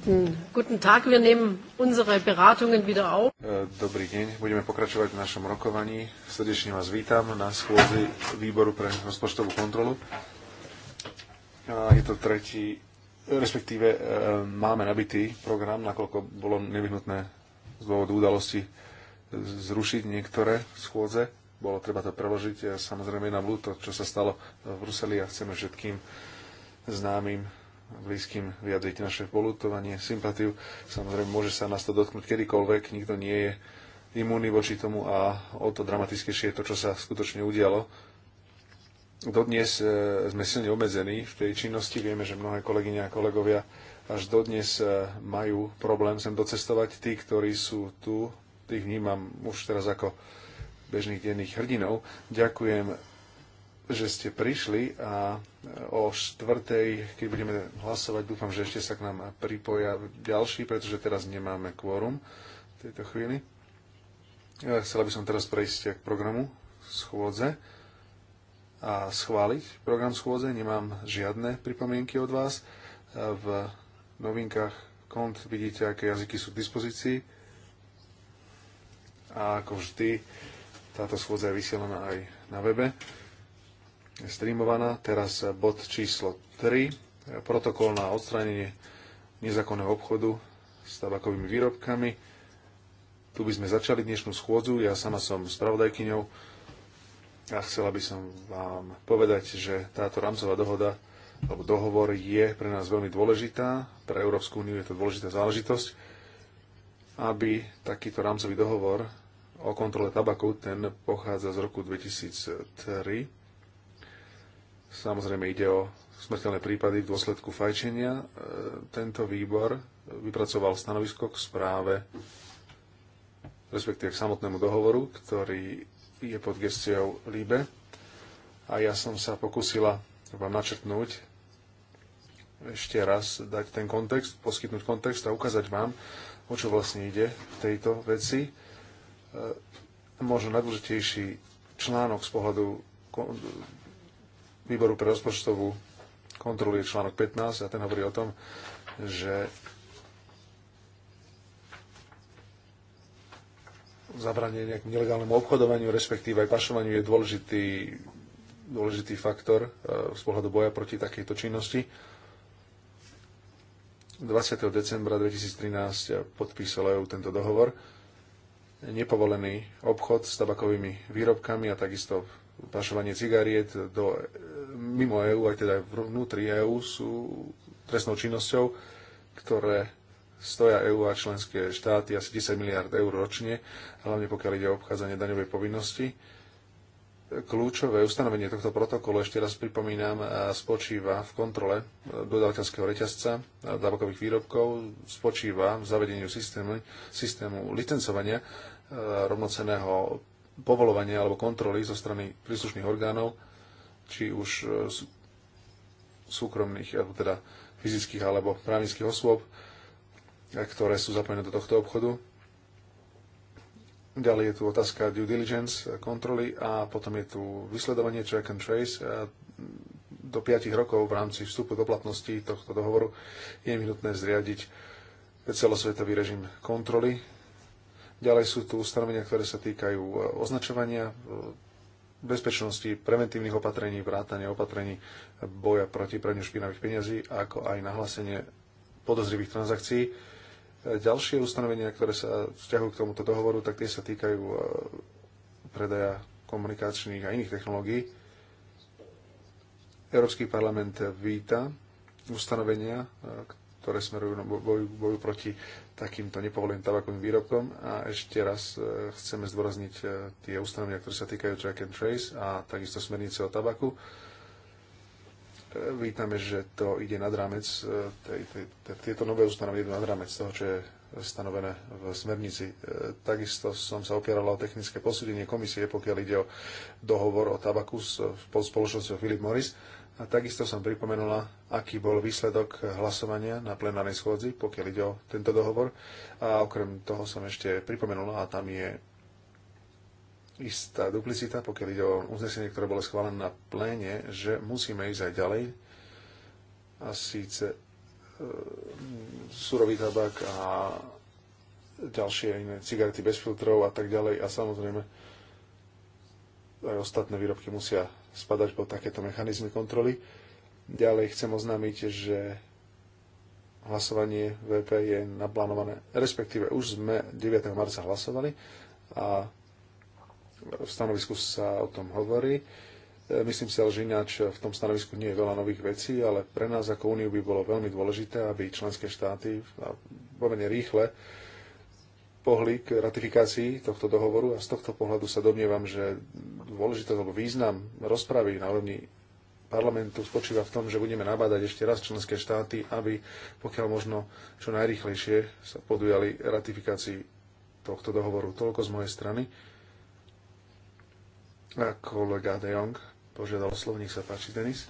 Dobrý deň, budeme pokračovať v našom rokovaní. Srdečne vás vítam na schôzi výboru pre rozpočtovú kontrolu. E, je to tretí, respektíve e, máme nabitý program, nakoľko bolo nevyhnutné z dôvodu udalosti zrušiť niektoré schôdze. Bolo treba to preložiť samozrejme na blúd, to, čo sa stalo v Bruseli a chceme všetkým známym blízkym vyjadriť naše polutovanie, sympatiu. Samozrejme, môže sa nás to dotknúť kedykoľvek, nikto nie je imúnny voči tomu a o to dramatickejšie je to, čo sa skutočne udialo. Dodnes e, sme silne obmedzení v tej činnosti. Vieme, že mnohé kolegyne a kolegovia až dodnes e, majú problém sem docestovať. Tí, ktorí sú tu, tých vnímam už teraz ako bežných denných hrdinov. Ďakujem že ste prišli a e, o štvrtej, keď budeme hlasovať, dúfam, že ešte sa k nám pripoja ďalší, pretože teraz nemáme kvórum v tejto chvíli. Ja e, chcela by som teraz prejsť k programu schôdze a schváliť program schôdze. Nemám žiadne pripomienky od vás. E, v novinkách kont vidíte, aké jazyky sú k dispozícii. A ako vždy, táto schôdza je vysielaná aj na webe streamovaná. Teraz bod číslo 3, protokol na odstránenie nezákonného obchodu s tabakovými výrobkami. Tu by sme začali dnešnú schôdzu. Ja sama som spravodajkyňou a chcela by som vám povedať, že táto rámcová dohoda alebo dohovor je pre nás veľmi dôležitá. Pre Európsku úniu je to dôležitá záležitosť, aby takýto rámcový dohovor o kontrole tabaku, ten pochádza z roku 2003, Samozrejme ide o smrteľné prípady v dôsledku fajčenia. E, tento výbor vypracoval stanovisko k správe, respektíve k samotnému dohovoru, ktorý je pod gestiou LIBE. A ja som sa pokusila vám načrtnúť ešte raz, dať ten kontext, poskytnúť kontext a ukázať vám, o čo vlastne ide v tejto veci. E, možno najdôležitejší článok z pohľadu výboru pre rozpočtovú kontrolu je článok 15 a ten hovorí o tom, že zabranie nejakým nelegálnemu obchodovaniu, respektíve aj pašovaniu je dôležitý, dôležitý faktor eh, z pohľadu boja proti takejto činnosti. 20. decembra 2013 podpísal EU tento dohovor. Nepovolený obchod s tabakovými výrobkami a takisto pašovanie cigariet do mimo EÚ, aj teda vnútri EÚ, sú trestnou činnosťou, ktoré stoja EÚ a členské štáty asi 10 miliard eur ročne, hlavne pokiaľ ide o obchádzanie daňovej povinnosti. Kľúčové ustanovenie tohto protokolu, ešte raz pripomínam, spočíva v kontrole dodávateľského reťazca dávokových výrobkov, spočíva v zavedeniu systému, systému licencovania e, rovnoceného povolovania alebo kontroly zo strany príslušných orgánov či už e, súkromných, alebo teda fyzických alebo právnických osôb, e, ktoré sú zapojené do tohto obchodu. Ďalej je tu otázka due diligence, e, kontroly a potom je tu vysledovanie track and trace. Do 5 rokov v rámci vstupu do platnosti tohto dohovoru je nutné zriadiť celosvetový režim kontroly. Ďalej sú tu ustanovenia, ktoré sa týkajú označovania bezpečnosti, preventívnych opatrení, vrátania opatrení boja proti praniu špinavých peniazí, ako aj nahlásenie podozrivých transakcií. Ďalšie ustanovenia, ktoré sa vzťahujú k tomuto dohovoru, tak tie sa týkajú e, predaja komunikačných a iných technológií. Európsky parlament víta ustanovenia, e, ktoré smerujú na boju, boju proti takýmto nepovoleným tabakovým výrobkom. A ešte raz e, chceme zdôrazniť e, tie ustanovenia, ktoré sa týkajú track and trace a takisto smernice o tabaku. E, vítame, že to ide nad rámec, tieto nové ustanovenia idú nad rámec toho, čo je stanovené v smernici. Takisto som sa opieral o technické posúdenie komisie, pokiaľ ide o dohovor o tabaku s spoločnosťou Philip Morris a takisto som pripomenula, aký bol výsledok hlasovania na plenárnej schôdzi, pokiaľ ide o tento dohovor. A okrem toho som ešte pripomenula, a tam je istá duplicita, pokiaľ ide o uznesenie, ktoré bolo schválené na pléne, že musíme ísť aj ďalej. A síce e, surový tabak a ďalšie iné cigarety bez filtrov a tak ďalej. A samozrejme, aj ostatné výrobky musia spadať pod takéto mechanizmy kontroly. Ďalej chcem oznámiť, že hlasovanie VP je naplánované, respektíve už sme 9. marca hlasovali a v stanovisku sa o tom hovorí. E, myslím si ale, že ináč v tom stanovisku nie je veľa nových vecí, ale pre nás ako Úniu by bolo veľmi dôležité, aby členské štáty pomerne rýchle pohli k ratifikácii tohto dohovoru a z tohto pohľadu sa domnievam, že dôležitosť alebo význam rozpravy na úrovni parlamentu spočíva v tom, že budeme nabádať ešte raz členské štáty, aby pokiaľ možno čo najrychlejšie sa podujali ratifikácii tohto dohovoru. Toľko z mojej strany. A kolega De Jong požiadal slovník sa páči, Denis.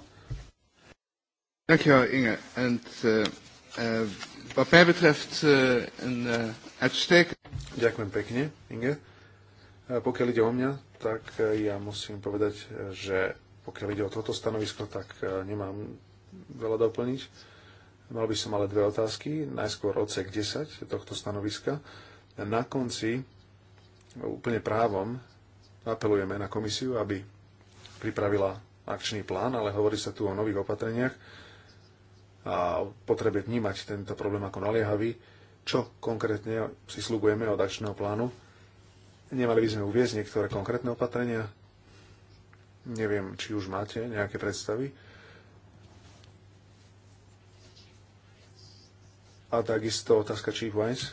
Ďakujem, Inge. And, uh... Eh, uh, wat mij betreft uh, een uh, Ďakujem pekne, Inge. Pokiaľ ide o mňa, tak ja musím povedať, že pokiaľ ide o toto stanovisko, tak nemám veľa doplniť. Mal by som ale dve otázky. Najskôr odsek 10 tohto stanoviska. Na konci úplne právom apelujeme na komisiu, aby pripravila akčný plán, ale hovorí sa tu o nových opatreniach a potrebe vnímať tento problém ako naliehavý, čo konkrétne si slúbujeme od akčného plánu. Nemali by sme uviezť niektoré konkrétne opatrenia? Neviem, či už máte nejaké predstavy. A takisto otázka Chief Wise.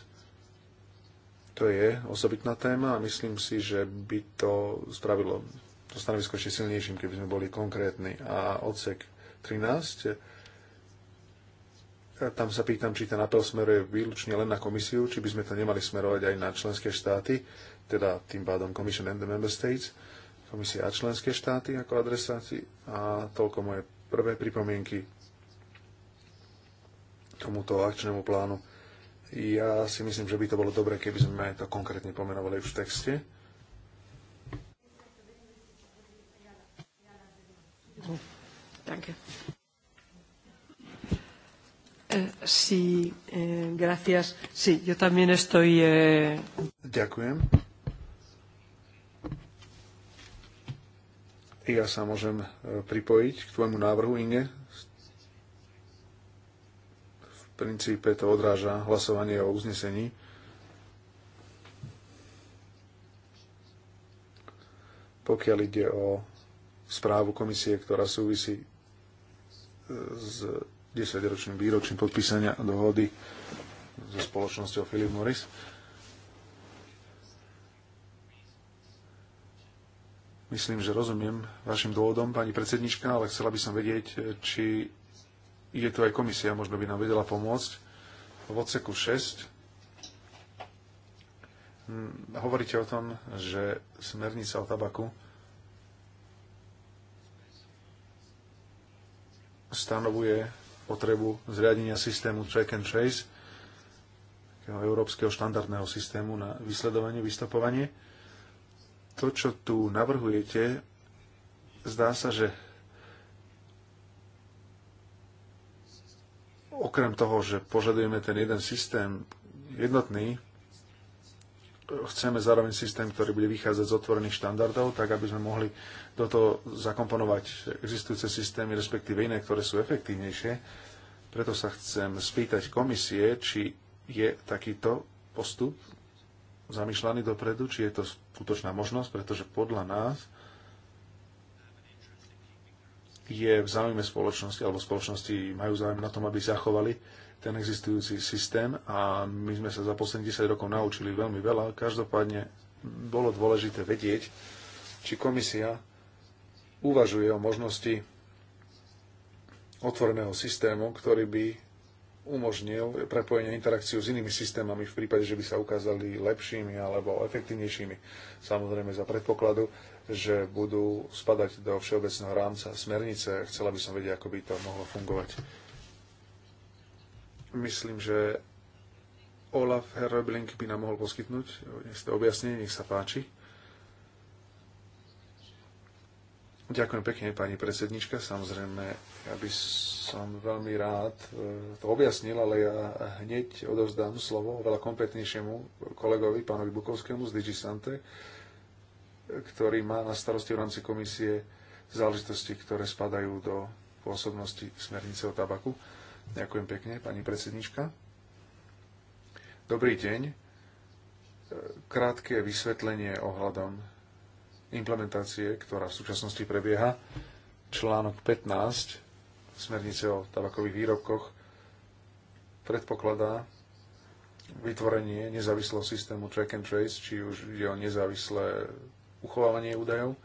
To je osobitná téma a myslím si, že by to spravilo to stanovisko ešte silnejším, keby sme boli konkrétni. A odsek 13 tam sa pýtam, či ten apel smeruje výlučne len na komisiu, či by sme to nemali smerovať aj na členské štáty, teda tým pádom Commission and the Member States, komisia a členské štáty ako adresáci A toľko moje prvé pripomienky tomuto akčnému plánu. Ja si myslím, že by to bolo dobre, keby sme to konkrétne pomenovali už v texte. Danke. Eh, sí, eh, gracias. Sí, yo también estoy... Eh... Ďakujem. Ja sa môžem eh, pripojiť k tvojmu návrhu, Inge. V princípe to odráža hlasovanie o uznesení. Pokiaľ ide o správu komisie, ktorá súvisí eh, s desaťročným výročím podpísania dohody so spoločnosťou Philip Morris. Myslím, že rozumiem vašim dôvodom, pani predsednička, ale chcela by som vedieť, či je tu aj komisia, možno by nám vedela pomôcť. V odseku 6 hm, hovoríte o tom, že smernica o tabaku stanovuje potrebu zriadenia systému track and trace, takého európskeho štandardného systému na vysledovanie, vystopovanie. To, čo tu navrhujete, zdá sa, že okrem toho, že požadujeme ten jeden systém jednotný, chceme zároveň systém, ktorý bude vychádzať z otvorených štandardov, tak aby sme mohli do toho zakomponovať existujúce systémy, respektíve iné, ktoré sú efektívnejšie. Preto sa chcem spýtať komisie, či je takýto postup zamýšľaný dopredu, či je to skutočná možnosť, pretože podľa nás je v záujme spoločnosti, alebo spoločnosti majú záujem na tom, aby zachovali ten existujúci systém a my sme sa za posledných 10 rokov naučili veľmi veľa. Každopádne bolo dôležité vedieť, či komisia uvažuje o možnosti otvoreného systému, ktorý by umožnil prepojenie interakciu s inými systémami v prípade, že by sa ukázali lepšími alebo efektívnejšími. Samozrejme za predpokladu, že budú spadať do všeobecného rámca smernice. Chcela by som vedieť, ako by to mohlo fungovať. Myslím, že Olaf Herreblink by nám mohol poskytnúť isté objasnenie, nech sa páči. Ďakujem pekne, pani predsednička. Samozrejme, ja by som veľmi rád e, to objasnil, ale ja hneď odovzdám slovo veľa kompetentnejšiemu kolegovi, pánovi Bukovskému z DigiSante, ktorý má na starosti v rámci komisie záležitosti, ktoré spadajú do pôsobnosti smernice o tabaku. Ďakujem pekne, pani predsednička. Dobrý deň. E, krátke vysvetlenie ohľadom implementácie, ktorá v súčasnosti prebieha. Článok 15 smernice o tabakových výrobkoch predpokladá vytvorenie nezávislého systému track and trace, či už ide o nezávislé uchovávanie údajov, e,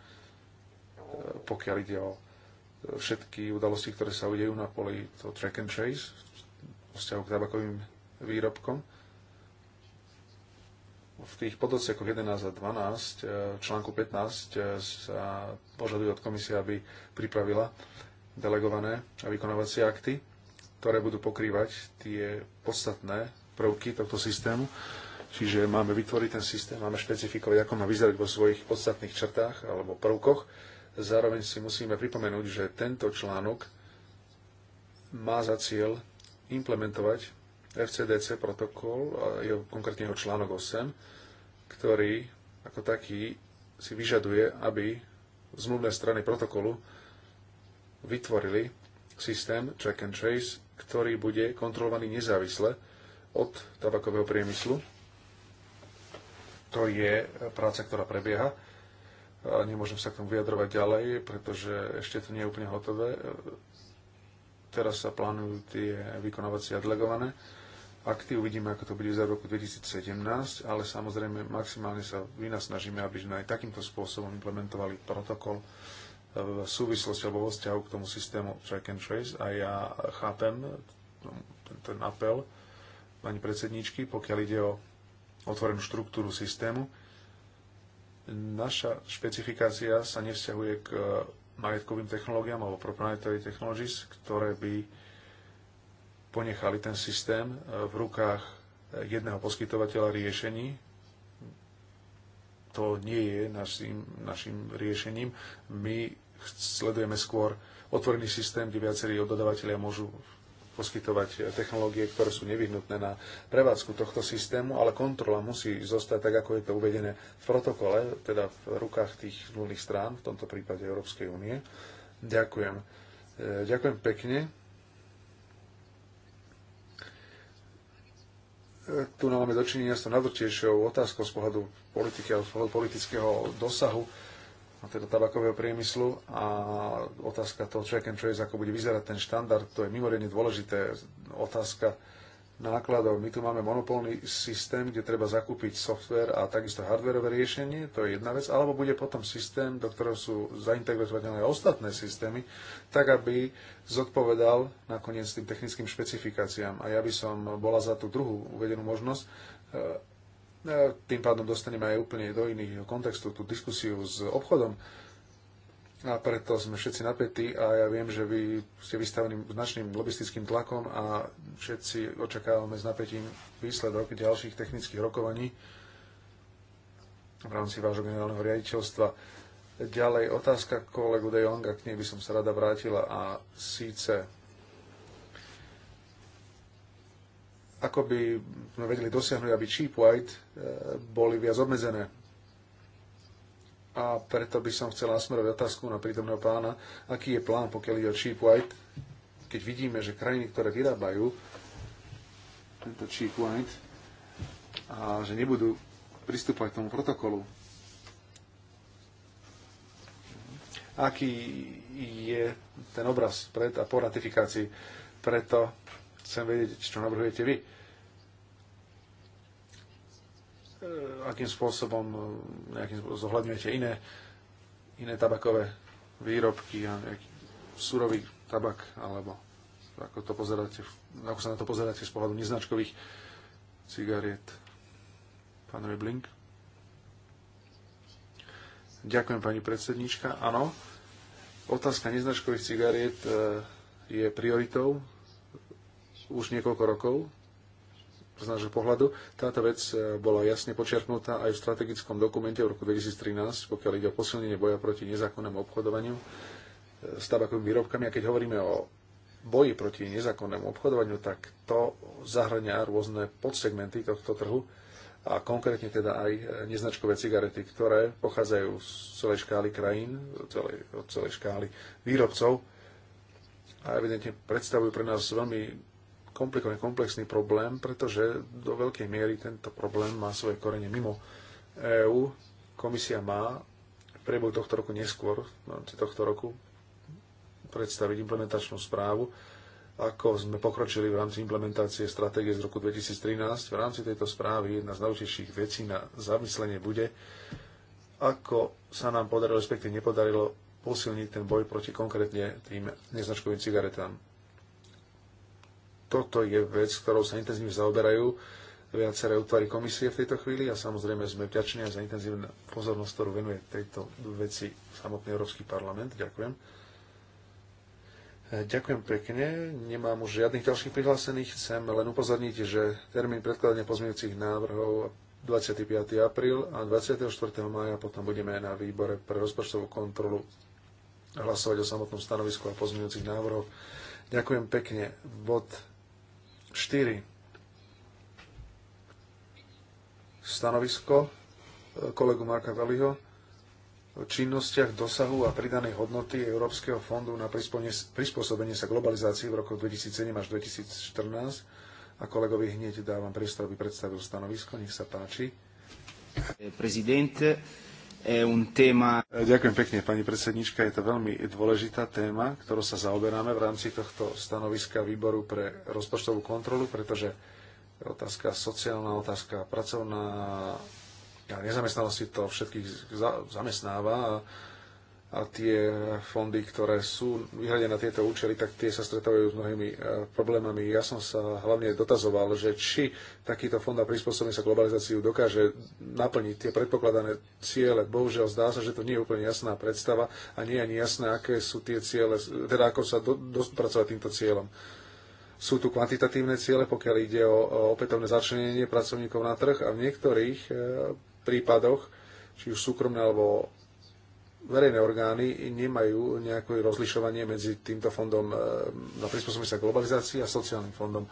pokiaľ ide o všetky udalosti, ktoré sa udejú na poli to track and trace, vzťahu k tabakovým výrobkom. V tých podocekoch 11 a 12, e, článku 15, e, sa požaduje od komisie, aby pripravila delegované a vykonávacie akty, ktoré budú pokrývať tie podstatné prvky tohto systému. Čiže máme vytvoriť ten systém, máme špecifikovať, ako má vyzerať vo svojich podstatných črtách alebo prvkoch Zároveň si musíme pripomenúť, že tento článok má za cieľ implementovať FCDC protokol, je konkrétne jeho článok 8, ktorý ako taký si vyžaduje, aby zmluvné strany protokolu vytvorili systém check and trace, ktorý bude kontrolovaný nezávisle od tabakového priemyslu. To je práca, ktorá prebieha Nemôžem sa k tomu vyjadrovať ďalej, pretože ešte to nie je úplne hotové. Teraz sa plánujú tie vykonávacie a delegované akty. Uvidíme, ako to bude za roku 2017, ale samozrejme maximálne sa vynasnažíme, aby sme aj takýmto spôsobom implementovali protokol v súvislosti alebo vo vzťahu k tomu systému track and trace. A ja chápem ten, ten apel pani predsedničky, pokiaľ ide o otvorenú štruktúru systému Naša špecifikácia sa nevzťahuje k eh, majetkovým technológiám alebo proprietary technologies, ktoré by ponechali ten systém eh, v rukách eh, jedného poskytovateľa riešení. To nie je našim, našim riešením. My sledujeme skôr otvorený systém, kde viacerí dodávateľia môžu poskytovať technológie, ktoré sú nevyhnutné na prevádzku tohto systému, ale kontrola musí zostať tak, ako je to uvedené v protokole, teda v rukách tých zmluvných strán, v tomto prípade Európskej únie. Ďakujem. E, ďakujem pekne. E, tu máme dočinenia s tou najdôležitejšou otázkou z pohľadu politiky z pohľadu politického dosahu teda tabakového priemyslu a otázka toho track and trace, ako bude vyzerať ten štandard, to je mimoriadne dôležité. Otázka nákladov. My tu máme monopolný systém, kde treba zakúpiť software a takisto hardwareové riešenie, to je jedna vec, alebo bude potom systém, do ktorého sú zaintegrované ostatné systémy, tak aby zodpovedal nakoniec tým technickým špecifikáciám. A ja by som bola za tú druhú uvedenú možnosť, No, tým pádom dostaneme aj úplne do iných kontextu tú diskusiu s obchodom. A preto sme všetci napätí a ja viem, že vy ste vystavení značným lobistickým tlakom a všetci očakávame s napätím výsledok ďalších technických rokovaní v rámci vášho generálneho riaditeľstva. Ďalej otázka kolegu De Jonga, k nej by som sa rada vrátila a síce ako by sme vedeli dosiahnuť, aby cheap white eh, boli viac obmedzené. A preto by som chcel nasmerovať otázku na prítomného pána, aký je plán, pokiaľ ide o cheap white, keď vidíme, že krajiny, ktoré vyrábajú tento cheap white a že nebudú pristúpať k tomu protokolu, aký je ten obraz pred a po ratifikácii. Preto Chcem vedieť, čo navrhujete vy. E, akým spôsobom e, nejakým spôsobom zohľadňujete iné, iné tabakové výrobky a nejaký surový tabak, alebo ako, to pozeráte, ako sa na to pozeráte z pohľadu neznačkových cigariet. Pán Reblink. Ďakujem, pani predsednička. Áno, otázka neznačkových cigariet e, je prioritou už niekoľko rokov z nášho pohľadu. Táto vec e, bola jasne počiarknutá aj v strategickom dokumente v roku 2013, pokiaľ ide o posilnenie boja proti nezákonnému obchodovaniu e, s tabakovými výrobkami. A keď hovoríme o boji proti nezákonnému obchodovaniu, tak to zahrania rôzne podsegmenty tohto trhu a konkrétne teda aj neznačkové cigarety, ktoré pochádzajú z celej škály krajín, celej, od celej škály výrobcov a evidentne predstavujú pre nás veľmi komplikovaný, komplexný problém, pretože do veľkej miery tento problém má svoje korene mimo EÚ. Komisia má v priebehu tohto roku neskôr, v rámci tohto roku, predstaviť implementačnú správu, ako sme pokročili v rámci implementácie stratégie z roku 2013. V rámci tejto správy jedna z najúčejších vecí na zamyslenie bude, ako sa nám podarilo, respektíve nepodarilo posilniť ten boj proti konkrétne tým neznačkovým cigaretám toto je vec, ktorou sa intenzívne zaoberajú viaceré útvary komisie v tejto chvíli a samozrejme sme vďační aj za intenzívnu pozornosť, ktorú venuje tejto veci samotný Európsky parlament. Ďakujem. E, ďakujem pekne. Nemám už žiadnych ďalších prihlásených. Chcem len upozorniť, že termín predkladania pozmeňujúcich návrhov 25. apríl a 24. maja potom budeme na výbore pre rozpočtovú kontrolu hlasovať o samotnom stanovisku a pozmeňujúcich návrhoch. Ďakujem pekne. Bod 4. Stanovisko e, kolegu Marka Veliho o činnostiach dosahu a pridanej hodnoty Európskeho fondu na prispôsobenie sa globalizácii v rokoch 2007 až 2014. A kolegovi hneď dávam priestor, aby predstavil stanovisko. Nech sa páči. Prezident, E, un tema. E, ďakujem pekne, pani predsednička. Je to veľmi dôležitá téma, ktorou sa zaoberáme v rámci tohto stanoviska výboru pre rozpočtovú kontrolu, pretože otázka sociálna, otázka pracovná a nezamestnanosti to všetkých zamestnáva. A a tie fondy, ktoré sú vyhradené na tieto účely, tak tie sa stretávajú s mnohými e, problémami. Ja som sa hlavne dotazoval, že či takýto fond a prispôsobenie sa globalizáciu dokáže naplniť tie predpokladané ciele. Bohužiaľ zdá sa, že to nie je úplne jasná predstava a nie je ani jasné, aké sú tie ciele, teda ako sa dopracovať týmto cieľom. Sú tu kvantitatívne ciele, pokiaľ ide o, opätovné začlenenie pracovníkov na trh a v niektorých e, prípadoch či už súkromné alebo verejné orgány nemajú nejaké rozlišovanie medzi týmto fondom e, na no, prispôsobenie sa globalizácii a sociálnym fondom.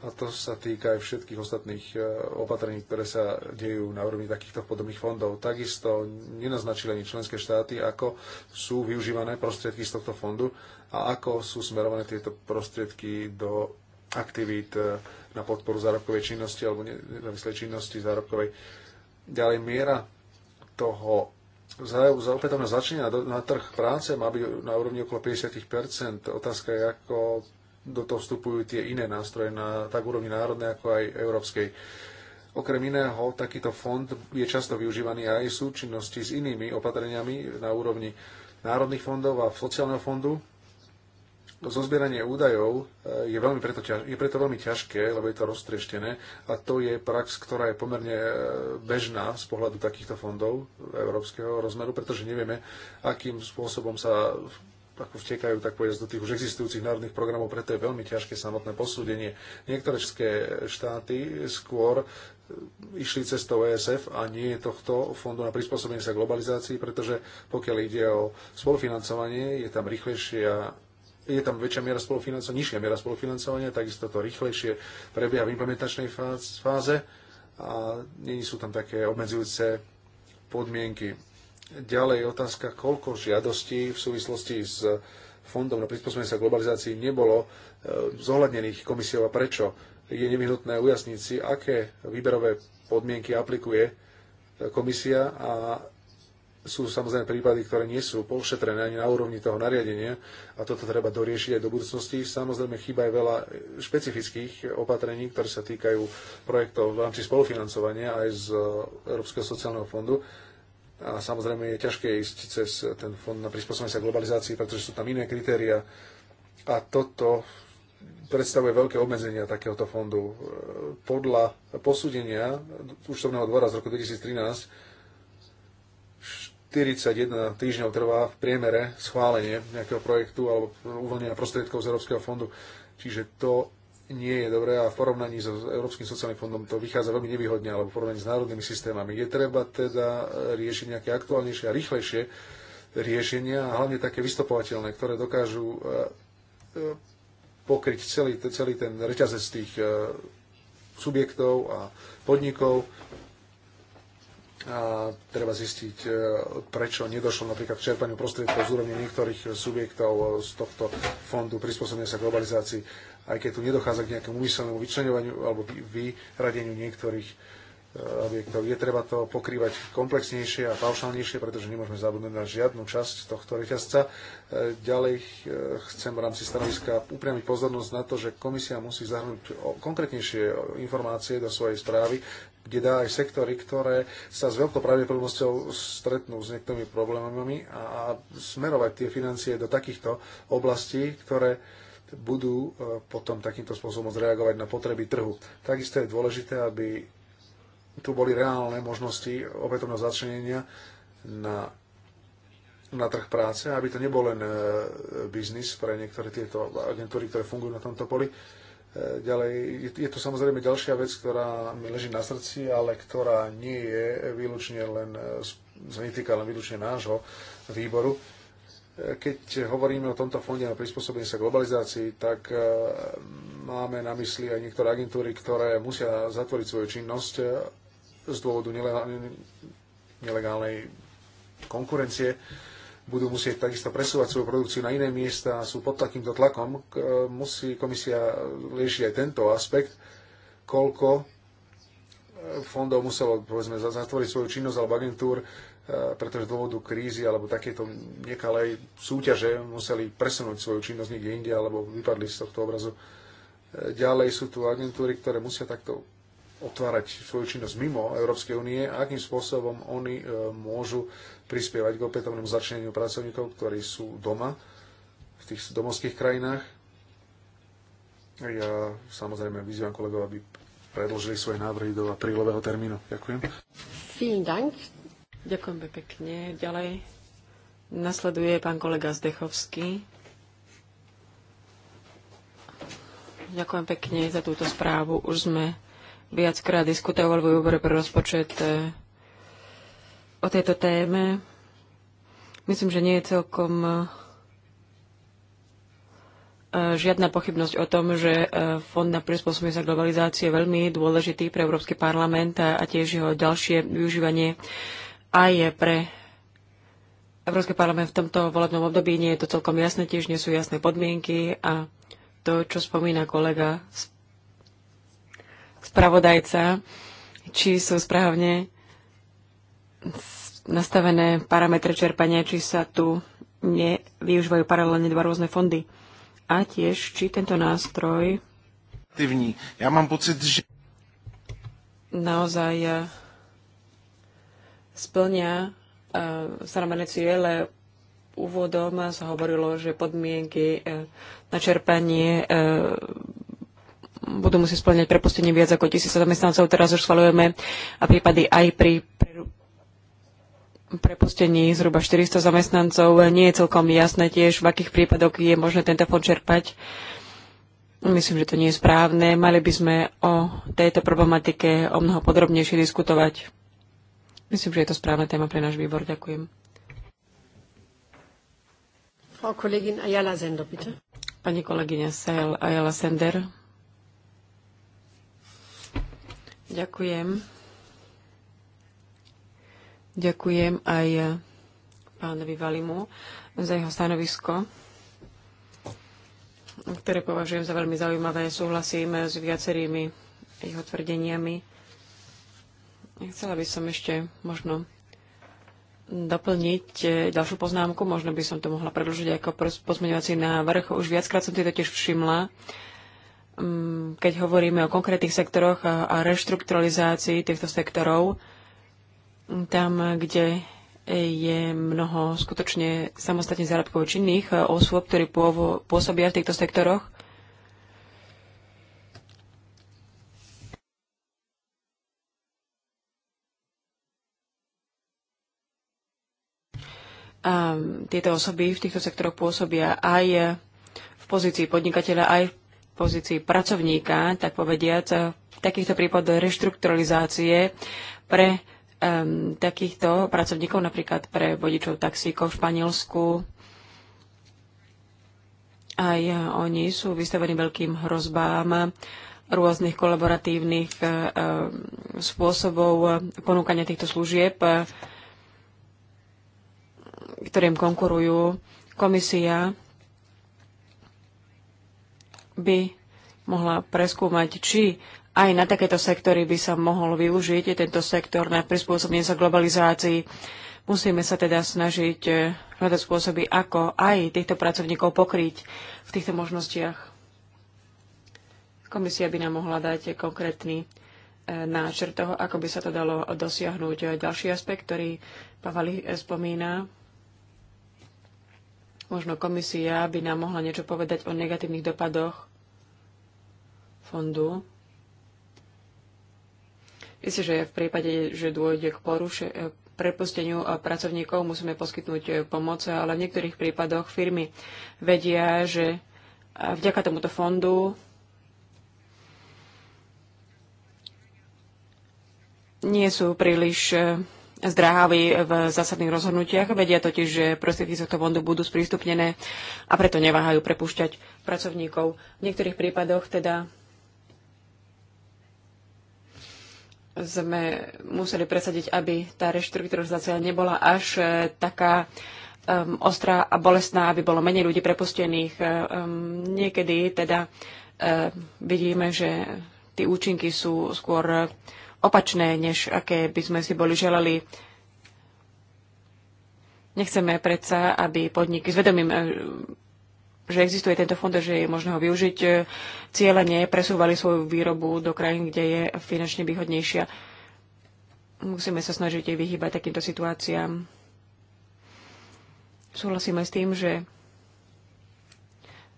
A to sa týka aj všetkých ostatných e, opatrení, ktoré sa dejú na úrovni takýchto podobných fondov. Takisto nenaznačili ani členské štáty, ako sú využívané prostriedky z tohto fondu a ako sú smerované tieto prostriedky do aktivít e, na podporu zárobkovej činnosti alebo nezávislej činnosti zárobkovej. Ďalej miera toho za opätovné začlenia na trh práce má byť na úrovni okolo 50 Otázka je, ako do toho vstupujú tie iné nástroje na tak úrovni národnej, ako aj európskej. Okrem iného, takýto fond je často využívaný aj v súčinnosti s inými opatreniami na úrovni národných fondov a sociálneho fondu, to zozbieranie údajov eh, je, veľmi preto ťaž, je preto veľmi ťažké, lebo je to roztrieštené a to je prax, ktorá je pomerne eh, bežná z pohľadu takýchto fondov európskeho rozmeru, pretože nevieme, akým spôsobom sa ako vtekajú, tak povedať, do tých už existujúcich národných programov, preto je veľmi ťažké samotné posúdenie. Niektoré české štáty skôr eh, išli cestou ESF a nie tohto fondu na prispôsobenie sa globalizácii, pretože pokiaľ ide o spolufinancovanie, je tam rýchlejšia je tam väčšia miera spolufinancovania, nižšia miera spolufinancovania, takisto to rýchlejšie prebieha v implementačnej fáze a nie sú tam také obmedzujúce podmienky. Ďalej otázka, koľko žiadostí v súvislosti s fondom na prispôsobenie sa globalizácii nebolo e, zohľadnených komisiou a prečo. Je nevyhnutné ujasniť si, aké výberové podmienky aplikuje e, komisia a sú samozrejme prípady, ktoré nie sú pošetrené ani na úrovni toho nariadenia a toto treba doriešiť aj do budúcnosti. Samozrejme chýba aj veľa špecifických opatrení, ktoré sa týkajú projektov v rámci spolufinancovania aj z e, Európskeho sociálneho fondu. A samozrejme je ťažké ísť cez ten fond na prispôsobenie sa globalizácii, pretože sú tam iné kritéria. A toto predstavuje veľké obmedzenia takéhoto fondu. E, podľa posúdenia účtovného dvora z roku 2013 41 týždňov trvá v priemere schválenie nejakého projektu alebo uvoľnenia prostriedkov z Európskeho fondu. Čiže to nie je dobré a v porovnaní s so Európskym sociálnym fondom to vychádza veľmi nevýhodne alebo v porovnaní s národnými systémami. Je treba teda riešiť nejaké aktuálnejšie a rýchlejšie riešenia a hlavne také vystopovateľné, ktoré dokážu e, e, pokryť celý, celý ten reťazec tých e, subjektov a podnikov, a treba zistiť, e, prečo nedošlo napríklad k čerpaniu prostriedkov z úrovne niektorých subjektov e, z tohto fondu prispôsobenia sa globalizácii, aj keď tu nedochádza k nejakému úmyselnému vyčlenovaniu alebo vyradeniu niektorých e, objektov. Je treba to pokrývať komplexnejšie a paušálnejšie, pretože nemôžeme zabudnúť na žiadnu časť tohto reťazca. Ďalej chcem v rámci stanoviska upriamiť pozornosť na to, že komisia musí zahrnúť konkrétnejšie informácie do svojej správy kde dá aj sektory, ktoré sa s veľkou pravdepodobnosťou stretnú s niektorými problémami a, smerovať tie financie do takýchto oblastí, ktoré budú e, potom takýmto spôsobom zreagovať na potreby trhu. Takisto je dôležité, aby tu boli reálne možnosti opätovného začlenenia na na trh práce, aby to nebol len e, biznis pre niektoré tieto agentúry, ktoré fungujú na tomto poli, E, ďalej, je to samozrejme ďalšia vec, ktorá mi leží na srdci, ale ktorá nie je výlučne len, sa e, netýka len výlučne nášho výboru. E, keď hovoríme o tomto fonde na prispôsobenie sa globalizácii, tak máme na mysli aj niektoré agentúry, ktoré musia zatvoriť svoju činnosť z dôvodu nelegálnej konkurencie budú musieť takisto presúvať svoju produkciu na iné miesta a sú pod takýmto tlakom, e, musí komisia riešiť aj tento aspekt, koľko e, fondov muselo povedzme, zatvoriť svoju činnosť alebo agentúr, e, pretože z dôvodu krízy alebo takéto nekalej súťaže museli presunúť svoju činnosť niekde inde alebo vypadli z tohto obrazu. Ďalej sú tu agentúry, ktoré musia takto otvárať svoju činnosť mimo Európskej únie a akým spôsobom oni môžu prispievať k opätovnému začneniu pracovníkov, ktorí sú doma, v tých domovských krajinách. Ja samozrejme vyzývam kolegov, aby predložili svoje návrhy do aprílového termínu. Ďakujem. Vielen Dank. Ďakujem pekne. Ďalej nasleduje pán kolega Zdechovský. Ďakujem pekne za túto správu. Už sme viackrát diskutovali v výbore pre rozpočet eh, o tejto téme. Myslím, že nie je celkom e, žiadna pochybnosť o tom, že e, Fond na prispôsobenie sa globalizácie je veľmi dôležitý pre Európsky parlament a tiež jeho ďalšie využívanie aj pre Európsky parlament v tomto volebnom období. Nie je to celkom jasné, tiež nie sú jasné podmienky a to, čo spomína kolega spravodajca, či sú správne nastavené parametre čerpania, či sa tu nevyužívajú paralelne dva rôzne fondy. A tiež, či tento nástroj... Ja mám pocit, že... Naozaj eh, splňa eh, stanovené ciele. Úvodom sa hovorilo, že podmienky eh, na čerpanie budú musieť splňať prepustenie viac ako tisíc zamestnancov. Teraz už schvalujeme a prípady aj pri prepustení zhruba 400 zamestnancov. Nie je celkom jasné tiež, v akých prípadoch je možné tento fond čerpať. Myslím, že to nie je správne. Mali by sme o tejto problematike o mnoho podrobnejšie diskutovať. Myslím, že je to správna téma pre náš výbor. Ďakujem. Frau Kollegin Ayala Sender, bitte. Pani kolegyňa Ayala Sender. Ďakujem. Ďakujem aj pánovi Valimu za jeho stanovisko, ktoré považujem za veľmi zaujímavé. Súhlasím s viacerými jeho tvrdeniami. Chcela by som ešte možno doplniť ďalšiu poznámku. Možno by som to mohla predložiť ako pozmeňovací návrh. Už viackrát som si totiž všimla, mm, keď hovoríme o konkrétnych sektoroch a reštrukturalizácii týchto sektorov, tam, kde je mnoho skutočne samostatne zárobkovo činných eh, osôb, ktorí pôsobia v týchto sektoroch. A tieto osoby v týchto sektoroch pôsobia aj v pozícii podnikateľa, aj v pozícii pracovníka, tak povediať, v takýchto prípadoch reštrukturalizácie pre um, takýchto pracovníkov, napríklad pre vodičov taxíkov v Španielsku. Aj oni sú vystavení veľkým hrozbám rôznych kolaboratívnych um, spôsobov ponúkania týchto služieb, ktorým konkurujú. Komisia by mohla preskúmať, či aj na takéto sektory by sa mohol využiť tento sektor na prispôsobenie sa globalizácii. Musíme sa teda snažiť eh, hľadať spôsoby, ako aj týchto pracovníkov pokryť v týchto možnostiach. Komisia by nám mohla dať konkrétny eh, náčrt toho, ako by sa to dalo dosiahnuť. Ďalší aspekt, ktorý Pavali eh, spomína, možno komisia by nám mohla niečo povedať o negatívnych dopadoch fondu Myslím, že v prípade, že dôjde k poruše, eh, prepusteniu eh, pracovníkov musíme poskytnúť eh, pomoc, ale v niektorých prípadoch firmy vedia, že vďaka tomuto fondu nie sú príliš zdráhaví v zásadných rozhodnutiach. Vedia totiž, že prostriedky z tohto fondu budú sprístupnené a preto neváhajú prepúšťať pracovníkov. V niektorých prípadoch teda sme museli presadiť, aby tá reštrukturalizácia nebola až e, taká um, ostrá a bolestná, aby bolo menej ľudí prepustených. Um, niekedy teda um, vidíme, že tie účinky sú skôr opačné, než aké by sme si boli želali. Nechceme predsa, aby podniky s vedomím že existuje tento fond, že je možné ho využiť, e, cieľene presúvali svoju výrobu do krajín, kde je finančne výhodnejšia. Musíme sa snažiť aj vyhýbať takýmto situáciám. Súhlasíme s tým, že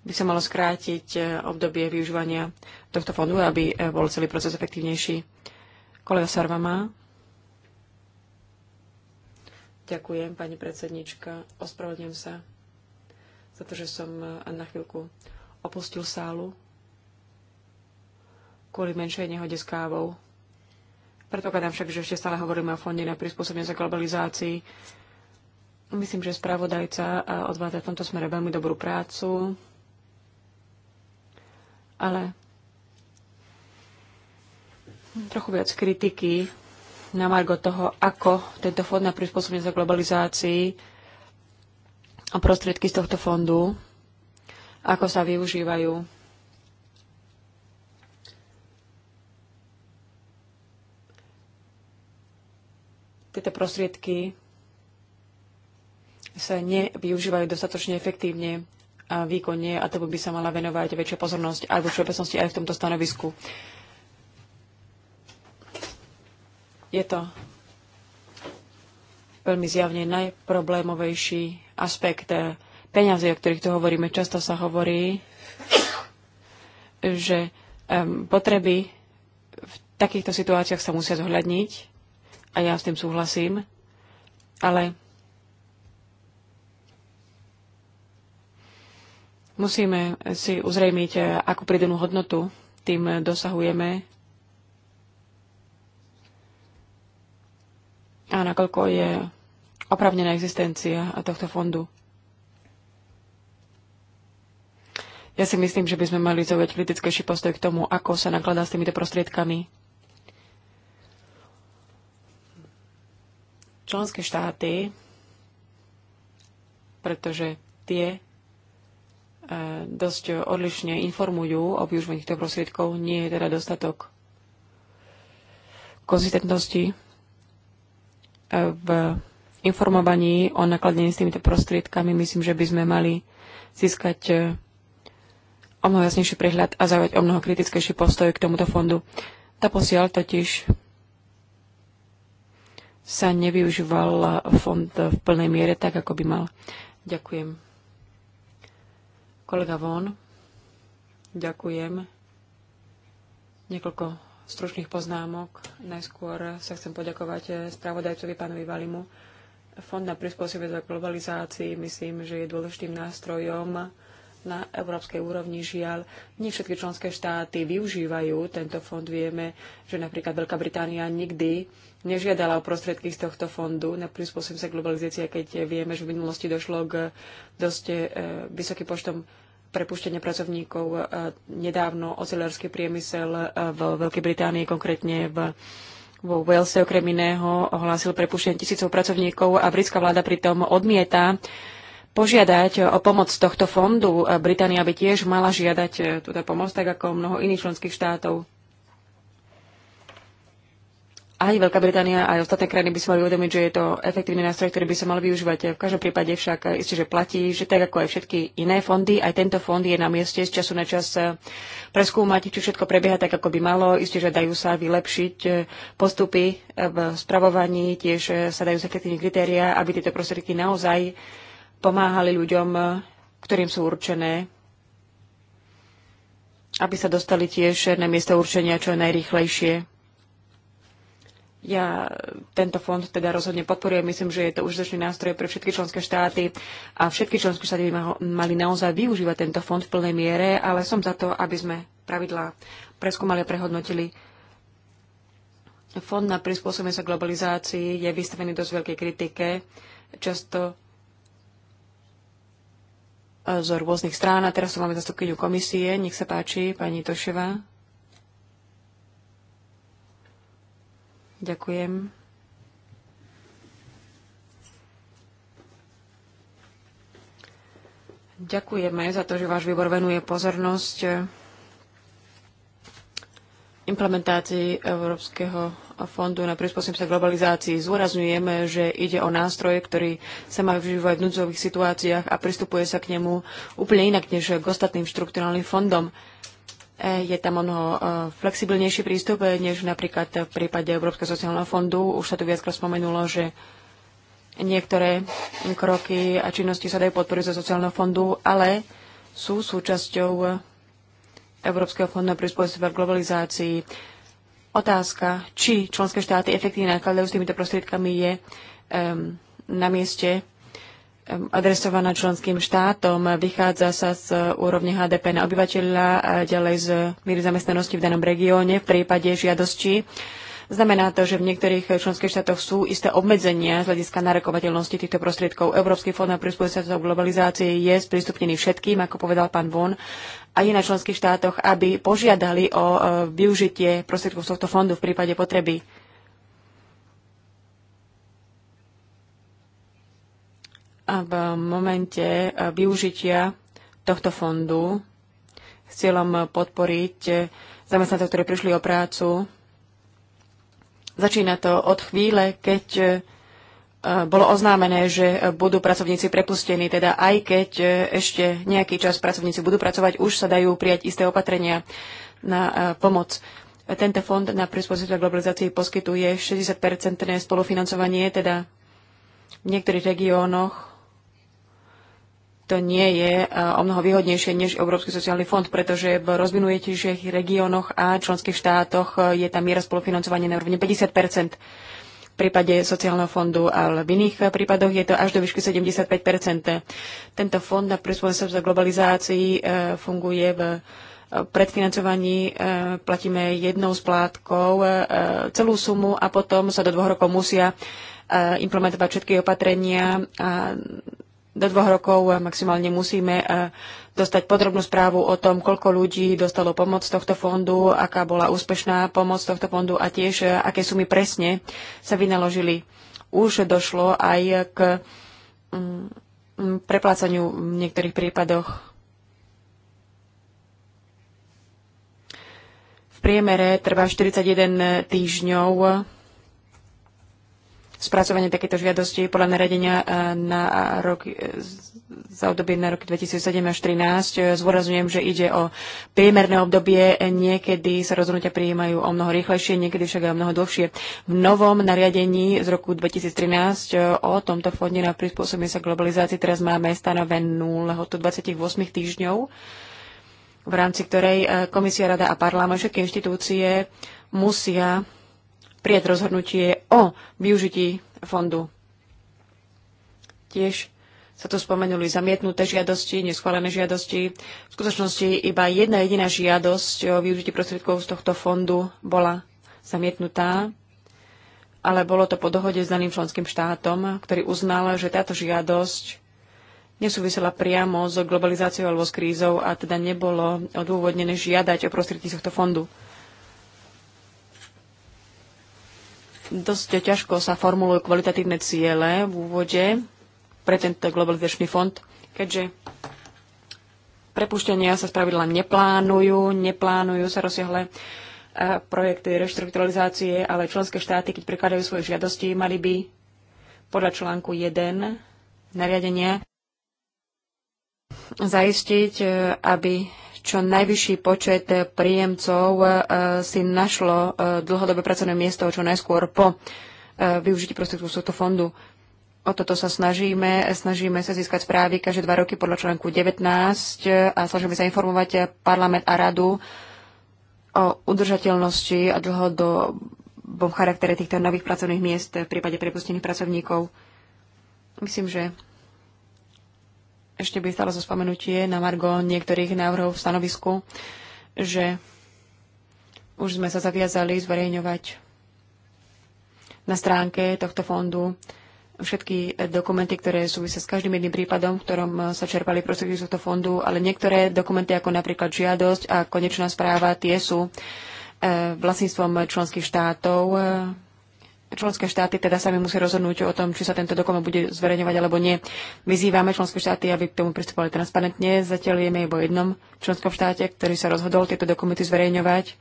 by sa malo skrátiť e, obdobie využívania tohto fondu, aby e, bol celý proces efektívnejší. Kolega Sarva má. Ďakujem, pani predsednička. Ospravedlňujem sa že som na chvíľku opustil sálu kvôli menšej nehode s kávou. Predpokladám však, že ešte stále hovoríme o fonde na prispôsobenie za globalizácii. Myslím, že spravodajca e, odvádza v tomto smere veľmi dobrú prácu, ale trochu viac kritiky na margo toho, ako tento fond na prispôsobenie za globalizácii prostriedky z tohto fondu, ako sa využívajú. Tieto prostriedky sa nevyužívajú dostatočne efektívne a výkonne a tomu by sa mala venovať väčšia pozornosť aj vo všeobecnosti, aj v tomto stanovisku. Je to veľmi zjavne najproblémovejší aspekt e, peňazí, o ktorých tu hovoríme. Často sa hovorí, že potreby v takýchto situáciách sa musia zohľadniť a ja s tým súhlasím, ale musíme si uzrejmiť, e, akú pridanú hodnotu tým dosahujeme a nakoľko je opravnená existencia tohto fondu. Ja si myslím, že by sme mali zaujať kritickejší postoj k tomu, ako sa nakladá s týmito prostriedkami. Členské štáty, pretože tie e, dosť odlišne informujú o využívaní týchto prostriedkov, nie je teda dostatok konzistentnosti e, v informovaní o nakladení s týmito prostriedkami, myslím, že by sme mali získať e, o mnoho jasnejší prehľad a zaujať o mnoho kritickejší postoj k tomuto fondu. Tá posiaľ totiž sa nevyužíval fond v plnej miere tak, ako by mal. Ďakujem. Kolega Von, ďakujem. Niekoľko stručných poznámok. Najskôr sa chcem poďakovať spravodajcovi pánovi Valimu Fond na za globalizácii myslím, že je dôležitým nástrojom na európskej úrovni. Žiaľ, nie všetky členské štáty využívajú tento fond. Vieme, že napríklad Veľká Británia nikdy nežiadala o prostriedky z tohto fondu na prispôsobie sa globalizácie, keď vieme, že v minulosti došlo k dosť e, vysokým počtom prepuštenia pracovníkov. E, nedávno ocelársky priemysel e, v Veľkej Británii, konkrétne v vo Walese okrem iného ohlásil prepuštenie tisícov pracovníkov a britská vláda pritom odmieta požiadať o pomoc tohto fondu. Británia by tiež mala žiadať eh, túto pomoc, tak ako mnoho iných členských štátov aj Veľká Británia, aj ostatné krajiny by si mali uvedomiť, že je to efektívny nástroj, ktorý by sa mal využívať. V každom prípade však isté, že platí, že tak ako aj všetky iné fondy, aj tento fond je na mieste z času na čas eh, preskúmať, či všetko prebieha tak, ako by malo. Isté, že dajú sa vylepšiť eh, postupy eh, v spravovaní, tiež sa dajú zefektívne kritéria, aby tieto prostriedky naozaj pomáhali ľuďom, ktorým sú určené aby sa dostali tiež na miesto určenia čo najrýchlejšie. Ja tento fond teda rozhodne podporujem. Myslím, že je to užitočný nástroj pre všetky členské štáty a všetky členské štáty by mali naozaj využívať tento fond v plnej miere, ale som za to, aby sme pravidlá preskúmali a prehodnotili. Fond na prispôsobenie sa globalizácii je vystavený dosť veľkej kritike, často eh, z rôznych strán. A teraz tu máme zastupkyňu komisie. Nech sa páči, pani Toševa. Ďakujem. Ďakujeme za to, že váš výbor venuje pozornosť implementácii Európskeho fondu na prispôsobenie sa globalizácii. Zúrazňujeme, že ide o nástroj, ktorý sa má využívať v núdzových situáciách a pristupuje sa k nemu úplne inak než k ostatným štrukturálnym fondom. Je tam o mnoho e, flexibilnejší prístup, e, než napríklad v prípade Európskeho sociálneho fondu. Už sa tu viackrát spomenulo, že niektoré kroky a činnosti sa dajú podporiť zo sociálneho fondu, ale sú súčasťou Európskeho fondu v globalizácii. Otázka, či členské štáty efektívne nakladajú s týmito prostriedkami, je um, na mieste adresovaná členským štátom. Vychádza sa z úrovne HDP na obyvateľa a ďalej z míry zamestnanosti v danom regióne v prípade žiadosti. Znamená to, že v niektorých členských štátoch sú isté obmedzenia z hľadiska narekovateľnosti týchto prostriedkov. Európsky fond na prispôsobenie sa globalizácie je sprístupnený všetkým, ako povedal pán Von, a je na členských štátoch, aby požiadali o e, využitie prostriedkov z tohto fondu v prípade potreby. v momente využitia tohto fondu s cieľom podporiť zamestnancov, ktorí prišli o prácu. Začína to od chvíle, keď e, bolo oznámené, že budú pracovníci prepustení, teda aj keď e, ešte nejaký čas pracovníci budú pracovať, už sa dajú prijať isté opatrenia na e, pomoc. Tento fond na prispôsobenie globalizácii poskytuje 60-percentné spolufinancovanie, teda v niektorých regiónoch to nie je e, o mnoho výhodnejšie než Európsky sociálny fond, pretože v rozvinutejších regiónoch a členských štátoch e, je tam miera spolufinancovania na úrovni 50 v prípade sociálneho fondu, ale v iných e, prípadoch je to až do výšky 75 Tento fond na za globalizácii funguje v predfinancovaní platíme jednou splátkou celú sumu a potom sa do dvoch rokov musia implementovať všetky opatrenia a do dvoch rokov maximálne musíme e, dostať podrobnú správu o tom, koľko ľudí dostalo pomoc z tohto fondu, aká bola úspešná pomoc z tohto fondu a tiež e, aké sumy presne sa vynaložili. Už došlo aj k mm, preplácaniu v niektorých prípadoch. V priemere trvá 41 týždňov spracovanie takéto žiadosti podľa naredenia e, na rok, e, za obdobie na roky 2007 až 2013. E, zvorazňujem, že ide o priemerné obdobie. Niekedy sa rozhodnutia prijímajú o mnoho rýchlejšie, niekedy však aj o mnoho dlhšie. V novom nariadení z roku 2013 o tomto fonde na prispôsobenie sa globalizácii teraz máme stanovenú lehotu 28 týždňov v rámci ktorej komisia, rada a parlament, všetky inštitúcie musia prijať rozhodnutie o využití fondu. Tiež sa tu spomenuli zamietnuté žiadosti, neschválené žiadosti. V skutočnosti iba jedna jediná žiadosť o využití prostriedkov z tohto fondu bola zamietnutá, ale bolo to po dohode s daným členským štátom, ktorý uznal, že táto žiadosť nesúvisela priamo s globalizáciou alebo s krízou a teda nebolo odôvodnené žiadať o prostriedky tohto fondu. Dosť ťažko sa formulujú kvalitatívne ciele v úvode pre tento globalizačný fond, keďže prepuštenia sa spravidla neplánujú, neplánujú sa rozsiahle e, projekty reštrukturalizácie, ale členské štáty, keď prekladajú svoje žiadosti, mali by podľa článku 1 nariadenia zaistiť, e, aby čo najvyšší počet príjemcov e, si našlo e, dlhodobé pracovné miesto čo najskôr po e, využití prostriedku z tohto fondu. O toto sa snažíme. Snažíme sa získať správy každé dva roky podľa článku 19 a snažíme sa informovať parlament a radu o udržateľnosti a dlhodobom charaktere týchto nových pracovných miest v prípade prepustených pracovníkov. Myslím, že ešte by stalo zo spomenutie na Margo niektorých návrhov v stanovisku, že už sme sa zaviazali zverejňovať na stránke tohto fondu všetky dokumenty, ktoré súvisia s každým jedným prípadom, v ktorom sa čerpali prostriedky z tohto fondu, ale niektoré dokumenty, ako napríklad žiadosť a konečná správa, tie sú eh, vlastníctvom členských štátov eh, Členské štáty teda sami musí rozhodnúť o tom, či sa tento dokument bude zverejňovať alebo nie. Vyzývame členské štáty, aby k tomu pristupovali transparentne. Zatiaľ vieme iba o jednom členskom štáte, ktorý sa rozhodol tieto dokumenty zverejňovať.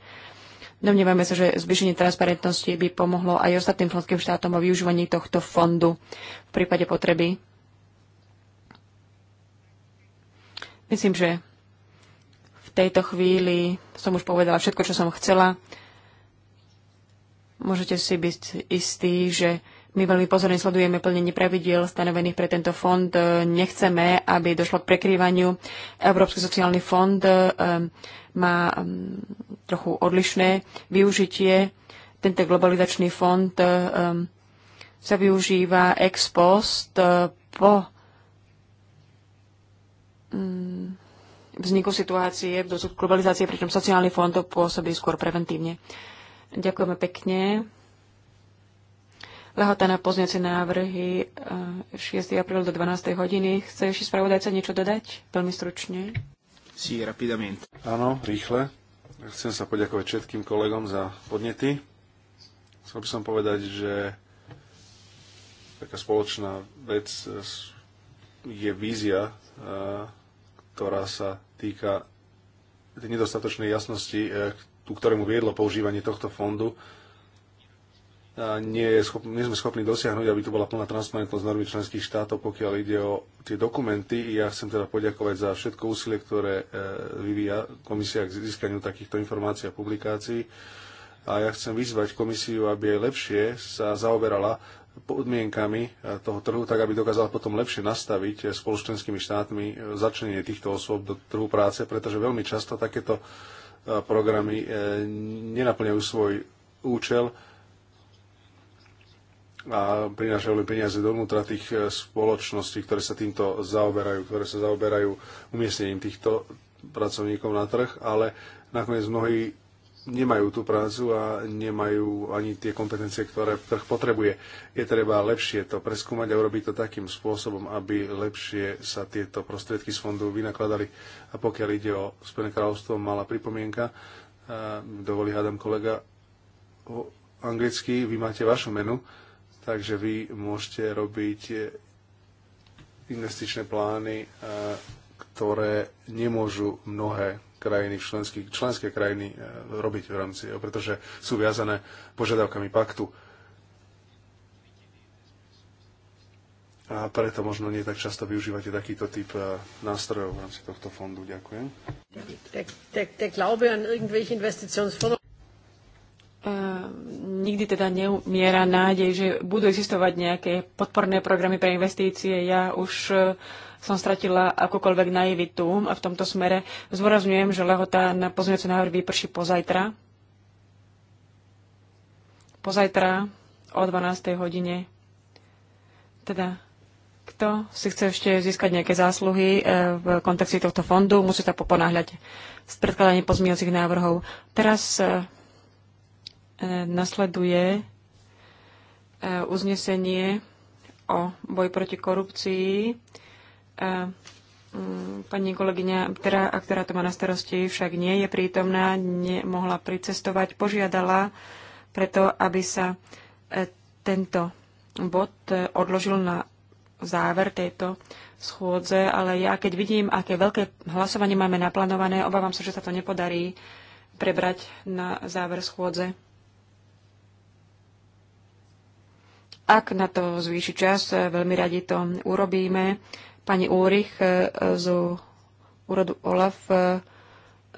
Domnievame sa, že zvýšenie transparentnosti by pomohlo aj ostatným členským štátom o využívaní tohto fondu v prípade potreby. Myslím, že v tejto chvíli som už povedala všetko, čo som chcela. Môžete si byť istí, že my veľmi pozorne sledujeme plnenie pravidiel stanovených pre tento fond. E, Nechceme, aby došlo k prekrývaniu. Európsky sociálny fond e, má trochu odlišné využitie. Tento globalizačný fond e, sa využíva ex post po vzniku situácie v globalizácie, pričom sociálny fond pôsobí skôr preventívne. Ďakujeme pekne. Lehota na pozniace návrhy 6. Eh, apríl do 12. hodiny. Chce ešte spravodajca niečo dodať? Veľmi stručne. Si, rapidamente. Áno, rýchle. Chcem sa poďakovať všetkým kolegom za podnety. Chcel by som povedať, že taká spoločná vec eh, je vízia, eh, ktorá sa týka tej nedostatočnej jasnosti, ku ktorému viedlo používanie tohto fondu, a nie, je schop, nie sme schopní dosiahnuť, aby tu bola plná transparentnosť normy členských štátov, pokiaľ ide o tie dokumenty. Ja chcem teda poďakovať za všetko úsilie, ktoré e, vyvíja komisia k získaniu takýchto informácií a publikácií. A ja chcem vyzvať komisiu, aby aj lepšie sa zaoberala podmienkami e, toho trhu, tak aby dokázala potom lepšie nastaviť e, spolu s členskými štátmi e, začlenenie týchto osôb do trhu práce, pretože veľmi často takéto programy e, nenaplňajú svoj účel a prinášajú len peniaze dovnútra tých e, spoločností, ktoré sa týmto zaoberajú, ktoré sa zaoberajú umiestnením týchto pracovníkov na trh, ale nakoniec mnohí nemajú tú prácu a nemajú ani tie kompetencie, ktoré trh potrebuje. Je treba lepšie to preskúmať a urobiť to takým spôsobom, aby lepšie sa tieto prostriedky z fondu vynakladali. A pokiaľ ide o Spojené kráľovstvo, malá pripomienka, dovolí hádam kolega o anglicky, vy máte vašu menu, takže vy môžete robiť investičné plány, ktoré nemôžu mnohé krajiny, členský, členské krajiny e, robiť v rámci, e, pretože sú viazané požiadavkami paktu. a preto možno nie tak často využívate takýto typ e, nástrojov v rámci tohto fondu. Ďakujem. nikdy teda neumiera nádej, že budú existovať nejaké podporné programy pre investície. Ja už uh, som stratila akúkoľvek naivitu v tomto smere. Zvorazňujem, že lehota na pozmeňujúce návrh vyprší pozajtra. Pozajtra o 12. hodine. Teda kto si chce ešte získať nejaké zásluhy e, v kontexte tohto fondu, musí sa poponáhľať s predkladaním pozmeňujúcich návrhov. Teraz e, e, nasleduje uznesenie o boji proti korupcii Mm, pani kolegyňa, ktorá, ktorá to má na starosti, však nie je prítomná, nemohla pricestovať, požiadala preto, aby sa e, tento bod e, odložil na záver tejto schôdze, ale ja keď vidím, aké veľké hlasovanie máme naplánované, obávam sa, že sa to nepodarí prebrať na záver schôdze. Ak na to zvýši čas, e, veľmi radi to urobíme. Pani Úrich e, e, z úradu OLAF e,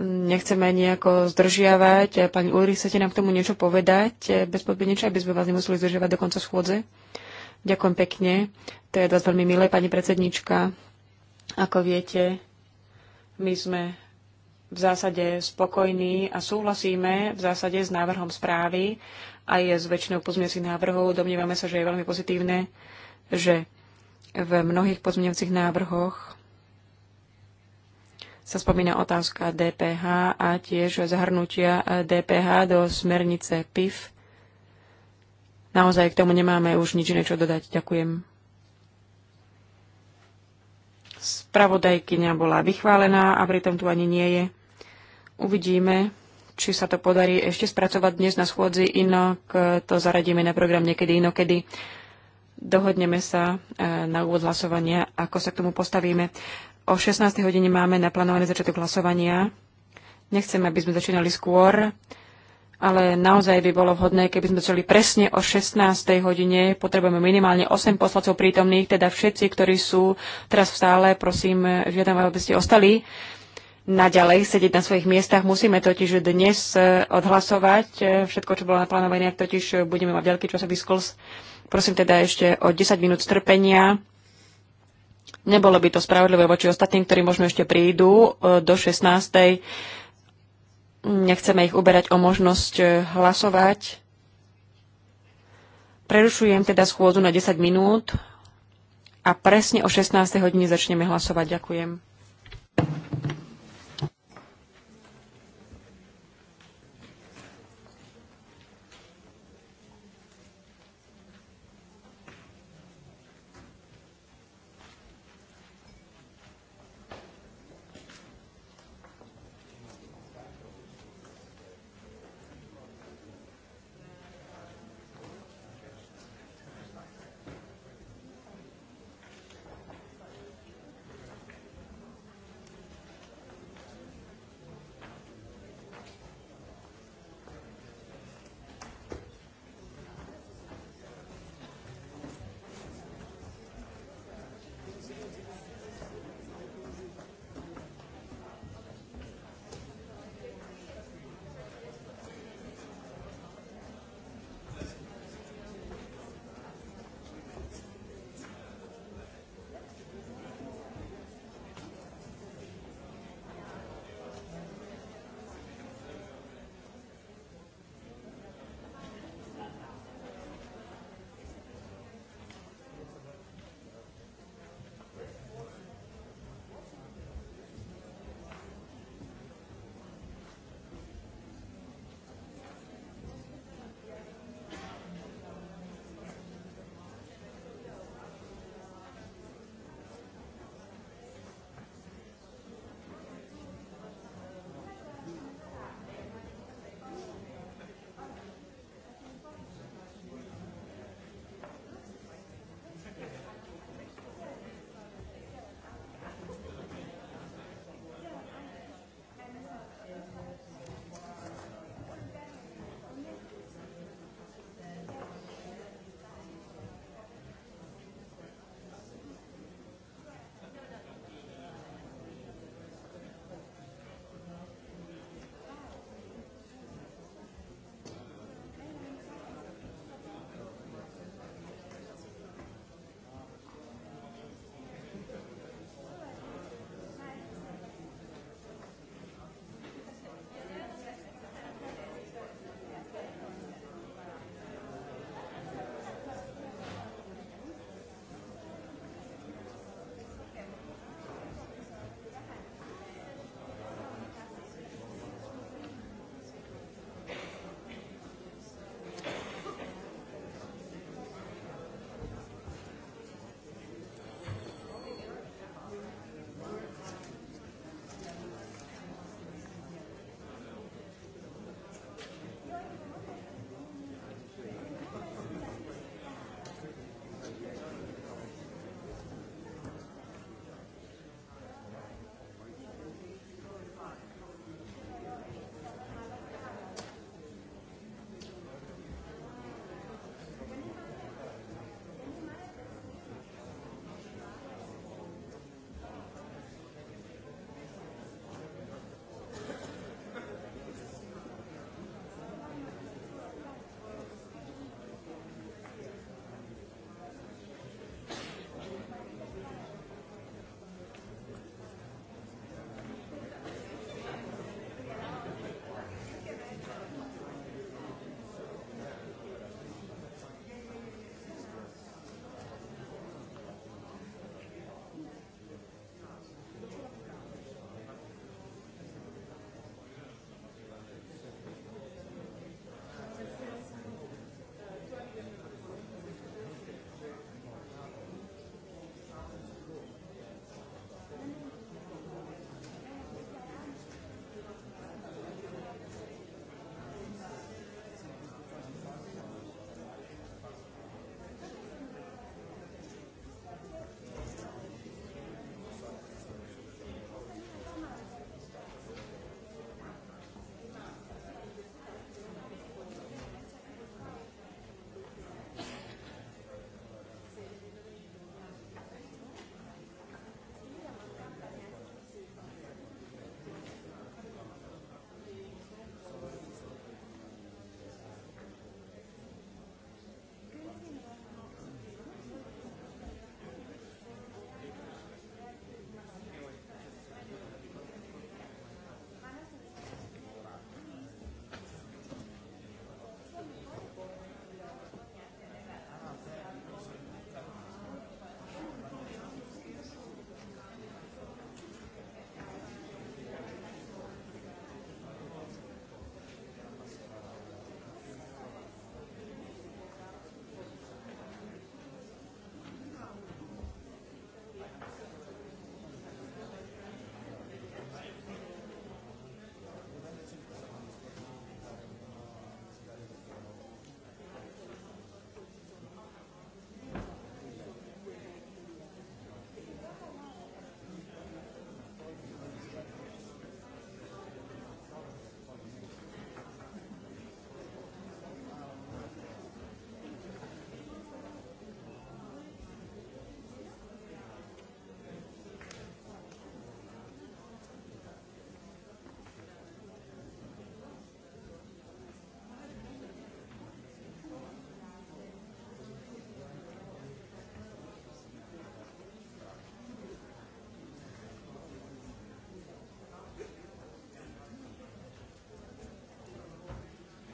nechceme nejako zdržiavať. Pani Úrich, chcete nám k tomu niečo povedať? Bezpodmienečne, aby sme vás nemuseli zdržiavať do konca schôdze. Ďakujem pekne. To je od vás veľmi milé, pani predsednička. Ako viete, my sme v zásade spokojní a súhlasíme v zásade s návrhom správy aj s väčšinou pozmiesi návrhov. Domnievame sa, že je veľmi pozitívne, že v mnohých pozmeňujúcich návrhoch sa spomína otázka DPH a tiež zahrnutia DPH eh, do smernice PIF. Naozaj k tomu nemáme už nič iné čo dodať. Ďakujem. Spravodajkyňa bola vychválená a pritom tu ani nie je. Uvidíme, či sa to podarí ešte spracovať dnes na schôdzi, inak eh, to zaradíme na program niekedy inokedy. Dohodneme sa e, na úvod hlasovania, ako sa k tomu postavíme. O 16. hodine máme naplánovaný začiatok hlasovania. Nechcem, aby sme začínali skôr, ale naozaj by bolo vhodné, keby sme začali presne o 16. hodine. Potrebujeme minimálne 8 poslancov prítomných, teda všetci, ktorí sú teraz v sále, prosím, žiadam, aby ste ostali naďalej sedieť na svojich miestach. Musíme totiž dnes e, odhlasovať e, všetko, čo bolo naplánované, ak totiž budeme mať veľký časový skls Prosím teda ešte o 10 minút strpenia. Nebolo by to spravodlivé voči ostatným, ktorí možno ešte prídu e, do 16. Nechceme ich uberať o možnosť e, hlasovať. Prerušujem teda schôdzu na 10 minút a presne o 16. hodine začneme hlasovať. Ďakujem.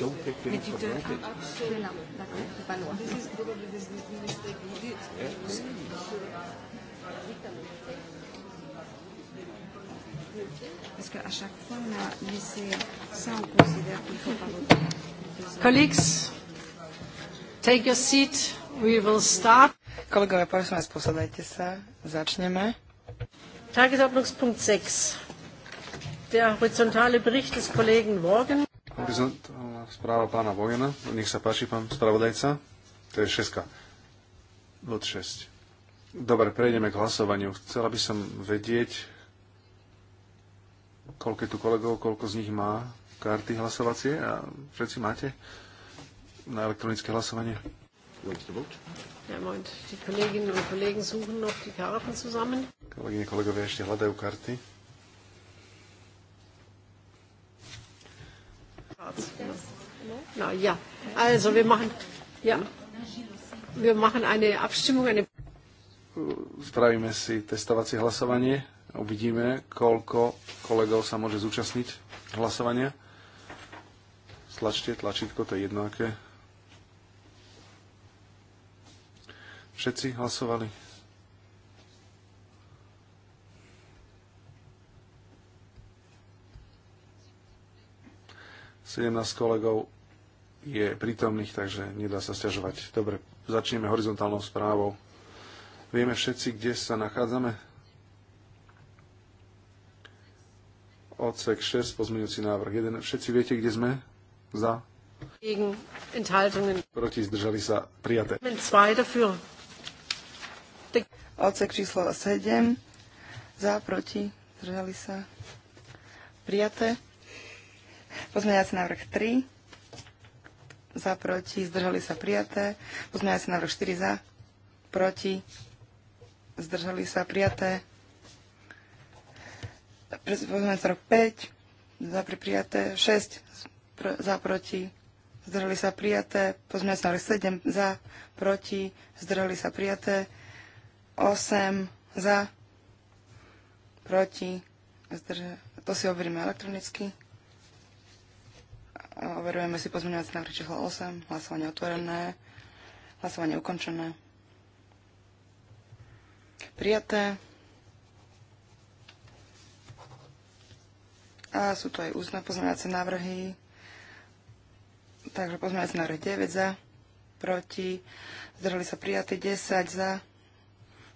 don't take them for granted. Ah, this is probably this, mistake we did. Yes. Mm. Parce qu'à chaque fois, on a laissé ça, on considère qu'il ne faut pas voter. Colleagues, take your seat. We will start. Kolegovia, prosím vás, posadajte sa. Začneme. Tagesordnungspunkt 6. Der horizontale Bericht des Kollegen Morgen. Horizontálna správa pána Vojena. Nech sa páči, pán spravodajca. To je šeska. Vod 6. Dobre, prejdeme k hlasovaniu. Chcela by som vedieť, koľko je tu kolegov, koľko z nich má karty hlasovacie a všetci máte na elektronické hlasovanie. Kolegyne, kolegovia ešte hľadajú karty. Na ja, also wir machen, ja, wir machen eine Abstimmung, eine Spravíme si testovacie hlasovanie, uvidíme, koľko kolegov sa môže zúčastniť hlasovania. Slačte tlačítko, to je jedno aké. Všetci hlasovali. 17 kolegov je prítomných, takže nedá sa stiažovať. Dobre, začneme horizontálnou správou. Vieme všetci, kde sa nachádzame? Odsek 6, pozmeňujúci návrh 1. Všetci viete, kde sme? Za? Proti zdržali sa prijaté. Odsek číslo 7. Za, proti, zdržali sa prijaté. Pozmeňovací návrh 3 za, proti, zdržali sa prijaté. Pozmeňovací návrh 4 za, proti, zdržali sa prijaté. Pozmeňovací návrh 5 za, prijaté. 6 pr- za, proti, zdržali sa prijaté. Pozmeňovací návrh 7 za, proti, zdržali sa prijaté. 8 za, proti, zdržali. To si overíme elektronicky. Overujeme si pozmeňovací návrh číslo 8. Hlasovanie otvorené. Hlasovanie ukončené. Prijaté. A sú tu aj ústne pozmeňovacie návrhy. Takže pozmeňovací návrh 9 za, proti, zdržali sa prijatí 10 za,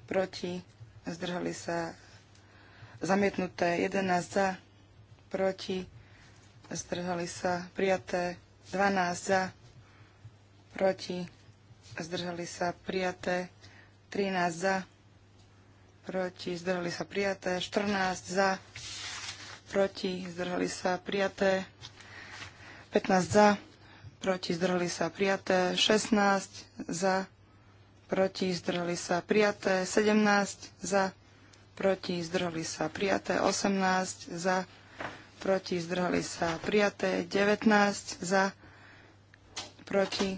proti, zdržali sa zamietnuté 11 za, proti, zdržali sa prijaté 12 za, proti, zdržali sa prijaté 13 za, proti, zdržali sa prijaté 14 za, proti, zdržali sa prijaté 15 za, proti, zdržali sa prijaté 16 za, proti, zdržali sa prijaté 17 za, proti, zdržali sa prijaté 18 za, proti, proti, zdrhali sa prijaté, 19 za, proti,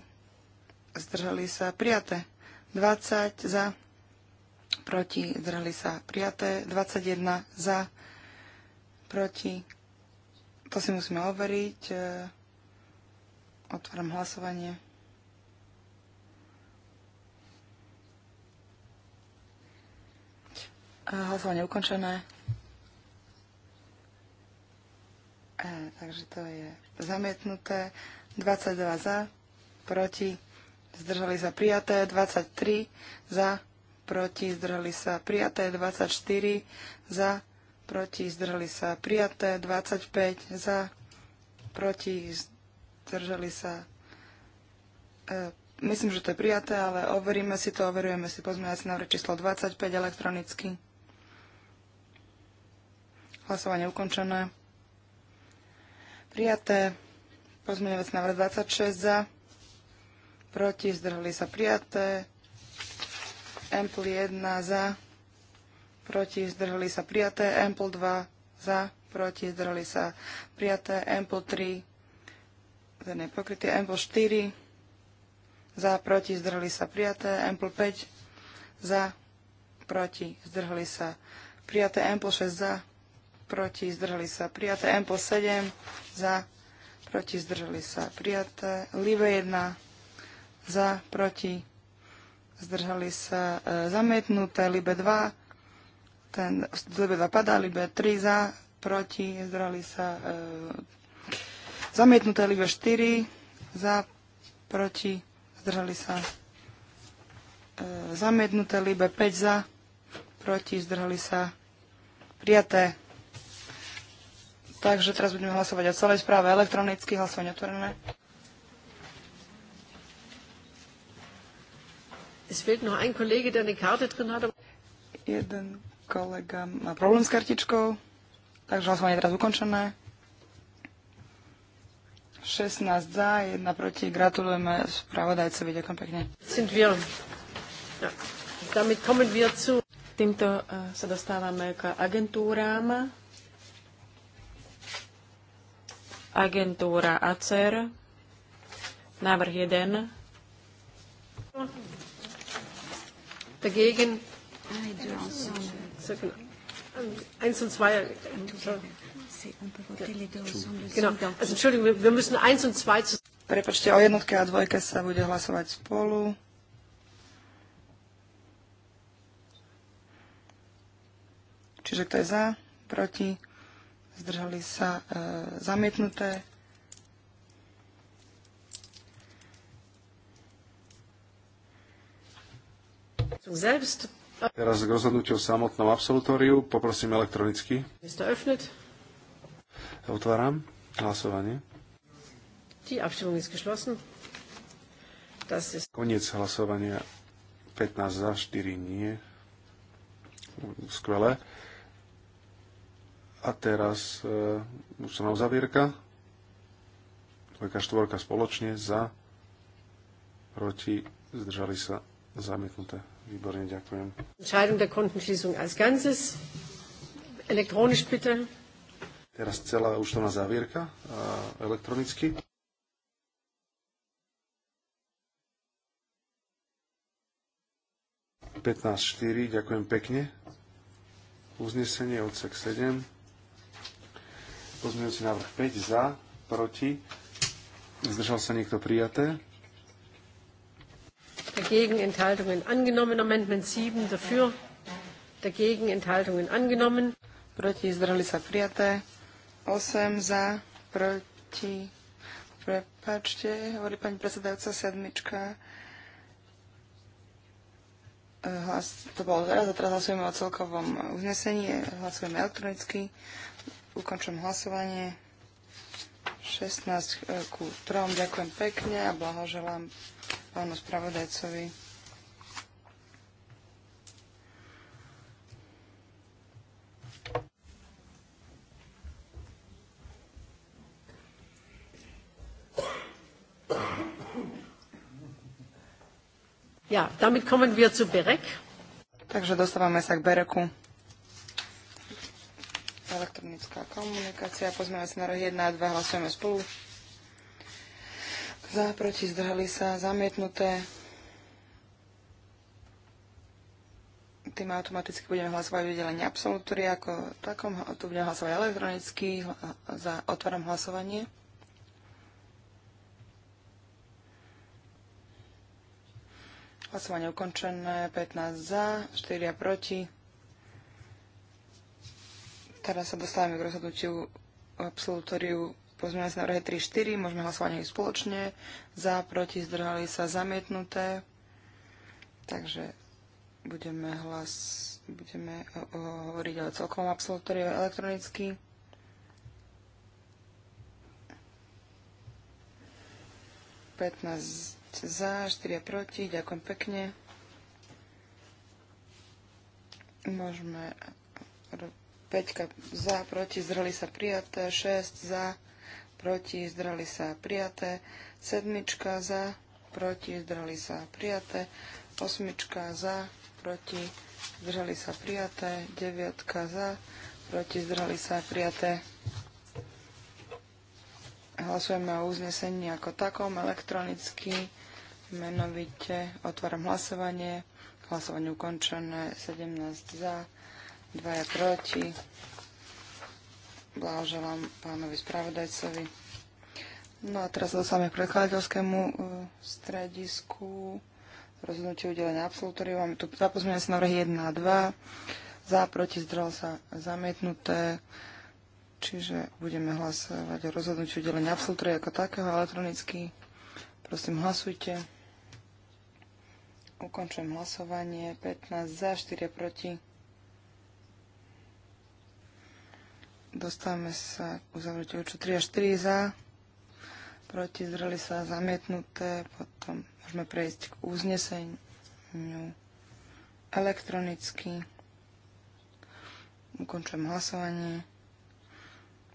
zdrhali sa prijaté, 20 za, proti, zdrhali sa prijaté, 21 za, proti, to si musíme overiť, e, otváram hlasovanie. E, hlasovanie ukončené. E, takže to je zamietnuté. 22 za, proti, zdržali sa prijaté. 23 za, proti, zdržali sa prijaté. 24 za, proti, zdržali sa prijaté. 25 za, proti, zdržali sa. E, myslím, že to je prijaté, ale overíme si to, overujeme si pozmeňovací návrh číslo 25 elektronicky. Hlasovanie ukončené. Prijaté. Pozmeňovac návrh 26 za. Proti. Zdrhli sa. Prijaté. M 1 za. Proti. Zdrhli sa. Prijaté. Ample 2 za. Proti. Zdrhli sa. Prijaté. Ample 3. za je pokrytý. 4 za. Proti. Zdrhli sa. Prijaté. Ample 5 za. Proti. Zdrhli sa. Prijaté. Ample 6 za proti, zdržali sa prijaté. M 7 za, proti, zdržali sa prijaté. Live 1 za, proti, zdržali sa e, zamietnuté. Libe 2, ten, Libe 2 padá, Libe 3 za, proti, zdržali sa e, zamietnuté. Libe 4 za, proti, zdržali sa e, zamietnuté. Libe 5 za, proti, zdržali sa prijaté. Takže teraz budeme hlasovať o celej správe elektronicky, hlasovanie otvorené. Es fehlt noch ein Kollege, der eine Karte drin hat. Jeden kolega má problém s kartičkou, takže hlasovanie je teraz ukončené. 16 za, 1 proti. Gratulujeme spravodajcovi, ďakujem pekne. Sind wir. Ja. Damit kommen wir zu. Týmto eh, sa dostávame k agentúram. agentúra ACER, návrh 1. Dagegen. Eins und Prepačte, o jednotke a dvojke sa bude hlasovať spolu. Čiže kto je za, proti, zdržali sa e, zamietnuté. Teraz k rozhodnutiu o samotnom absolutóriu. Poprosím elektronicky. Otváram hlasovanie. Koniec hlasovania. 15 za, 4 nie. Skvelé. A teraz e, ústavná uzavierka. Dvojka, štvorka spoločne za, proti, zdržali sa zamietnuté. Výborne, ďakujem. Entscheidung der Kontenschließung als Ganzes. Elektronisch bitte. Teraz celá na závierka elektronicky. Petnáct štyri, ďakujem pekne. Uznesenie odsek 7. Pozmeňujúci návrh 5 za, proti. Zdržal sa niekto prijaté. Dagegen Enthaltungen angenommen. Amendment 7 dafür. Dagegen Enthaltungen angenommen. Proti zdrhli sa prijaté. 8 za, proti. Prepačte, hovorí pani predsedajúca sedmička eh, hlas, to bolo teraz a teraz hlasujeme o celkovom uznesení, hlasujeme elektronicky. Ukončujem hlasovanie. 16 e, ku 3. Ďakujem pekne a blahoželám pánu spravodajcovi. Ja, damit kommen wir zu Berek. Takže dostávame sa k Bereku elektronická komunikácia, pozmeňovací návrh 1 a 2, hlasujeme spolu. Za, proti, zdrhali sa, zamietnuté. Tým automaticky budeme hlasovať vydelenie absolutúry, ako takom, tu budeme hlasovať elektronicky, za, otváram hlasovanie. Hlasovanie ukončené, 15 za, 4 proti. Teraz sa dostávame k rozhodnutiu absolutóriu pozmeňovacie návrhy 3-4. Môžeme hlasovať aj spoločne. Za, proti, zdržali sa zamietnuté. Takže budeme hlas budeme hovoriť o celkovom absolutóriu elektronicky. za, 4 proti, ďakujem pekne. Môžeme 5 za, proti, zdrali sa prijaté, 6 za, proti, zdrali sa prijaté, 7 za, proti, zdrali sa prijaté, 8 za, proti, zdrali sa prijaté, 9 za, proti, zdrali sa prijaté. Hlasujeme o uznesení ako takom elektronicky, menovite, otváram hlasovanie, hlasovanie ukončené, 17 za, dvaja proti. Blahoželám pánovi spravodajcovi. No a teraz dosáme k prekladateľskému e, stredisku rozhodnutie udelenia absolutóriu. Máme tu dva pozmeňovacie návrhy 1 a 2. Za, proti, zdrel sa zamietnuté. Čiže budeme hlasovať o rozhodnutí udelenia absolutória ako takého elektronicky. Prosím, hlasujte. Ukončujem hlasovanie. 15 za, 4 proti. Dostávame sa k uzavretiu oču 3 až 4 za. Proti zreli sa zamietnuté. Potom môžeme prejsť k uzneseniu elektronicky. Ukončujem hlasovanie.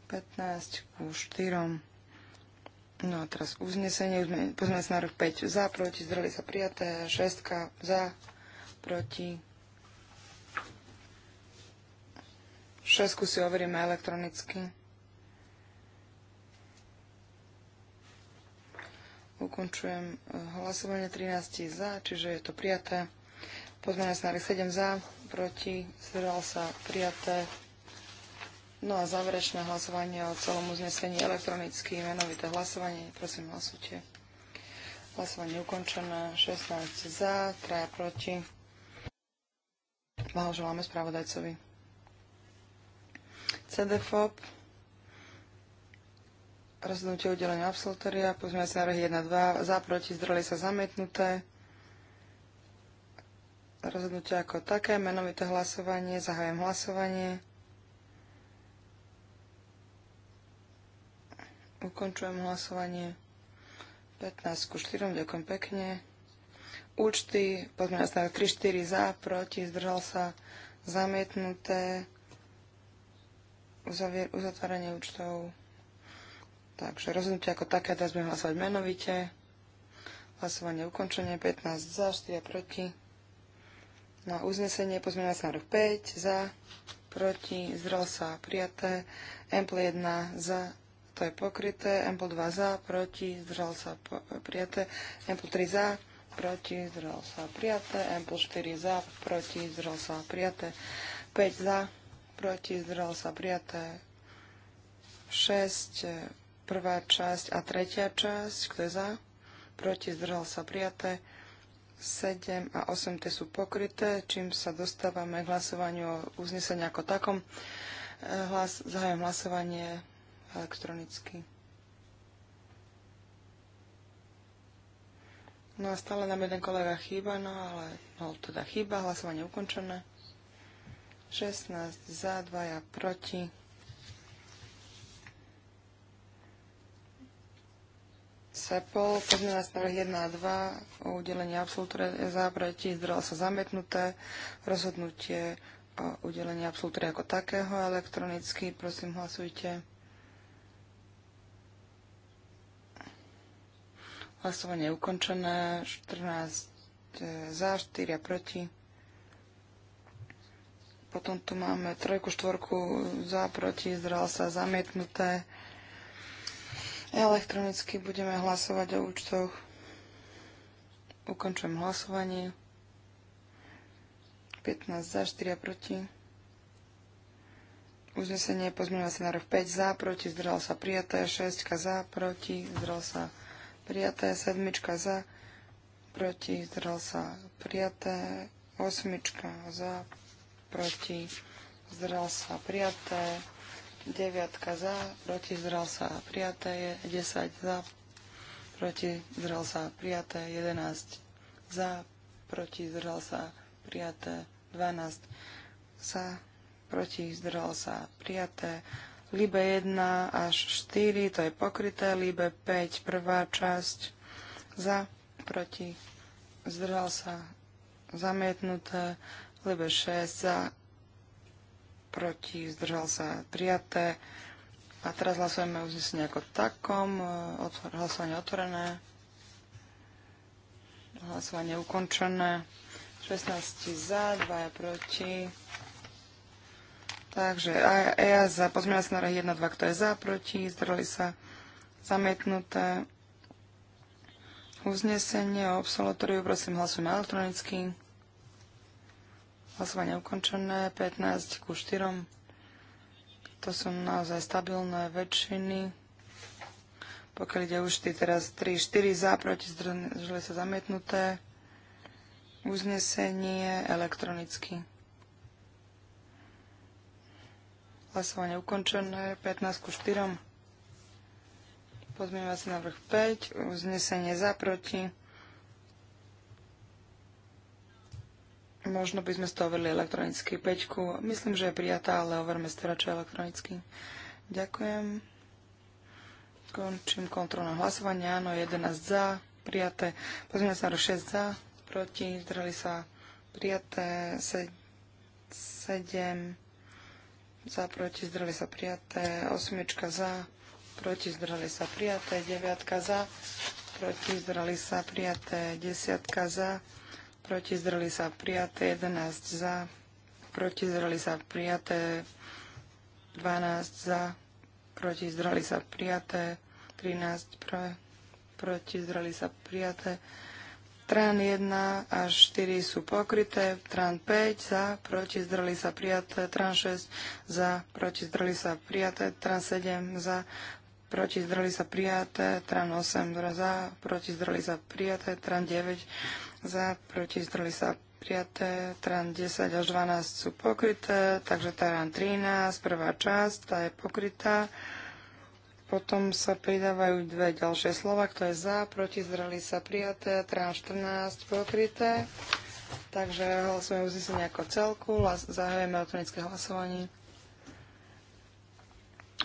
15 ku 4. No a teraz uznesenie, na rok 5 za, proti, zdrali sa prijaté, 6 za, proti, Šesku si overíme elektronicky. Ukončujem e, hlasovanie 13 za, čiže je to prijaté. Pozmeňujem sa na 7 za, proti, zdržal sa prijaté. No a záverečné hlasovanie o celom uznesení elektronicky, menovité hlasovanie. Prosím, hlasujte. Hlasovanie ukončené, 16 za, 3 proti. Blahoželáme spravodajcovi. CDFOP, rozhodnutie udelenia absolutoria, pozmeňovacie návrhy 1 2, za, proti, zdroli sa zamietnuté, rozhodnutie ako také, menovité hlasovanie, zahajem hlasovanie, ukončujem hlasovanie, 15 ku 4, ďakujem pekne, účty, pozmeňovacie návrhy 3, 4, za, proti, zdržal sa, zamietnuté, uzavier- uzatváranie účtov. Takže rozhodnutie ako také, teraz budeme hlasovať menovite. Hlasovanie ukončenie 15 za, 4 proti. Na uznesenie sa návrh 5 za, proti, zdrel sa prijaté. Ample 1 za, to je pokryté. Ample 2 za, proti, zdrel sa prijaté. Ample 3 za, proti, zdrel sa prijaté. MPL 4 za, proti, zdrel sa prijaté. 5 za, proti, zdrel sa prijaté. 6, e, prvá časť a tretia časť, kto je za, proti, zdrel sa prijaté. 7 a 8 tie sú pokryté, čím sa dostávame k hlasovaniu o uznesení ako takom. E, hlas, zahajujem hlasovanie elektronicky. No a stále nám jeden kolega chýba, no ale no, teda chýba, hlasovanie ukončené. 16 za, 2 proti. Sepol, pozmeňovací návrh 1 a 2 o udelení absolútore za proti, sa zametnuté, rozhodnutie o udelení absolútoria ako takého elektronicky, prosím hlasujte. Hlasovanie je ukončené, 14 e, za, 4 proti. Potom tu máme trojku, štvorku za, proti, zdral sa, zamietnuté. Elektronicky budeme hlasovať o účtoch. Ukončujem hlasovanie. 15 za, 4 proti. Uznesenie pozmeňoval sa návrh 5 za, proti, zdržal sa prijaté, 6 za, proti, zdržal sa prijaté, 7 za, proti, zdržal sa prijaté, 8 za, proti, zdržal sa prijaté, 9 za, proti, zdržal sa prijaté, 10 za, proti, zdržal sa prijaté, 11 za, proti, zdržal sa prijaté, 12 za, proti, zdržal sa prijaté, Libe 1 až 4, to je pokryté, Libe 5, prvá časť, za, proti, zdržal sa, zamietnuté, Libe 6 za, proti, zdržal sa prijaté. A teraz hlasujeme uznesenie ako takom. E, otvor, hlasovanie otvorené. Hlasovanie ukončené. 16 za, 2 proti. Takže EA e za pozmeňovací návrh 1, 2, kto je za, proti, zdrhli sa zamietnuté. Uznesenie o absolutóriu, prosím, hlasujme elektronicky. Hlasovanie ukončené, 15 ku 4. To sú naozaj stabilné väčšiny. Pokiaľ ide už ty teraz 3, 4 za, proti zdržali sa zamietnuté. Uznesenie elektronicky. Hlasovanie ukončené, 15 ku 4. Pozmievací návrh 5, uznesenie za, proti Možno by sme stovili elektronicky peťku. Myslím, že je prijatá, ale overme ste radšej elektronicky. Ďakujem. Končím kontrolné hlasovanie. Áno, 11 za, prijaté. Pozrieme sa do 6 za, proti, zdrali sa prijaté, 7 za, proti, zdrali sa prijaté, 8 za, proti, zdrali sa prijaté, 9 za, proti, zdrali sa prijaté, 10 za, proti zdrli sa prijaté, 11 za, proti zdrli sa prijaté, 12 za, proti zdrli sa prijaté, 13 pre, proti zdrli sa prijaté, Trán 1 až 4 sú pokryté, Trán 5 za, proti zdrli sa prijaté, Trán 6 za, proti zdrli sa prijaté, Trán 7 za, proti zdrli sa prijaté, Trán 8 za, proti zdrli sa prijaté, Trán 9 za za, proti, zdroli sa prijaté, trán 10 až 12 sú pokryté, takže trán 13, prvá časť, tá je pokrytá. Potom sa pridávajú dve ďalšie slova, kto je za, proti, zdroli sa prijaté, trán 14 pokryté. Takže hlasujeme uznesenie ako celku, zahajujeme elektronické hlasovanie.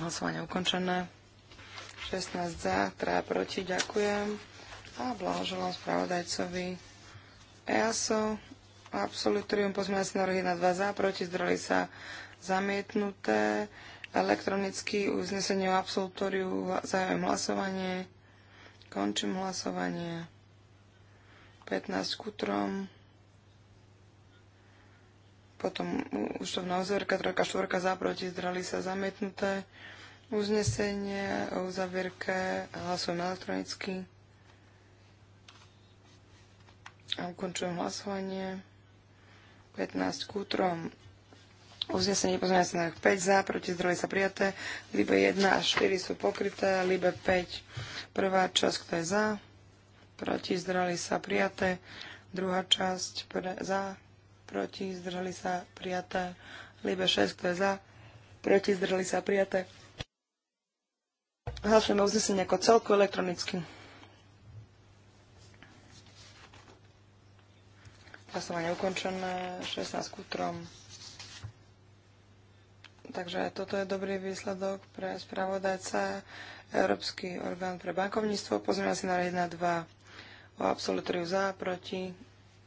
Hlasovanie ukončené. 16 za, 3 proti, ďakujem. A blahoželám spravodajcovi. EASO, absolutorium pozmeňovací návrhy na 2 za, proti zdroli sa zamietnuté, elektronicky uznesenie o absolutóriu, zájem hlasovanie, končím hlasovanie, 15 kutrom, potom už to v naozvierka, trojka, štvorka za, proti zdrali sa zamietnuté, uznesenie o uzavierke, hlasujem elektronicky, Ukončujem hlasovanie. 15 k útrom. Uznesenie sa na 5 za, proti zdroje sa prijaté. Libe 1 a 4 sú pokryté. Libe 5, prvá časť, kto je za, proti zdroji sa prijaté. Druhá časť, pre, za, proti zdržali sa prijaté. Libe 6, kto je za, proti zdržali sa prijaté. Hlasujeme uznesenie ako celku elektronicky. Hlasovanie ukončené, 16 k útrom. Takže toto je dobrý výsledok pre spravodajca. Európsky orgán pre bankovníctvo. Pozrieme si na 1 2 o absolutóriu za, proti.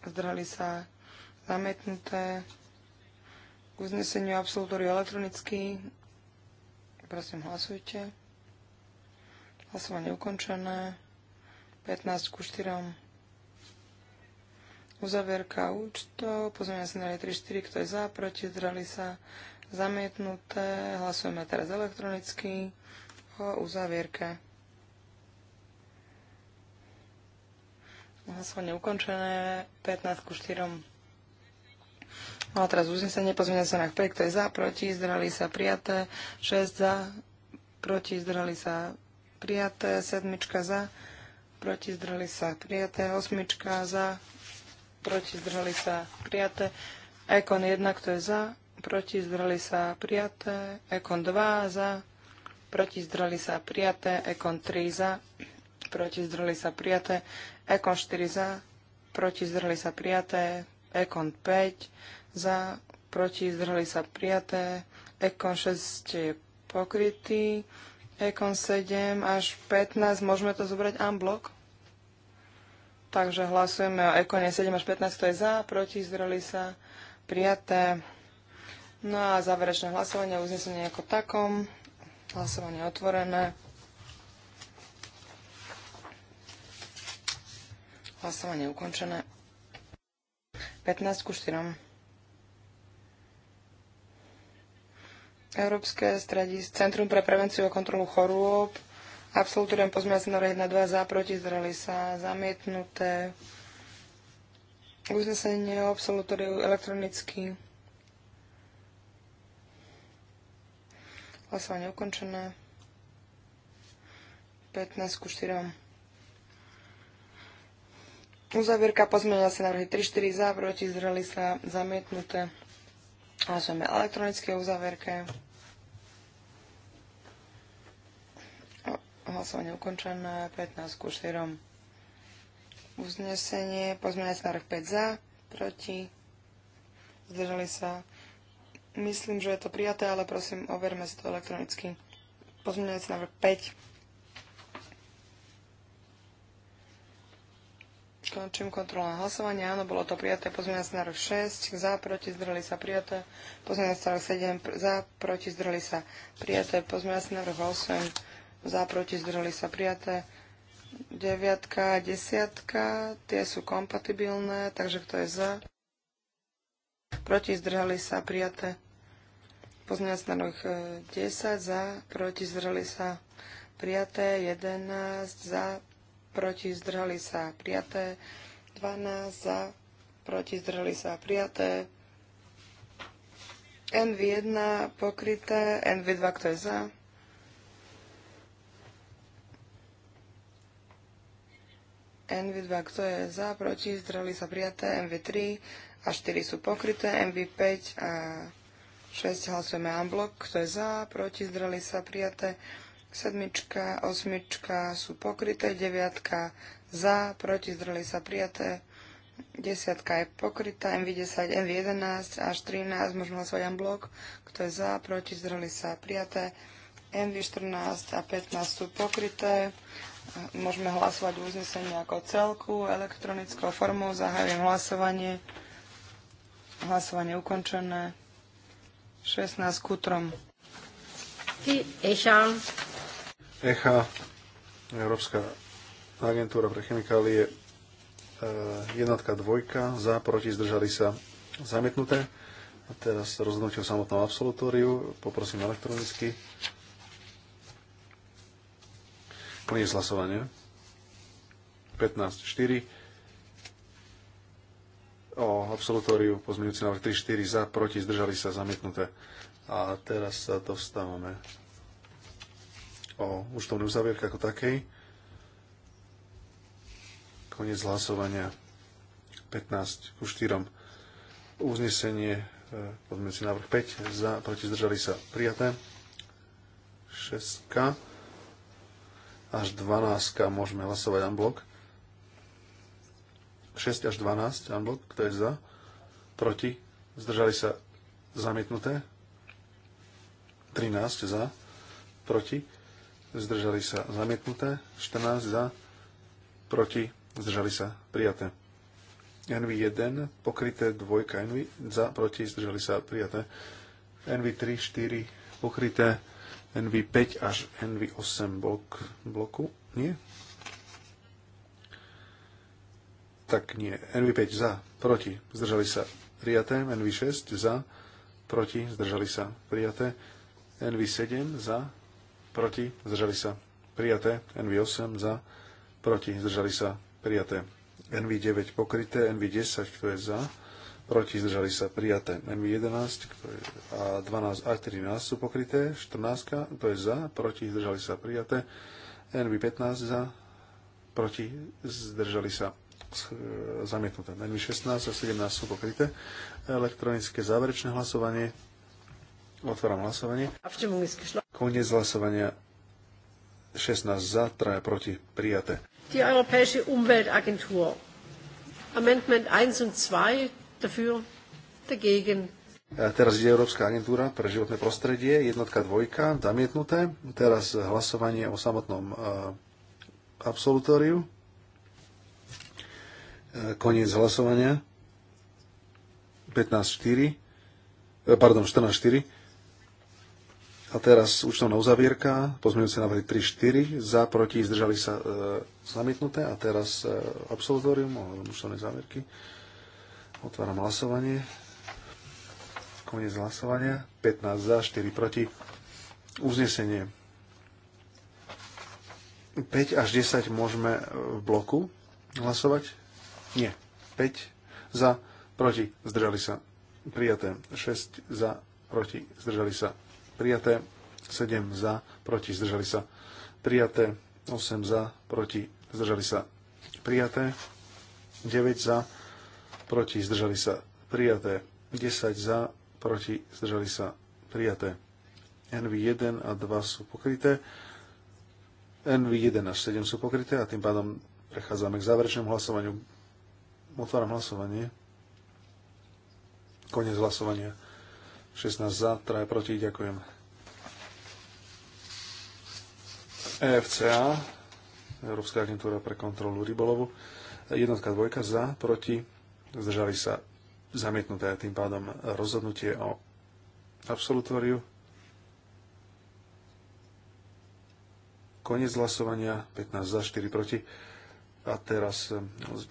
Zdrhali sa zamietnuté. K uzneseniu absolutóriu elektronicky. Prosím, hlasujte. Hlasovanie ukončené. 15 ku 4. Uzavierka účtov, pozmeňujem sa na 34, kto je za, proti, zdrali sa, zamietnuté. Hlasujeme teraz elektronicky o uzavierke. Hlasovanie ukončené, 15 ku 4. No a teraz uznesenie pozmeňujem sa na 5, kto je za, proti, zdrali sa, prijaté. 6 za, proti, zdrali sa, prijaté. 7 za, proti, zdrali sa, prijaté. 8 za, proti, zdržali sa, prijaté. Ekon 1, kto je za, proti, zdržali sa, prijaté. Ekon 2, za, proti, zdržali sa, prijaté. Ekon 3, za, proti, zdržali sa, prijaté. Ekon 4, za, proti, zdržali sa, prijaté. Ekon 5, za, proti, zdržali sa, prijaté. Ekon 6 je pokrytý. Ekon 7 až 15, môžeme to zobrať unblock? Takže hlasujeme o ekone 7 až 15, to je za, proti, zdreli sa, prijaté. No a záverečné hlasovanie, uznesenie ako takom, hlasovanie otvorené. Hlasovanie ukončené. 15 ku 4. Európske Centrum pre prevenciu a kontrolu chorôb Absolutorium pozmeňovací návrh 1, 2 za, proti, zdrali sa, zamietnuté. Uznesenie o absolutoriu elektronicky. Hlasovanie ukončené. 15 ku 4. Uzavierka pozmeňovací návrhy 3, 4 za, proti, zdrali sa, zamietnuté. Hlasujeme elektronické uzavierke. Hlasovanie ukončené. 15 ku 4. Uznesenie. Pozmeňací návrh 5 za. Proti. Zdržali sa. Myslím, že je to prijaté, ale prosím, overme si to elektronicky. na návrh 5. Končím na hlasovanie. Áno, bolo to prijaté. na návrh 6. Za, proti, zdrali sa prijaté. Pozmeňujúci návrh 7. Za, proti, zdrhli sa prijaté. na návrh 8 za, proti, zdržali sa prijaté. 9 a tie sú kompatibilné, takže kto je za? Proti, zdržali sa prijaté. Pozmeňovací návrh 10 e, za, proti, zdržali sa prijaté. 11 za, proti, zdržali sa prijaté. 12 za, proti, zdržali sa prijaté. NV1 pokryté, NV2 kto je za? NV2, kto je za, proti, zdrali sa prijaté, NV3 a 4 sú pokryté, NV5 a 6 hlasujeme unblock, kto je za, proti, zdrali sa prijaté, 7, 8 sú pokryté, 9 za, proti zdrali sa prijaté, 10 je pokrytá, nv 10 nv 11 až 13, možno hlasovať unblock, kto je za, proti zdrali sa prijaté, nv 14 a 15 sú pokryté, Môžeme hlasovať uznesenie ako celku, elektronickou formou. Zahájem hlasovanie. Hlasovanie ukončené. 16 kutrom. ECHA. ECHA, Európska agentúra pre chemikálie, e, jednotka, dvojka, za, proti, zdržali sa zamietnuté. A teraz rozhodnutie o samotnom absolutóriu. Poprosím elektronicky. Koniec hlasovania. 15.4. O absolutóriu pozmeňujúci návrh 3.4 za, proti, zdržali sa, zamietnuté. A teraz sa dostávame o účtovnú uzavierke ako takej. Koniec hlasovania 15 ku 4. Uznesenie, e, pozmeňujúci návrh 5, za, proti zdržali sa prijaté. 6 až 12 môžeme hlasovať unblock. 6 až 12 unblock, kto je za? Proti? Zdržali sa zamietnuté? 13 za? Proti? Zdržali sa zamietnuté? 14 za? Proti? Zdržali sa prijaté. NV1 pokryté dvojka NV za, proti, zdržali sa prijaté. NV3, 4 pokryté NV5 až NV8 blok, bloku, nie? Tak nie. NV5 za, proti, zdržali sa prijaté. NV6 za, proti, zdržali sa prijaté. NV7 za, proti, zdržali sa prijaté. NV8 za, proti, zdržali sa prijaté. NV9 pokryté, NV10, kto je za, proti zdržali sa prijaté M11 ktoré, a 12 a 13 sú pokryté, 14 to je za, proti zdržali sa prijaté, nb 15 za, proti zdržali sa zamietnuté. NV16 a 17 sú pokryté. Elektronické záverečné hlasovanie. Otváram hlasovanie. Koniec hlasovania 16 za, 3 proti, prijaté. Die Europäische Umweltagentur. Amendment 1 und 2 dafür, dagegen. teraz ide Európska agentúra pre životné prostredie, jednotka, dvojka, zamietnuté. Teraz hlasovanie o samotnom uh, absolutóriu. Uh, koniec hlasovania. 15.4. E, pardon, 14.4. A teraz účtovná uzavierka, pozmeňujúce návrhy 3, 4, za, proti, zdržali sa uh, zamietnuté a teraz uh, absolutórium o účtovnej závierky. Otváram hlasovanie. Koniec hlasovania. 15 za, 4 proti. Uznesenie 5 až 10 môžeme v bloku hlasovať? Nie. 5 za, proti, zdržali sa. Prijaté. 6 za, proti, zdržali sa. Prijaté. 7 za, proti, zdržali sa. Prijaté. 8 za, proti, zdržali sa. Prijaté. 9 za, proti, zdržali sa, prijaté. 10 za, proti, zdržali sa, prijaté. NV1 a 2 sú pokryté. NV1 až 7 sú pokryté a tým pádom prechádzame k záverečnému hlasovaniu. Otváram hlasovanie. Konec hlasovania. 16 za, 3 proti, ďakujem. EFCA, Európska agentúra pre kontrolu rybolovu. Jednotka, dvojka za, proti, zdržali sa zamietnuté tým pádom rozhodnutie o absolutóriu. Konec hlasovania, 15 za, 4 proti. A teraz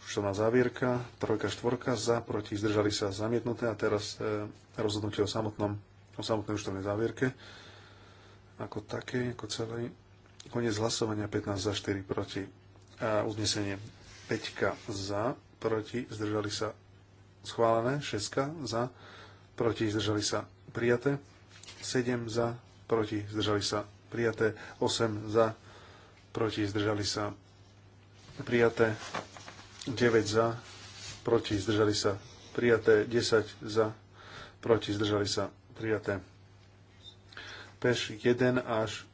účtovná eh, závierka, trojka, štvorka, za, proti, zdržali sa zamietnuté. A teraz eh, rozhodnutie o, samotnom, o samotnej účtovnej závierke ako také, ako celé. Konec hlasovania, 15 za, 4 proti. A uznesenie 5 za, proti, zdržali sa schválené, 6 za, proti, zdržali sa prijaté, 7 za, proti, zdržali sa prijaté, 8 za, proti, zdržali sa prijaté, 9 za, proti, zdržali sa prijaté, 10 za, proti, zdržali sa prijaté. Peš 1 až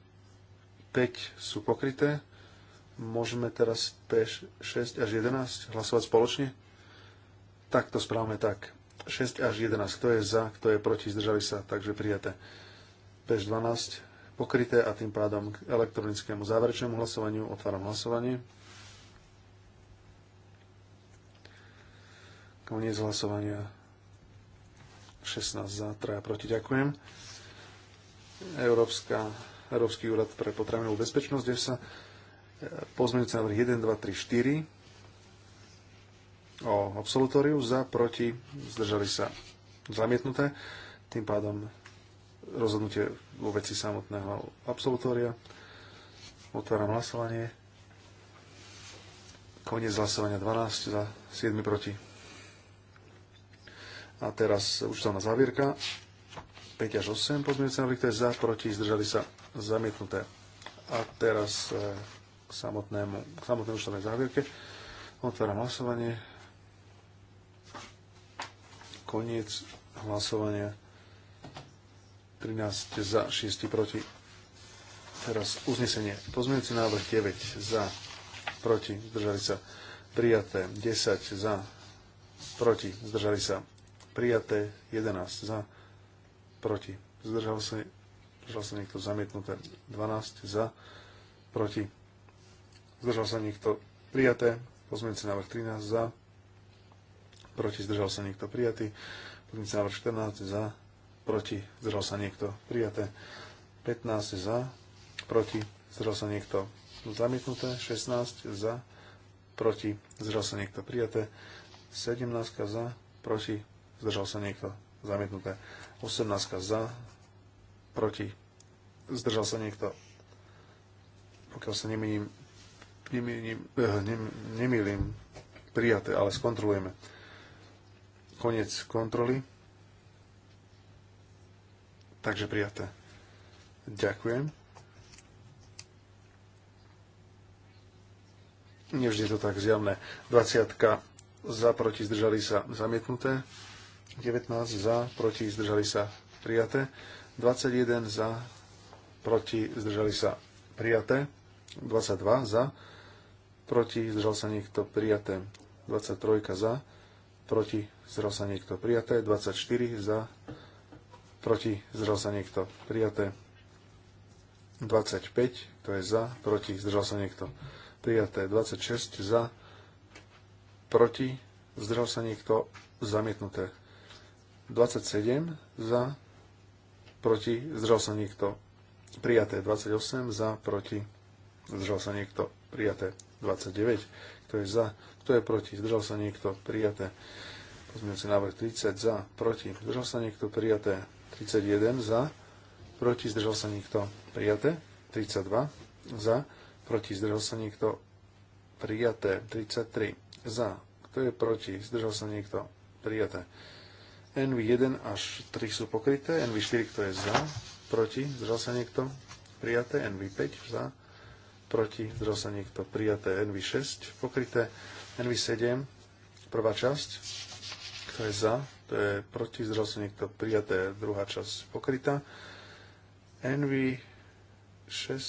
5 sú pokryté, Môžeme teraz P6 až 11 hlasovať spoločne? Tak to správame tak. 6 až 11. Kto je za, kto je proti, zdržali sa, takže prijaté. P12 pokryté a tým pádom k elektronickému záverečnému hlasovaniu otváram hlasovanie. Koniec hlasovania 16 za, 3 proti. Ďakujem. Európska, Európsky úrad pre potravinovú bezpečnosť, kde sa Pozmeňujúce návrhy 1, 2, 3, 4 o absolutóriu za, proti, zdržali sa zamietnuté. Tým pádom rozhodnutie vo veci samotného absolutória. Otváram hlasovanie. Koniec hlasovania 12 za 7 proti. A teraz už na závierka. 5 až 8 pozmeňujúce návrhy, kto je za, proti, zdržali sa zamietnuté. A teraz eh, k, samotnému, k samotnému štátnej závierke. Otváram hlasovanie. Koniec hlasovania. 13 za, 6 proti. Teraz uznesenie. Pozmeňujúci návrh 9 za, proti, zdržali sa. Prijaté 10 za, proti, zdržali sa. Prijaté 11 za, proti, zdržal sa, zdržal sa niekto zamietnuté 12 za, proti, Zdržal sa niekto prijaté. Pozmeňujúci návrh 13 za. Proti zdržal sa niekto prijatý. Pozmeňujúci návrh 14 za. Proti zdržal sa niekto prijaté. 15 za. Proti zdržal sa niekto zamietnuté. 16 za. Proti zdržal sa niekto prijaté. 17 za. Proti zdržal sa niekto zamietnuté. 18 za. Proti zdržal sa niekto pokiaľ sa nemením, nemýlim, nemýlim prijaté, ale skontrolujeme. Konec kontroly. Takže prijaté. Ďakujem. Nevždy je to tak zjavné. 20 za, proti, zdržali sa, zamietnuté. 19 za, proti, zdržali sa, prijaté. 21 za, proti, zdržali sa, prijaté. 22 za, proti, zdržal sa niekto prijaté. 23 za, proti, zdržal sa niekto prijaté. 24 za, proti, zdržal sa niekto prijaté. 25, to je za, proti, zdržal sa niekto prijaté. 26 za, proti, zdržal sa niekto zamietnuté. 27 za, proti, zdržal sa niekto prijaté. 28 za, proti, zdržal sa niekto prijaté 29, kto je za, kto je proti, zdržal sa niekto, prijaté pozmeňujúci návrh 30 za, proti, zdržal sa niekto, prijaté 31 za, proti, zdržal sa niekto, prijaté 32 za, proti, zdržal sa niekto, prijaté 33 za, kto je proti, zdržal sa niekto, prijaté. NV1 až 3 sú pokryté, NV4 kto je za, proti, zdržal sa niekto, prijaté, NV5 za, proti, zrosa niekto, prijaté NV6, pokryté NV7, prvá časť, kto je za, to je proti, zrosa niekto, prijaté druhá časť, pokrytá, NV6,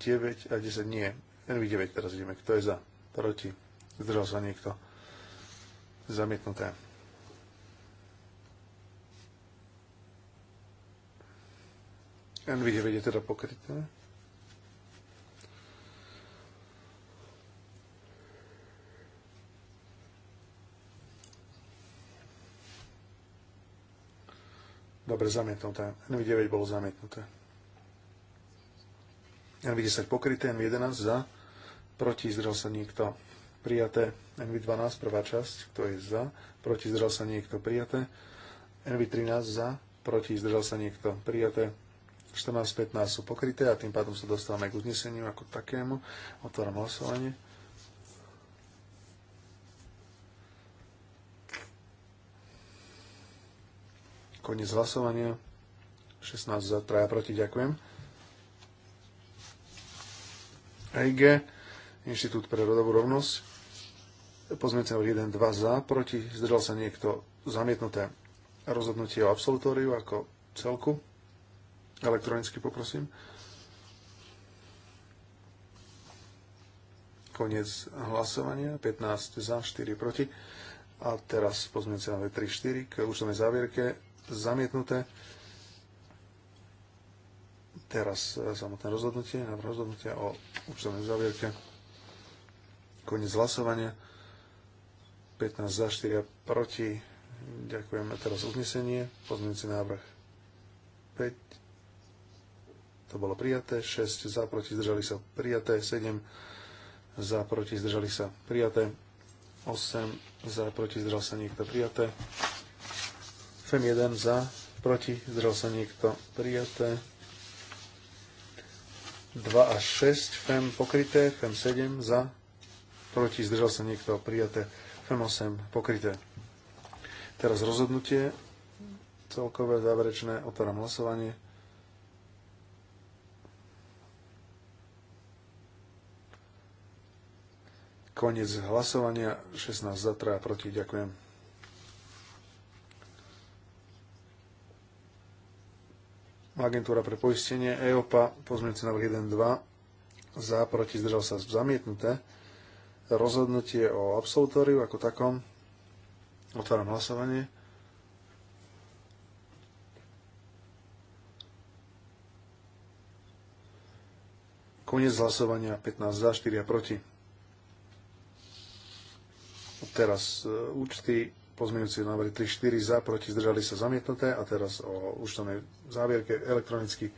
9 a 10 nie, NV9 teraz ideme, kto je za, proti, zrosa niekto, zamietnuté. NV9 je teda pokryté. Dobre, zamietnuté. NV9 bolo zamietnuté. NV10 pokryté, NV11 za, proti zdrel sa niekto prijaté. NV12 prvá časť, kto je za, proti zdrel sa niekto prijaté. NV13 za, proti zdržal sa niekto prijaté. 14-15 sú pokryté a tým pádom sa dostávame k uzneseniu ako takému. Otváram hlasovanie. Koniec hlasovania. 16 za, 3 proti, ďakujem. EIG, Inštitút pre rodovú rovnosť. Pozmeňte 1, 2 za, proti, zdržal sa niekto zamietnuté rozhodnutie o absolutóriu ako celku. Elektronicky poprosím. Koniec hlasovania, 15 za, 4 proti. A teraz pozmeňte návrh 3, 4 k účtovnej závierke zamietnuté. Teraz e, samotné rozhodnutie, návrh rozhodnutia o účtovnej závierke. Koniec hlasovania. 15 za 4 proti. Ďakujeme teraz uznesenie. Pozmeňujúci návrh 5. To bolo prijaté. 6 za proti zdržali sa prijaté. 7 za proti zdržali sa prijaté. 8 za proti zdržal sa niekto prijaté. FEM1 za, proti, zdrel sa niekto, prijaté. 2 až 6, FEM pokryté, FEM 7 za, proti, zdržal sa niekto, prijaté. FEM 8 pokryté. Teraz rozhodnutie, celkové záverečné, otváram hlasovanie. Koniec hlasovania, 16 za 3 proti, ďakujem. Agentúra pre poistenie EOPA, pozmeňujúci návrh 1, 2, za, proti, zdržal sa zamietnuté. Rozhodnutie o absolutóriu ako takom. Otváram hlasovanie. Koniec hlasovania 15 za, 4 a proti. Teraz e, účty Pozmeňujúci návrhy 3, 4 za, proti, zdržali sa zamietnuté. A teraz o účtovnej závierke elektronicky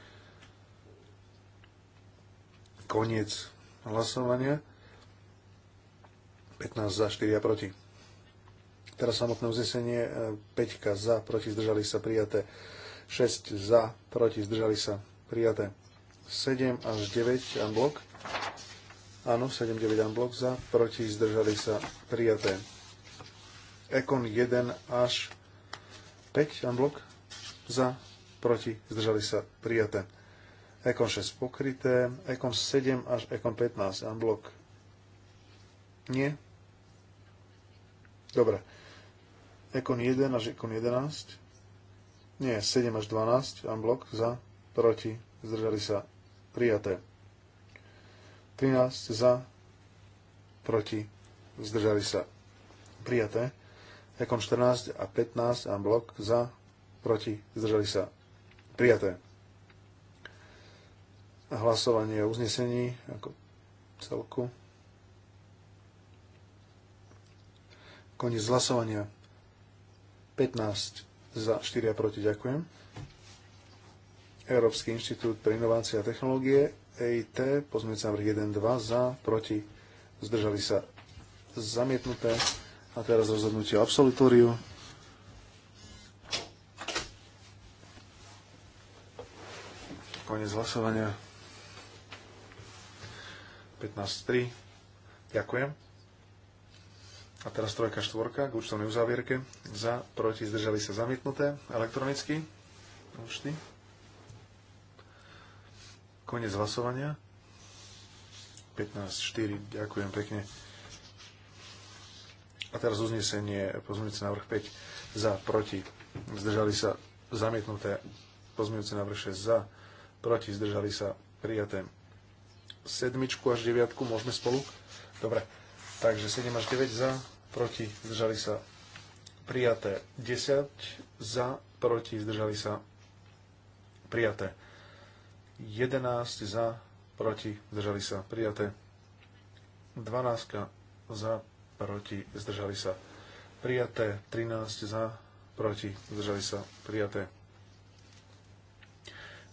koniec hlasovania. 15 za, 4 a proti. Teraz samotné uznesenie 5 e, za, proti, zdržali sa prijaté. 6 za, proti, zdržali sa prijaté. 7 až 9 unblock. Áno, 7, 9 unblock za, proti, zdržali sa prijaté. Ekon 1 až 5 unblock za, proti, zdržali sa prijaté. Ekon 6 pokryté, Ekon 7 až Ekon 15 unblock nie. Dobre. Ekon 1 až Ekon 11 nie, 7 až 12 unblock za, proti, zdržali sa prijaté. 13 za, proti, zdržali sa prijaté. Ekon 14 a 15 a blok za, proti, zdržali sa. Prijaté. Hlasovanie o uznesení ako celku. Koniec hlasovania. 15 za 4 a proti. Ďakujem. Európsky inštitút pre inovácie a technológie EIT, pozmeňujúci návrh 1, 2, za, proti, zdržali sa zamietnuté. A teraz rozhodnutie o absolutóriu. Konec hlasovania. 15.3. Ďakujem. A teraz trojka, štvorka k účtovnej uzávierke. Za, proti, zdržali sa zamietnuté elektronicky. Účty. Konec hlasovania. 15.4. Ďakujem pekne. A teraz uznesenie pozmeňujúce návrh 5 za, proti, zdržali sa zamietnuté, pozmeňujúce návrh 6 za, proti, zdržali sa prijaté. Sedmičku až deviatku môžeme spolu? Dobre. Takže 7 až 9 za, proti, zdržali sa prijaté. 10 za, proti, zdržali sa prijaté. 11 za, proti, zdržali sa prijaté. 12 za, proti, zdržali sa prijaté, 13 za, proti, zdržali sa prijaté.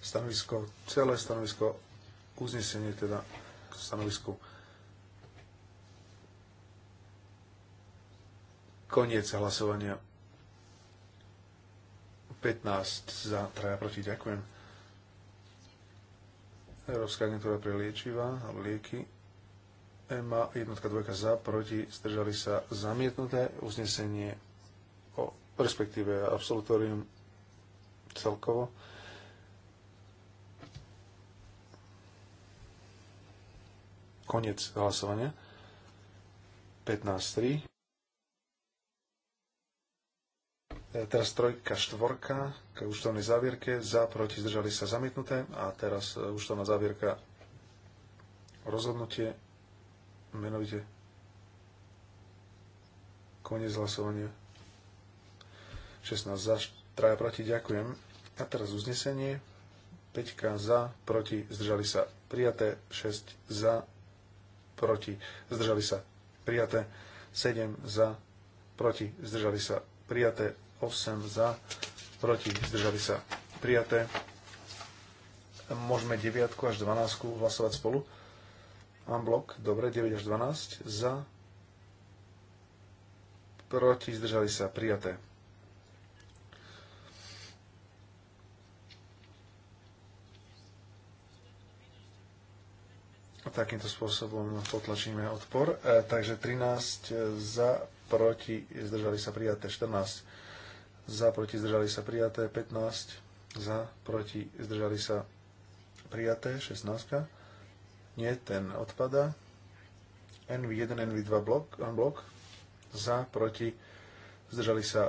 Stanovisko, celé stanovisko, uznesenie teda k stanovisku. Koniec hlasovania. 15 za, traja proti, ďakujem. Európska agentúra pre liečiva a lieky EMA jednotka dvojka za, proti, zdržali sa zamietnuté, uznesenie o respektíve absolutorium celkovo. Koniec hlasovania. 15.3. E, teraz trojka, štvorka k účtovnej závierke. Za, proti, zdržali sa zamietnuté. A teraz e, účtovná závierka rozhodnutie menovite. Konec hlasovania. 16 za, 3 proti, ďakujem. A teraz uznesenie. 5 za, proti, zdržali sa prijaté. 6 za, proti, zdržali sa prijaté. 7 za, proti, zdržali sa prijaté. 8 za, proti, zdržali sa prijaté. Môžeme 9 až 12 hlasovať spolu blok, dobre, 9 až 12, za, proti, zdržali sa, prijaté. Takýmto spôsobom potlačíme odpor. E, takže 13 e, za, proti, zdržali sa, prijaté, 14 za, proti, zdržali sa, prijaté, 15 za, proti, zdržali sa, prijaté, 16 nie, ten odpada. NV1, NV2 blok, blok. Za, proti. Zdržali sa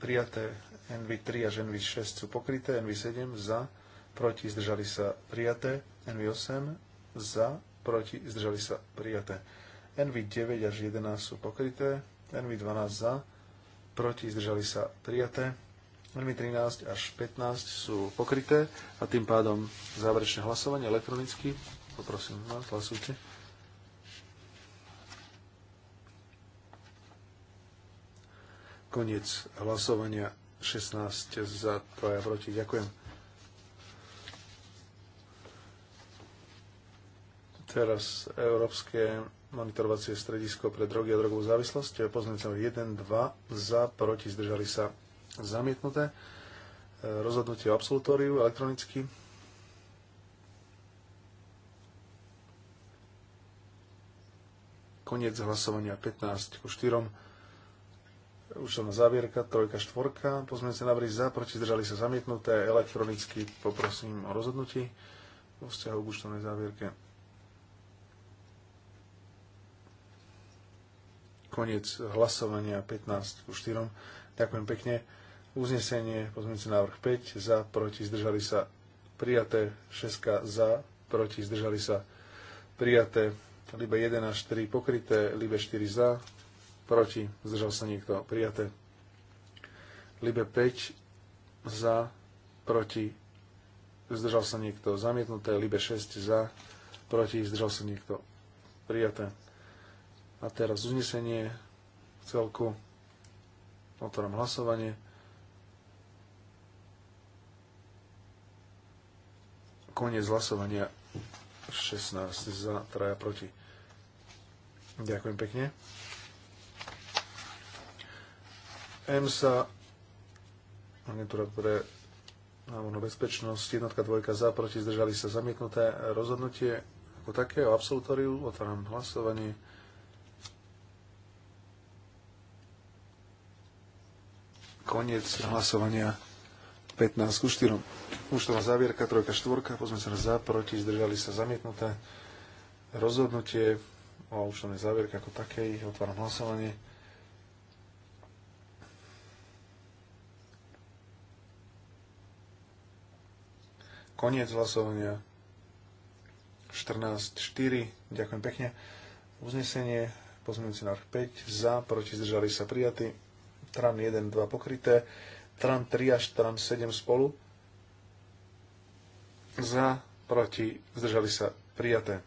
prijaté. NV3 až NV6 sú pokryté. NV7 za, proti. Zdržali sa prijaté. NV8 za, proti. Zdržali sa prijaté. NV9 až 11 sú pokryté. NV12 za, proti. Zdržali sa prijaté. NV13 až 15 sú pokryté a tým pádom záverečné hlasovanie elektronicky Poprosím vás, hlasujte. Koniec hlasovania 16 za, 2 proti. Ďakujem. Teraz Európske monitorovacie stredisko pre drogy a drogovú závislosť. Pozmeňujúcom 1, 2 za, proti, zdržali sa zamietnuté. Rozhodnutie o absolutóriu elektronicky. koniec hlasovania 15 ku 4. už na závierka, trojka, štvorka. sa návrhy za, proti zdržali sa zamietnuté. Elektronicky poprosím o rozhodnutí vo vzťahu k účtovnej závierke. Koniec hlasovania 15 ku 4. Ďakujem pekne. Uznesenie, pozmeňujúci návrh 5, za, proti, zdržali sa, prijaté, 6 za, proti, zdržali sa, prijaté, Libe 1 až 4 pokryté, Libe 4 za, proti, zdržal sa niekto, prijaté. Libe 5 za, proti, zdržal sa niekto, zamietnuté, Libe 6 za, proti, zdržal sa niekto, prijaté. A teraz uznesenie v celku. Otváram hlasovanie. Koniec hlasovania 16 za, traja proti. Ďakujem pekne. EMSA, agentúra pre námornú bezpečnosť, jednotka, dvojka, za, proti, zdržali sa zamietnuté rozhodnutie ako také o absolutóriu. Otváram hlasovanie. Koniec hlasovania 15 ku 4. má závierka, trojka, štvorka, pozme sa za, proti, zdržali sa zamietnuté rozhodnutie o účtovnej záverke ako takej. Otváram hlasovanie. Koniec hlasovania. 14.4. Ďakujem pekne. Uznesenie pozmeňujúci návrh 5. Za, proti, zdržali sa prijatí. Tran 1, 2 pokryté. Tran 3 až Tran 7 spolu. Za, proti, zdržali sa prijaté.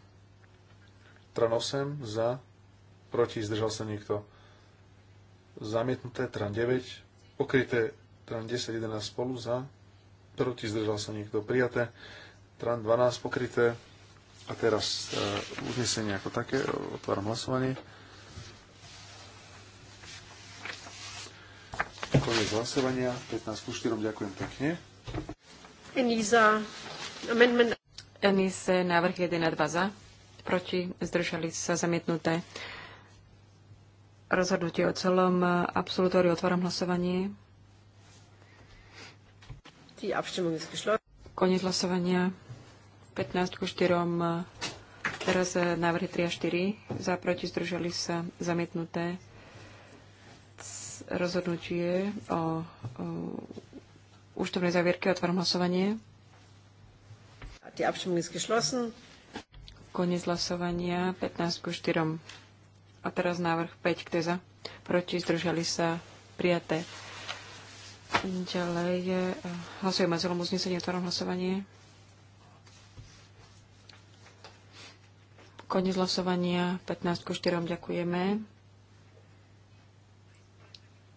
Tran 8 za, proti, zdržal sa niekto. Zamietnuté, Tran 9, pokryté, Tran 10, 11 spolu za, proti, zdržal sa niekto. Prijaté, Tran 12 pokryté. A teraz e, uznesenie ako také, otváram hlasovanie. Koniec hlasovania, 15 ku 4, ďakujem pekne. Eniza, amendment. Enise, návrh 1 a 2 za proti, zdržali sa zamietnuté. Rozhodnutie o celom absolutóriu otváram hlasovanie. Koniec hlasovania. 15 ku 4. Teraz eh, návrhy 3 a 4. Za proti zdržali sa zamietnuté rozhodnutie o, o eh, účtovnej závierke. Otváram hlasovanie. Die Abstimmung ist geschlossen. Koniec hlasovania 15 ku 4. A teraz návrh 5, kto je za? Proti, zdržali sa prijaté. Ďalej e, hlasujeme o celom uznesení, otváram hlasovanie. Koniec hlasovania 15 ku 4. Ďakujeme.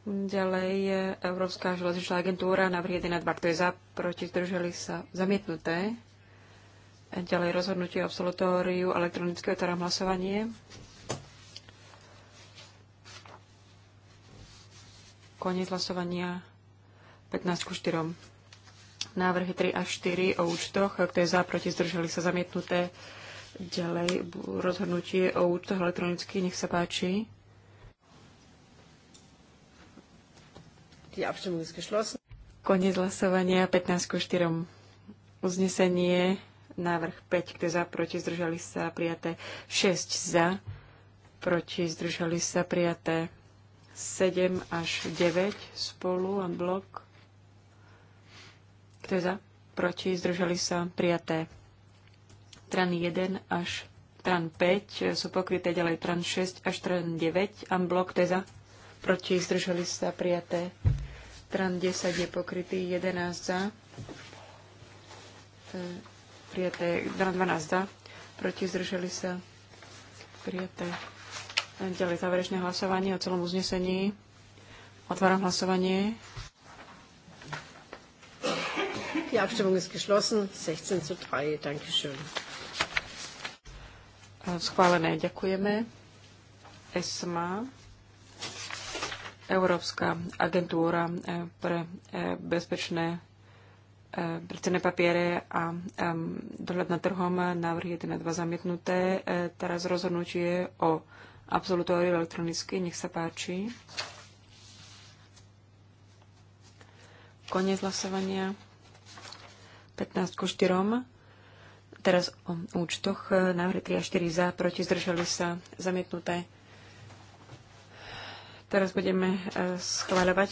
Ďalej je Európska železničná agentúra, návrh 1 a 2, kto je za, proti, zdržali sa, zamietnuté. Ďalej rozhodnutie absolutóriu elektronického teda hlasovanie. Koniec hlasovania 15 ku 4. Návrhy 3 a 4 o účtoch, kto je za, proti, zdržali sa zamietnuté. Ďalej rozhodnutie o účtoch elektronicky, nech sa páči. Koniec hlasovania 15 ku 4. Uznesenie Návrh 5, kde za, proti, zdržali sa, prijaté. 6 za, proti, zdržali sa, prijaté. 7 až 9 spolu, en blok. Kto je za, proti, zdržali sa, prijaté. Tran 1 až tran 5 sú pokryté ďalej tran 6 až tran 9, en blok, kto je za, proti, zdržali sa, prijaté. Tran 10 je pokrytý 11 za prijaté 12 za, proti zdržali sa prijaté. Ďalej záverečné hlasovanie o celom uznesení. Otváram hlasovanie. Die Abstimmung ist geschlossen. 16 zu 3. Dankeschön. Äh, schválené. Ďakujeme. ESMA, Európska agentúra äh, pre äh, bezpečné E, cenné papiere a e, dohľad nad trhom, návrh 1 a 2 zamietnuté. E, teraz rozhodnutie o absolutóriu elektronicky. Nech sa páči. Koniec hlasovania. 15 ku 4. Teraz o účtoch. Návrhy 3 a 4 za, proti, zdržali sa, zamietnuté. Teraz budeme schváľovať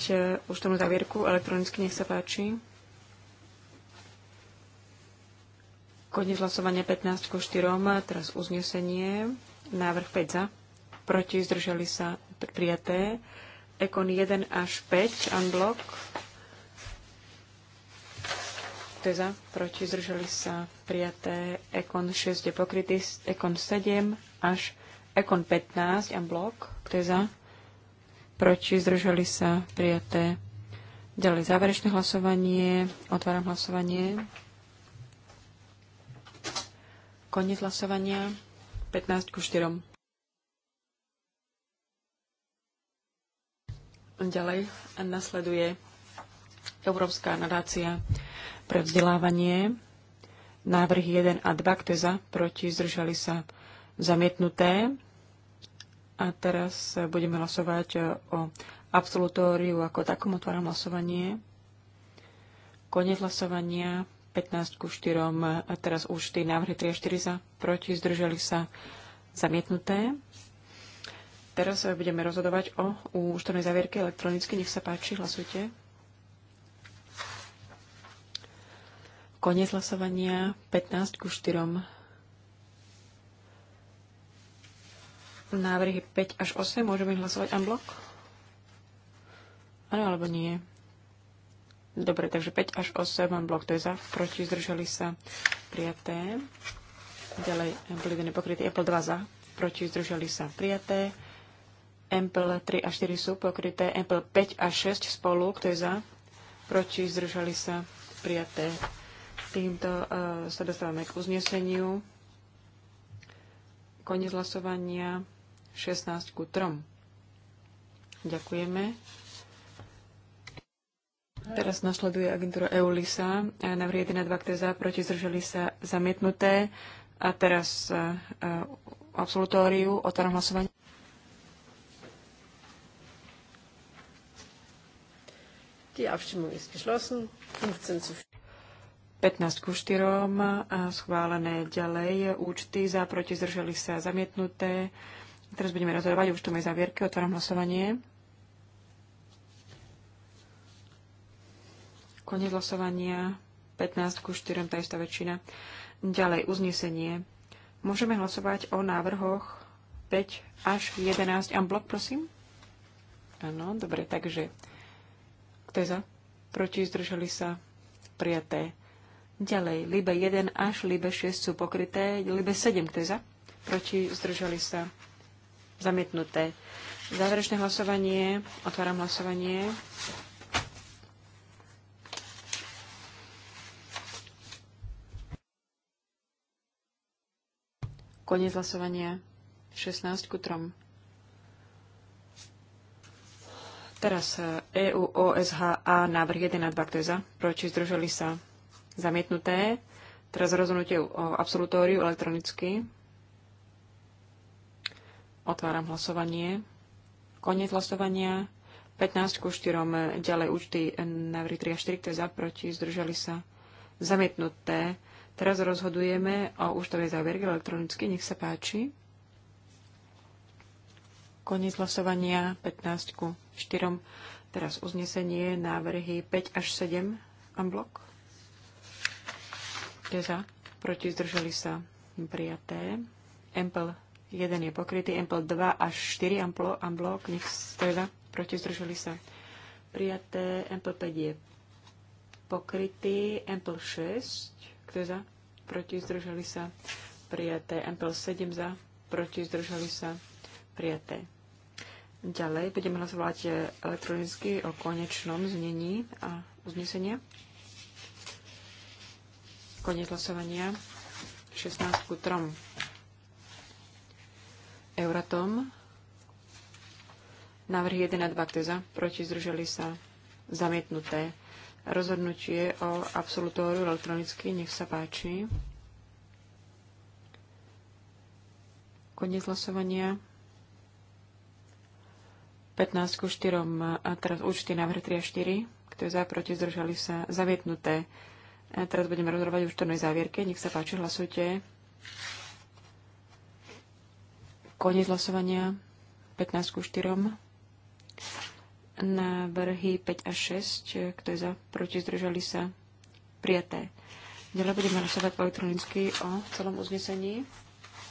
účtovnú závierku elektronicky. Nech sa páči. Koniec hlasovania 15 ku 4, teraz uznesenie. Návrh 5 za, proti zdržali sa prijaté. Ekon 1 až 5, unblock. To je za, proti zdržali sa prijaté. Ekon 6 je pokrytý, Ekon 7 až Ekon 15, unblock. To je za, proti zdržali sa prijaté. Ďalej záverečné hlasovanie. Otváram hlasovanie. Koniec hlasovania. 15 ku 4. Ďalej nasleduje Európska nadácia pre vzdelávanie. návrhy 1 a 2, kto je za, proti, zdržali sa zamietnuté. A teraz budeme hlasovať o absolutóriu ako takom. Otváram hlasovanie. Koniec hlasovania. 15 ku 4 a teraz už tie návrhy 3 a 4 za, proti, zdržali sa zamietnuté. Teraz budeme rozhodovať o úštornej závierke elektronicky. Nech sa páči, hlasujte. Koniec hlasovania 15 ku 4. návrhy 5 až 8 môžeme hlasovať en blok? Áno alebo nie? Dobre, takže 5 až 8 blok, to je za, proti, zdržali sa prijaté. Ďalej, Ample 1 pokrytý, Apple 2 za, proti, zdržali sa prijaté. Ample 3 a 4 sú pokryté, Ample 5 a 6 spolu, kto je za, proti, zdržali sa prijaté. Týmto uh, sa dostávame k uzneseniu. Koniec hlasovania 16 ku 3. Ďakujeme. Teraz nasleduje agentúra EULISA. Eh, Navrh 1 a 2, ktoré za, proti, zdržali sa, zamietnuté. A teraz uh, absolutóriu, otváram hlasovanie. Die Abstimmung ist geschlossen. 15 zu 15 ku 4 a schválené ďalej účty za proti zdržali sa zamietnuté. Teraz budeme rozhodovať už o účtovnej závierke. Otváram hlasovanie. Konec hlasovania 15 ku 4, tá istá väčšina. Ďalej uznesenie. Môžeme hlasovať o návrhoch 5 až 11 a blok, prosím? Áno, dobre, takže kto je za? Proti zdržali sa prijaté. Ďalej, libe 1 až libe 6 sú pokryté, libe 7, kto je za? Proti zdržali sa zamietnuté. Záverečné hlasovanie, otváram hlasovanie. Koniec hlasovania 16 ku 3. Teraz EU, e OSH a návrh 1 a 2, kto je za? Proti zdržali sa zamietnuté. Teraz rozhodnutie o absolutóriu elektronicky. Otváram hlasovanie. Koniec hlasovania. 15 ku 4. Ďalej účty e, návrhy 3 a 4, kto je za? Proti zdržali sa zamietnuté. Teraz rozhodujeme o účtovej záverke elektronicky. Nech sa páči. Koniec hlasovania 15 ku 4. Teraz uznesenie návrhy 5 až 7 amblok. Je za. Proti zdržali sa prijaté. Empel 1 je pokrytý. Empel 2 až 4 amplo, amblok. Nech teda proti zdržali sa prijaté. Empel 5 je pokrytý. Empel 6 kto je za? Proti zdržali sa prijaté. MPL 7 za. Proti zdržali sa prijaté. Ďalej budeme hlasovať e, elektronicky o konečnom znení a uznesenia. Konec hlasovania 16 ku 3. Euratom. Návrh 1 a 2, kto je za? Proti zdržali sa zamietnuté rozhodnutie o absolutóriu elektronicky. Nech sa páči. Koniec hlasovania. 15 ku 4 a teraz účty návrh 3 a 4. Kto je za, proti, zdržali sa, zavietnuté. A teraz budeme rozhodovať o účtovnej závierke. Nech sa páči, hlasujte. Koniec hlasovania. 15 ku 4 návrhy 5 a 6, kto je za, proti, zdržali sa, prijaté. Ďalej budeme hlasovať elektronicky o celom uznesení.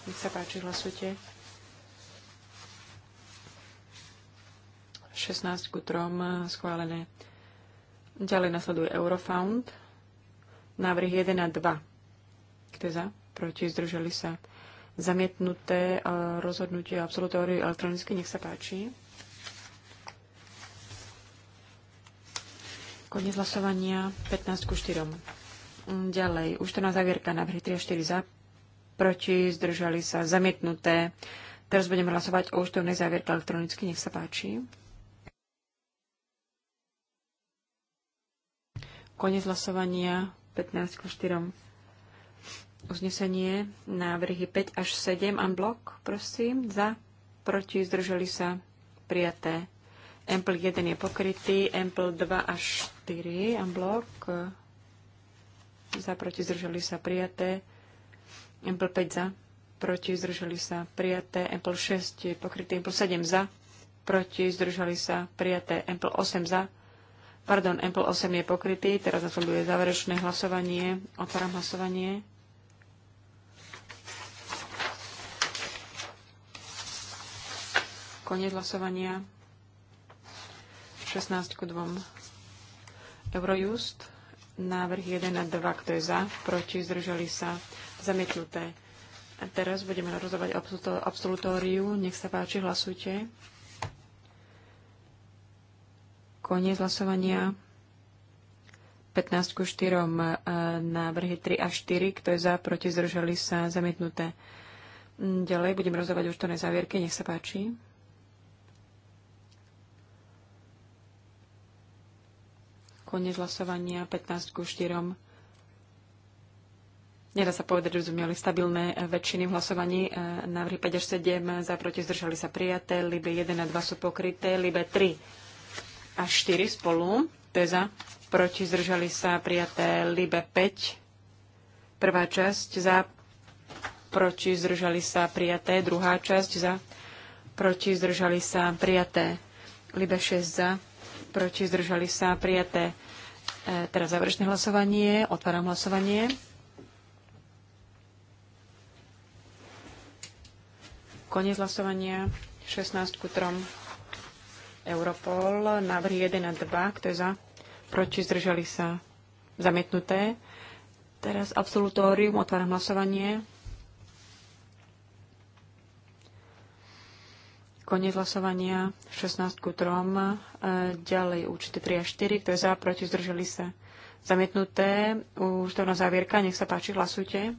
Nech sa páči, hlasujte. 16 ku 3 schválené. Ďalej nasleduje Eurofound. Návrh 1 a 2. Kto je za? Proti, zdržali sa. Zamietnuté eh, rozhodnutie absolutóriu elektronicky. Nech sa páči. Koniec hlasovania 15 ku 4. Mm, Ďalej, už to na závierka na 3 a 4 za, proti, zdržali sa, zamietnuté. Teraz budeme hlasovať o úštovnej závierke elektronicky, nech sa páči. Koniec hlasovania 15 ku 4. Uznesenie návrhy 5 až 7 unblock, prosím, za, proti, zdržali sa, prijaté. Ample 1 je pokrytý, Ample 2 až 4, Amblok, e, za, proti, zdržali sa, prijaté, Ample 5 za, proti, zdržali sa, prijaté, Ample 6 je pokrytý, Ample 7 za, proti, zdržali sa, prijaté, Ample 8 za, pardon, Ample 8 je pokrytý, teraz nasleduje záverečné hlasovanie, otváram hlasovanie. Koniec hlasovania. 16 ku 2. Eurojust. Návrh 1 a 2, kto je za, proti, zdržali sa, zamietnuté. A teraz budeme rozhodovať absolutóriu. Nech sa páči, hlasujte. Koniec hlasovania. 15 ku 4 e, návrhy 3 a 4, kto je za, proti, zdržali sa, zamietnuté. Ďalej budem už to nezávierky. nech sa páči. Konec hlasovania 15 ku 4. Nedá sa povedať, že sme mali stabilné väčšiny v hlasovaní. E, návrhy 5 až 7 za proti zdržali sa prijaté, libe 1 a 2 sú pokryté, libe 3 a 4 spolu, to je za, proti zdržali sa prijaté, libe 5, prvá časť za, proti zdržali sa prijaté, druhá časť za, proti zdržali sa prijaté, libe 6 za, proti, zdržali sa, prijaté. E, teraz záverečné hlasovanie, otváram hlasovanie. Koniec hlasovania, 16 ku 3. Europol, návrh 1 a 2, kto je za, proti, zdržali sa, zamietnuté. Teraz absolutórium, otváram hlasovanie. Konec hlasovania 16 ku 3. E, ďalej účty 3 a 4. Kto je za, proti, zdržali sa. Zamietnuté. Už to na závierka. Nech sa páči, hlasujte.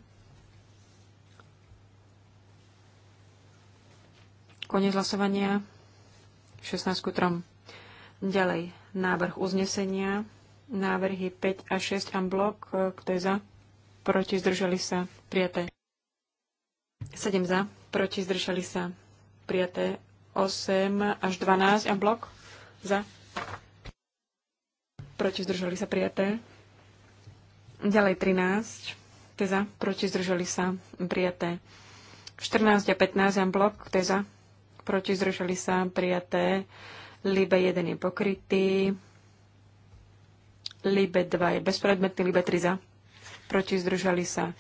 Konec hlasovania 16 ku 3. Ďalej návrh uznesenia. Návrhy 5 a 6 a blok. Kto je za? Proti, zdržali sa. Prijaté. 7 za. Proti, zdržali sa. Prijaté. 8 až 12 a blok za. Proti zdržali sa prijaté. Ďalej 13. To je za. Proti zdržali sa prijaté. 14 a 15 a blok. To je za. Proti zdržali sa prijaté. Libe 1 je pokrytý. Libe 2 je bezpredmetný. Libe 3 za. Proti zdržali sa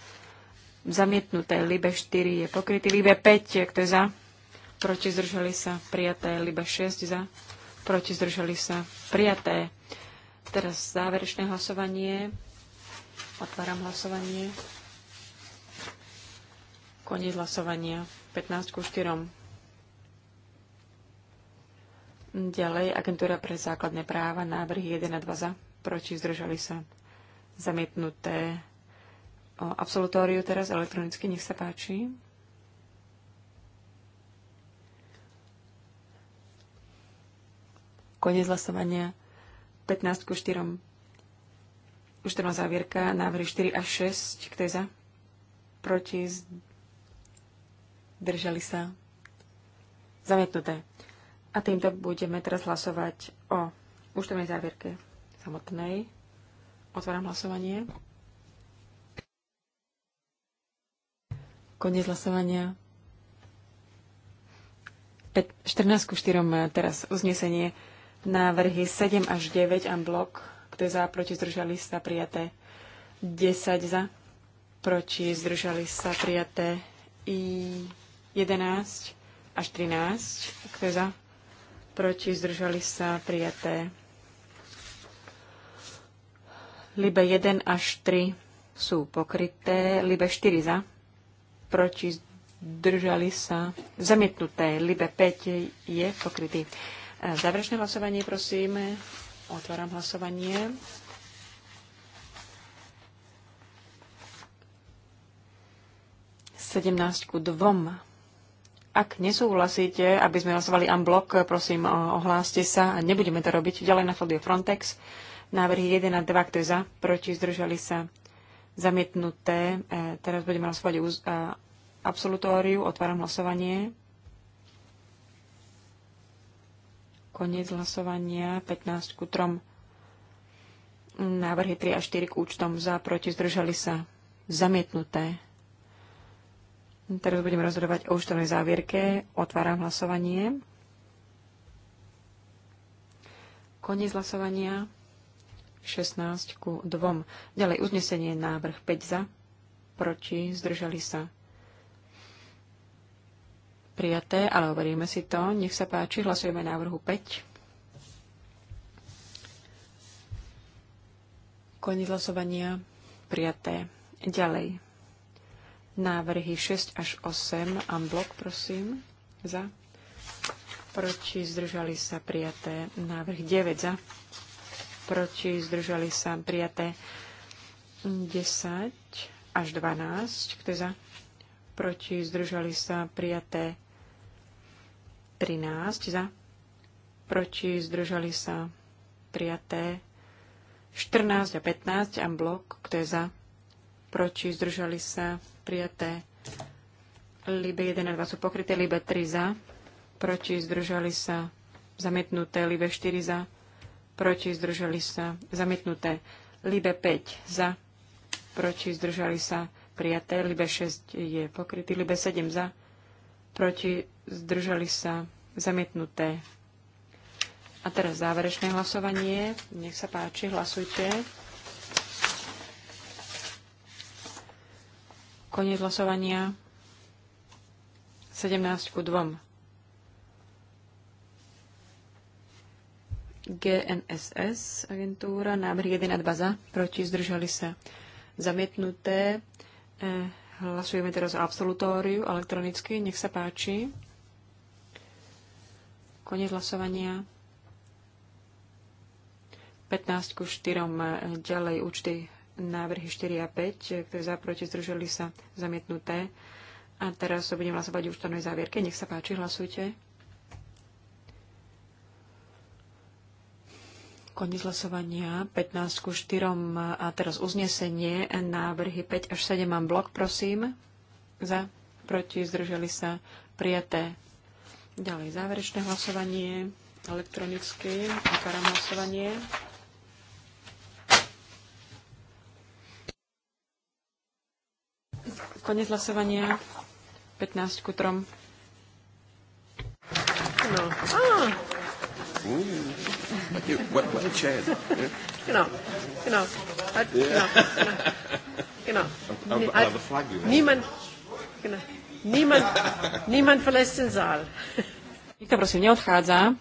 zamietnuté. Libe 4 je pokrytý. Libe 5, kto je za? proti zdržali sa prijaté, liba 6 za, proti zdržali sa prijaté. Teraz záverečné hlasovanie. Otváram hlasovanie. Koniec hlasovania. 15 ku 4. Ďalej agentúra pre základné práva, návrhy 1 a 2 za, proti zdržali sa zamietnuté o absolutóriu teraz elektronicky, nech sa páči. Koniec hlasovania. 15 ku 4. Už to závierka. Návrhy 4 a 6. Kto je za? Proti. Držali sa. Zamietnuté. A týmto budeme teraz hlasovať o účtovnej závierke samotnej. Otváram hlasovanie. Koniec hlasovania. 14 ku 4 eh, teraz uznesenie Návrhy 7 až 9 a blok, kto je za, proti, zdržali sa, prijaté. 10 za, proti, zdržali sa, prijaté. I 11 až 13, kto je za, proti, zdržali sa, prijaté. Libe 1 až 3 sú pokryté, Libe 4 za, proti zdržali sa, zamietnuté, Libe 5 je pokrytý. Záverečné hlasovanie, prosím. Otváram hlasovanie. Sedemnáct ku dvom. Ak nesúhlasíte, aby sme hlasovali unblock, prosím, ohláste sa. Nebudeme to robiť. Ďalej na nasleduje Frontex. Návrhy 1 a 2, kto je za, proti, zdržali sa zamietnuté. E, teraz budeme hlasovať absolutóriu. Otváram hlasovanie. Koniec hlasovania 15 ku 3. Návrhy 3 a 4 k účtom za, proti, zdržali sa. Zamietnuté. Teraz budeme rozhodovať o účtovnej závierke. Otváram hlasovanie. Koniec hlasovania 16 ku 2. Ďalej uznesenie návrh 5 za, proti, zdržali sa prijaté, ale overíme si to. Nech sa páči, hlasujeme návrhu 5. Koniec hlasovania prijaté. Ďalej. Návrhy 6 až 8 unblock, prosím. Za. Proti zdržali sa prijaté. Návrh 9 za. Proti zdržali sa prijaté. 10 až 12. Kto je za? Proti zdržali sa prijaté 13 za, proti zdržali sa prijaté 14 a 15 a blok, kto je za, proti zdržali sa prijaté Libe 1 a 2 sú pokryté, Libe 3 za, proti zdržali sa zamietnuté, Libe 4 za, proti zdržali sa zamietnuté, Libe 5 za, proti zdržali sa prijaté, Libe 6 je pokrytý, Libe 7 za, proti zdržali sa, zamietnuté. A teraz záverečné hlasovanie. Nech sa páči, hlasujte. Koniec hlasovania. 17 ku 2. GNSS agentúra, návrh 1 a 2 za, proti zdržali sa zamietnuté. Eh, hlasujeme teraz o absolutóriu elektronicky, nech sa páči. Konec hlasovania. 15 ku 4 ďalej účty návrhy 4 a 5, ktoré za proti združili sa zamietnuté. A teraz budem hlasovať už účtovnej závierke. Nech sa páči, hlasujte. Koniec hlasovania 15 ku 4 a teraz uznesenie návrhy 5 až 7 mám blok, prosím. Za, proti, zdržali sa, prijaté. Ďalej záverečné hlasovanie elektronicky. Otváram hlasovanie. Konec hlasovania 15 ku 3. No. Ah. Mm. What, what a chance. genau, genau. genau. genau. Genau. Niemand, niemand verlässt den Saal. Nikto prosím neodchádza.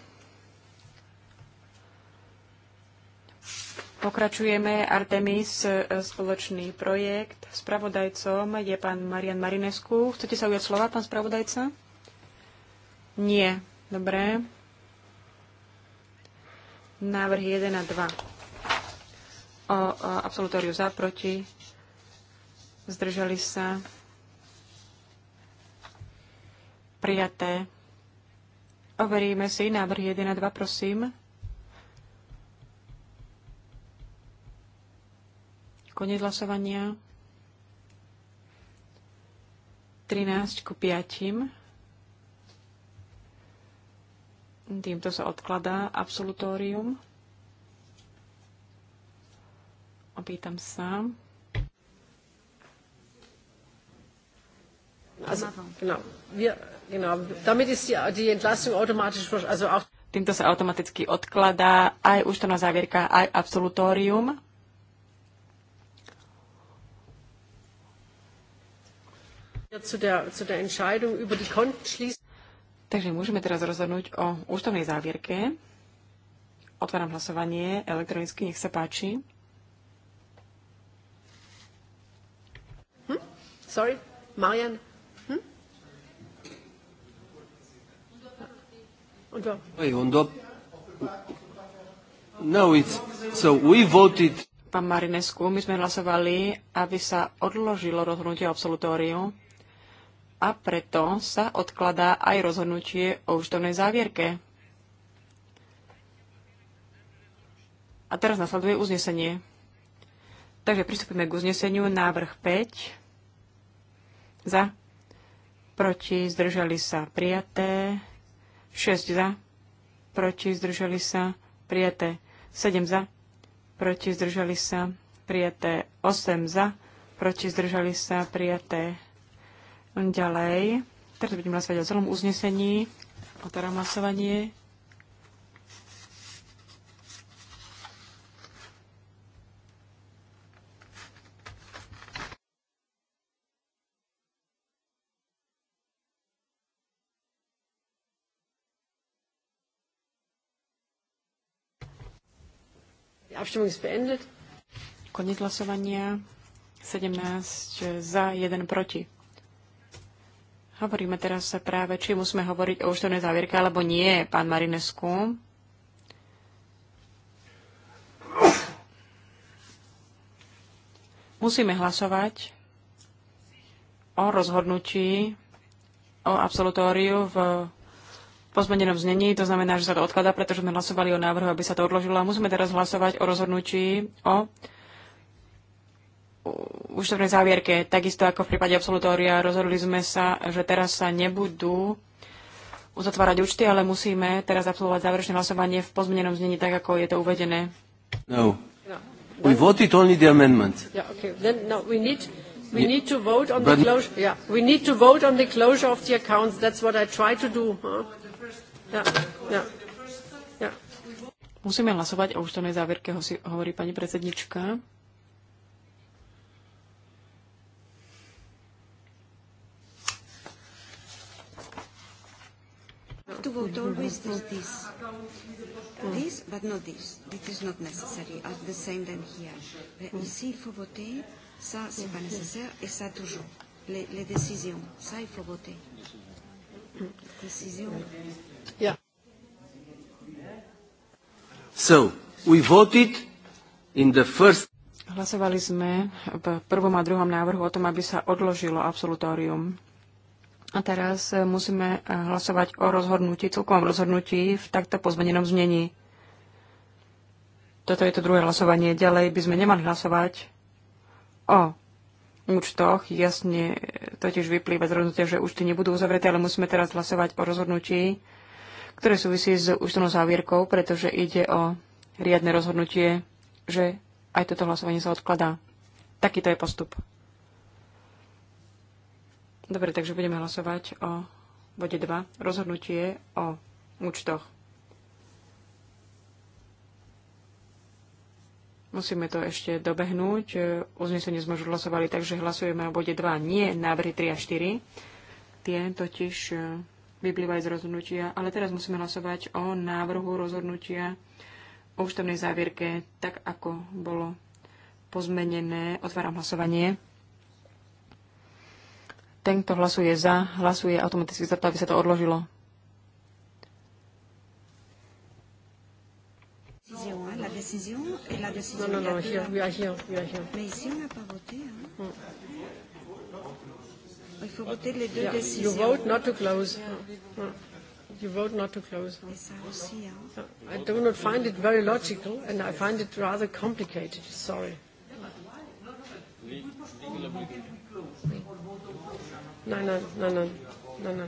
Pokračujeme Artemis, e, spoločný projekt. Spravodajcom je pán Marian Marinescu. Chcete sa ujať slova, pán spravodajca? Nie. Dobre. Návrh 1 a 2. O, o absolutóriu za, proti. Zdržali sa. prijaté. Overíme si návrh 1 a 2, prosím. Konec hlasovania. 13 ku 5. Týmto sa odkladá absolutórium. Opýtam sa. Also, genau. Wir, genau. Damit ist die, die Entlastung automatisch, also auch Týmto sa automaticky odkladá aj účtovná závierka, aj absolutórium. Takže môžeme teraz rozhodnúť o účtovnej závierke. Otváram hlasovanie elektronicky, nech sa páči. Hm? Sorry, Marian. Pán Marinescu, my sme hlasovali, aby sa odložilo rozhodnutie o absolutóriu a preto sa odkladá aj rozhodnutie o účtovnej závierke. A teraz nasleduje uznesenie. Takže pristúpime k uzneseniu. Návrh 5. Za. Proti. Zdržali sa. Prijaté. 6 za, proti zdržali sa prijaté 7 za, proti zdržali sa prijaté 8 za, proti zdržali sa prijaté ďalej. Teraz budeme hlasovať o celom uznesení. Otváram hlasovanie. Abstimmung ist beendet. Koniec hlasovania. 17 za, 1 proti. Hovoríme teraz sa práve, či musíme hovoriť o účtovnej závierke alebo nie, pán Marinesku. Musíme hlasovať o rozhodnutí o absolutóriu v pozmenenom znení. To znamená, že sa to odkladá, pretože sme hlasovali o návrhu, aby sa to odložilo. A musíme teraz hlasovať o rozhodnutí o účtovnej závierke. Takisto ako v prípade absolutória rozhodli sme sa, že teraz sa nebudú uzatvárať účty, ale musíme teraz absolvovať záverečné hlasovanie v pozmenenom znení, tak ako je to uvedené. No. no. We voted only the amendment. Yeah, okay. Then, no, we need, we need to vote on But the closure. Yeah, we need to vote on the closure of the accounts. That's what I try to do. Huh? ja, ja, ja. Musíme hlasovať o účtovnej závierke, ho si hovorí pani predsednička. to vote always this, this, this, but not this. This is not necessary. At uh, the same than here. Hmm. ici, il faut voter. Ça, c'est pas nécessaire. Et ça, toujours. Les, les décisions. Ça, il faut voter. Hmm. Décision. Yeah. So, we voted in the first... Hlasovali sme v prvom a druhom návrhu o tom, aby sa odložilo absolutórium. A teraz eh, musíme eh, hlasovať o rozhodnutí, celkovom rozhodnutí v takto pozmenenom znení. Toto je to druhé hlasovanie. Ďalej by sme nemali hlasovať o účtoch. Jasne eh, totiž vyplýva z rozhodnutia, že účty nebudú uzavreté, ale musíme teraz hlasovať o rozhodnutí ktoré súvisí s účtovnou závierkou, pretože ide o riadne rozhodnutie, že aj toto hlasovanie sa odkladá. Takýto je postup. Dobre, takže budeme hlasovať o bode 2. Rozhodnutie o účtoch. Musíme to ešte dobehnúť. Uznesenie sme už hlasovali, takže hlasujeme o bode 2, nie návrhy 3 a 4. Tie totiž vyplývajú z rozhodnutia. Ale teraz musíme hlasovať o návrhu rozhodnutia o ústavnej závierke, tak ako bolo pozmenené. Otváram hlasovanie. Ten, kto hlasuje za, hlasuje automaticky za to, aby sa to odložilo. La décision et Non, non, non, here, we are here, we are here. Mais ici, on n'a pas voté. Hein? Mm. Il faut voter les deux yeah. décisions. You vote not to close. Yeah. You vote not to close. I do not find it very logical and I find it rather complicated. Sorry. No, no, no, no, no, no.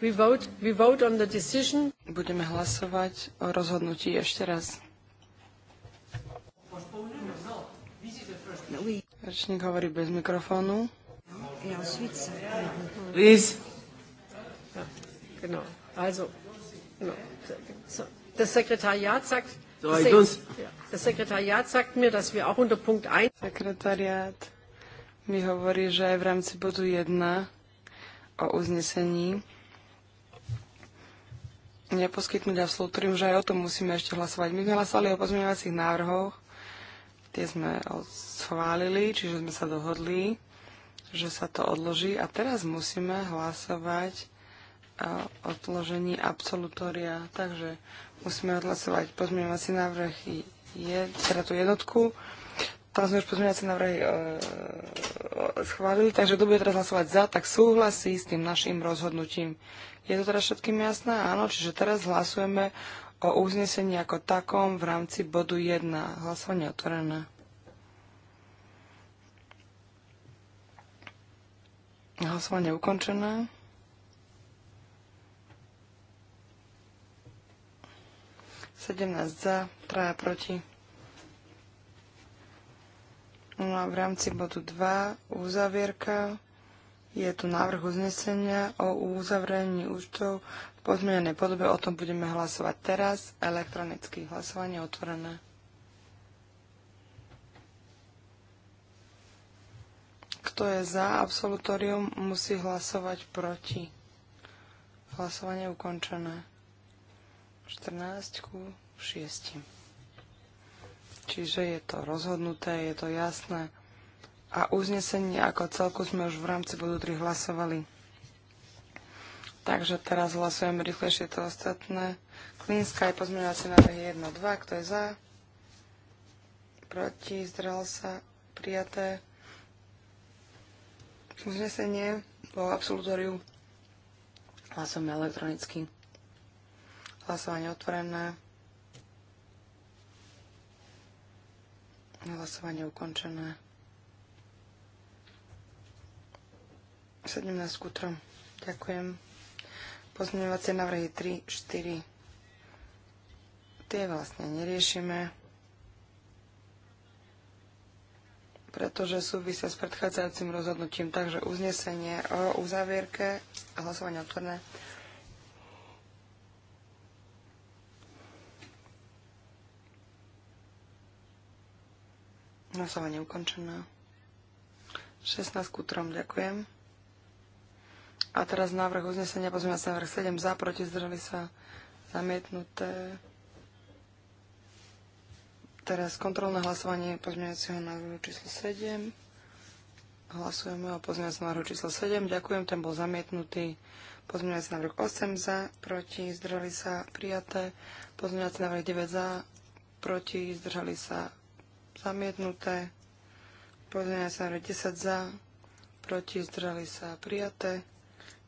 We vote, we vote on the decision. Budeme hlasovať o rozhodnutí ešte raz. No, Rečník hovorí bez mikrofónu. Et ensuite, ça... Please. genau. Also, no. das Sekretariat sagt, das, Sekretariat sagt mir, dass wir auch unter Punkt 1... Sekretariat mi hovorí, že aj v rámci bodu 1 o uznesení neposkytnúť absolutorium, že aj o tom musíme ešte hlasovať. My sme hlasovali o pozmeňovacích návrhoch, tie sme schválili, čiže sme sa dohodli že sa to odloží a teraz musíme hlasovať e, o odložení absolutória. Takže musíme odhlasovať pozmeňovací návrh je, teda tú jednotku. Tam sme už pozmeňovací návrhy e, schválili, takže kto bude teraz hlasovať za, tak súhlasí s tým našim rozhodnutím. Je to teraz všetkým jasné? Áno, čiže teraz hlasujeme o uznesení ako takom v rámci bodu 1. Hlasovanie otvorené. Hlasovanie ukončené. Sedemnáct za, traja proti. No a v rámci bodu 2 uzavierka je tu návrh uznesenia o uzavrení účtov v pozmenenej podobe. O tom budeme hlasovať teraz. Elektronicky hlasovanie otvorené. kto je za absolutorium, musí hlasovať proti. Hlasovanie ukončené. 14 ku 6. Čiže je to rozhodnuté, je to jasné. A uznesenie ako celku sme už v rámci bodu 3 hlasovali. Takže teraz hlasujeme rýchlejšie to ostatné. Klinská je pozmeňovací návrh 1, 2, kto je za? Proti, zdrel sa, prijaté. Uznesenie po absolutóriu hlasujeme elektronicky. Hlasovanie otvorené. Hlasovanie ukončené. 17 kutrom. Ďakujem. Pozmeňovacie návrhy 3, 4. Tie vlastne neriešime. pretože súvisia s predchádzajúcim rozhodnutím. Takže uznesenie o uzavierke a hlasovanie otvorné. Hlasovanie ukončené. 16 k 3, ďakujem. A teraz návrh uznesenia, sa návrh 7 za, proti zdržali sa zamietnuté. Teraz kontrolné hlasovanie pozmeňujúceho návrhu číslo 7. Hlasujeme o pozmeňujúcom návrhu číslo 7. Ďakujem, ten bol zamietnutý. Pozmeňujúci návrh 8 za, proti, zdržali sa, prijaté. Pozmeňujúci návrh 9 za, proti, zdržali sa, zamietnuté. Pozmeňujúci návrh 10 za, proti, zdržali sa, prijaté.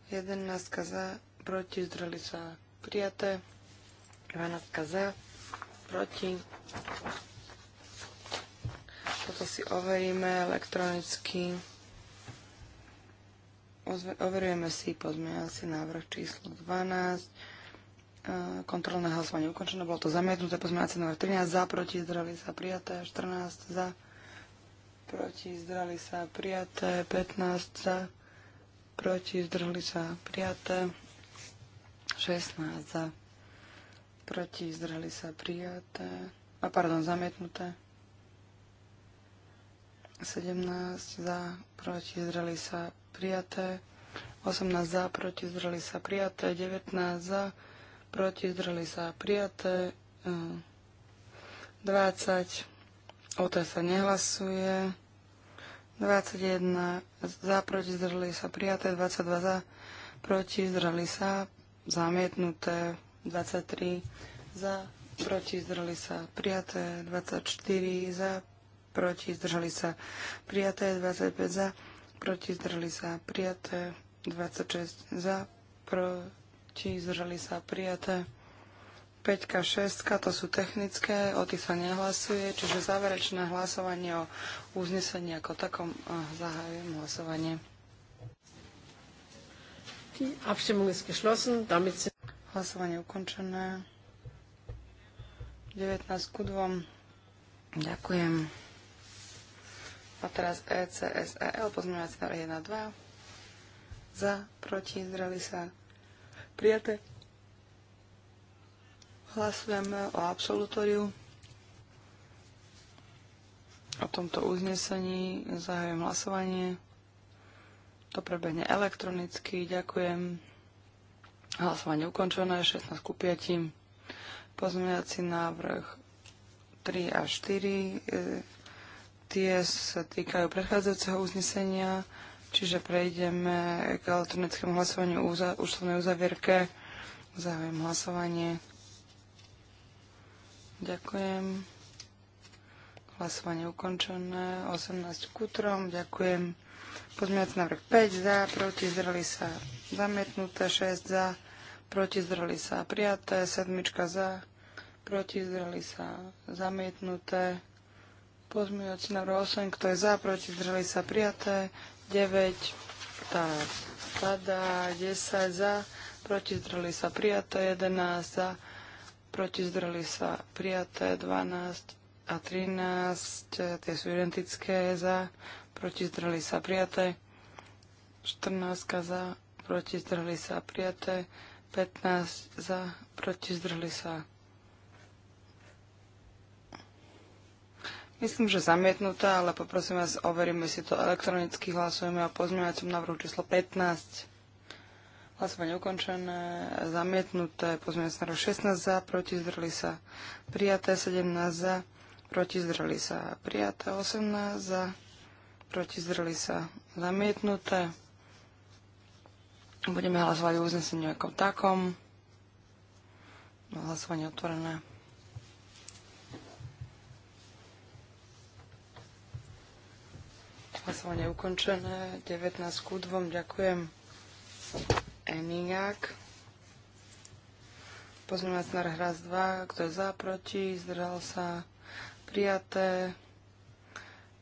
11 za, proti, zdržali sa, prijaté. 12 za, proti. Toto si overíme elektronicky. Overujeme si pozmeňovací návrh číslo 12. E, kontrolné hlasovanie ukončené, bolo to zamietnuté. Pozmeňovací návrh 13 za, proti, zdrali sa, prijaté. 14 za, proti, zdrali sa, prijaté. 15 za, proti, zdrali sa, prijaté. 16 za, proti zdrhli sa prijaté, a pardon, zamietnuté. 17 za, proti zdrhli sa prijaté, 18 za, proti zdrhli sa prijaté, 19 za, proti zdrhli sa prijaté, 20, hm. o to sa nehlasuje, 21 za, proti zdrhli sa prijaté, 22 za, proti zdrhli sa zamietnuté, 23 za, proti, zdrali sa, prijaté, 24 za, proti, zdrali sa, prijaté, 25 za, proti, zdrali sa, prijaté, 26 za, proti, zdrali sa, prijaté. 5, a 6, to sú technické, o tých sa nehlasuje, čiže záverečné hlasovanie o uznesení ako takom zahajujem hlasovanie. Die Abstimmung ist geschlossen, damit sind Hlasovanie ukončené. 19 ku 2. Ďakujem. A teraz ECSEL, pozmeňovací návrh 1 2. Za, proti, zdrali sa. Prijaté. Hlasujeme o absolutóriu. O tomto uznesení zahajujem hlasovanie. To prebehne elektronicky. Ďakujem. Hlasovanie ukončené, 16 ku 5. Pozmeňací návrh 3 a 4. E, tie sa týkajú predchádzajúceho uznesenia, čiže prejdeme k elektronickému hlasovaniu úza, účtovnej uzavierke. Záujem hlasovanie. Ďakujem. Hlasovanie ukončené. 18 k útrom. Ďakujem. Pozmeňací návrh 5 za, proti, zdrali sa zamietnuté, 6 za proti zdrhli sa prijaté, sedmička za, proti zdrhli sa zamietnuté, pozmeňovací na 8, kto je za, proti zdrhli sa prijaté, 9, tá padá, 10 za, proti zdrhli sa prijaté, 11 za, proti zdrhli sa prijaté, 12 a 13, tie sú identické za, proti zdrhli sa prijaté, 14 za, proti zdrhli sa prijaté, 15 za, proti, zdrhli sa. Myslím, že zamietnutá, ale poprosím vás, overíme si to elektronicky, hlasujeme o pozmeňovacom návrhu číslo 15. Hlasovanie ukončené, zamietnuté, pozmeňovací návrh 16 za, proti, zdrhli sa. Prijaté 17 za, proti, zdrhli sa. Prijaté 18 za, proti, zdrhli sa. Zamietnuté. Budeme hlasovať o uznesení ako takom. Hlasovanie otvorené. Hlasovanie ukončené. 19 k 2. Ďakujem. Enigák. Pozmeňovací návrh raz 2. Kto je za, proti? Zdržal sa. Prijaté.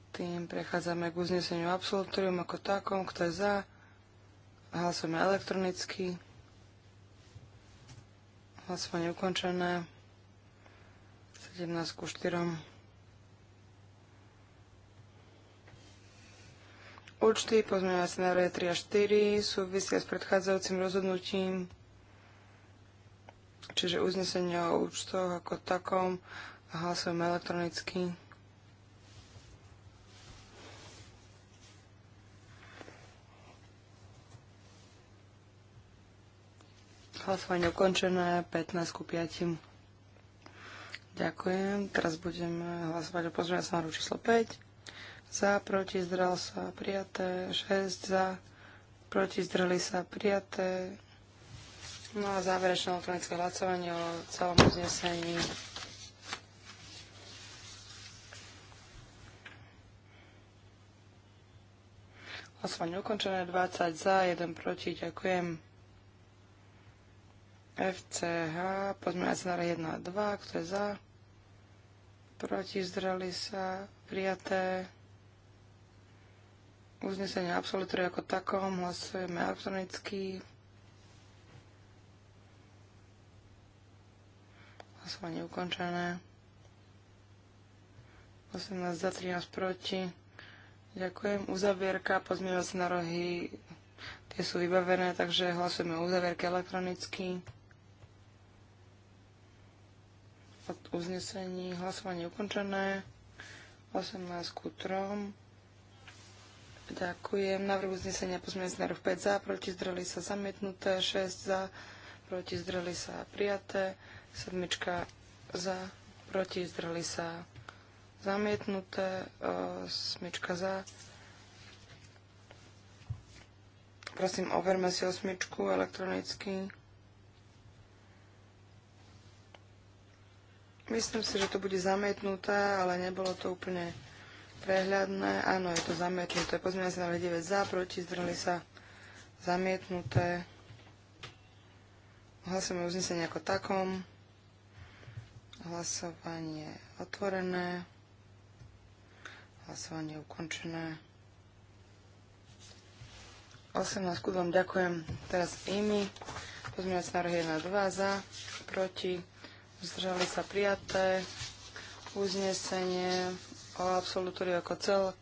Tým prechádzame k uzneseniu absolutorium ako takom. Kto je za? Hlasujeme elektronicky. Hlasovanie ukončené. 17 ku 4. Účty pozmeňovacie návrhy 3 a 4 súvisia s predchádzajúcim rozhodnutím, čiže uznesenie o účtoch ako takom a hlasujeme elektronicky. Hlasovanie ukončené, 15 ku 5. Ďakujem. Teraz budeme hlasovať o pozmeňovacom návrhu číslo 5. Za, proti, zdrel sa, prijaté. 6 za, proti, zdreli sa, prijaté. No a záverečné elektronické hlasovanie o celom uznesení. Hlasovanie ukončené, 20 za, 1 proti, ďakujem. FCH, pozmeňovací návrh 1 a 2, kto je za, proti, zdrali sa, prijaté. Uznesenie absolutory ako takom, hlasujeme elektronicky. Hlasovanie ukončené. 18 za 13 proti. Ďakujem. Uzavierka, na rohy, tie sú vybavené, takže hlasujeme uzavierky uzavierke elektronicky uznesení. Hlasovanie ukončené. 18 ku 3. Ďakujem. Návrh uznesenia pozmeňujúci návrh 5 za, proti zdreli sa zamietnuté, 6 za, proti zdreli sa prijaté, 7 za, proti zdreli sa zamietnuté, 8 e, za. Prosím, overme si osmičku elektronicky. Myslím si, že to bude zamietnuté, ale nebolo to úplne prehľadné. Áno, je to zamietnuté. Pozmeňujem sa na 9 za, proti, zdrhli sa zamietnuté. Hlasujeme uznesenie ako takom. Hlasovanie otvorené. Hlasovanie ukončené. 18 vám ďakujem. Teraz IMI. sa na 1 2 za, proti zdržali sa prijaté. Uznesenie o absolutóriu ako celok,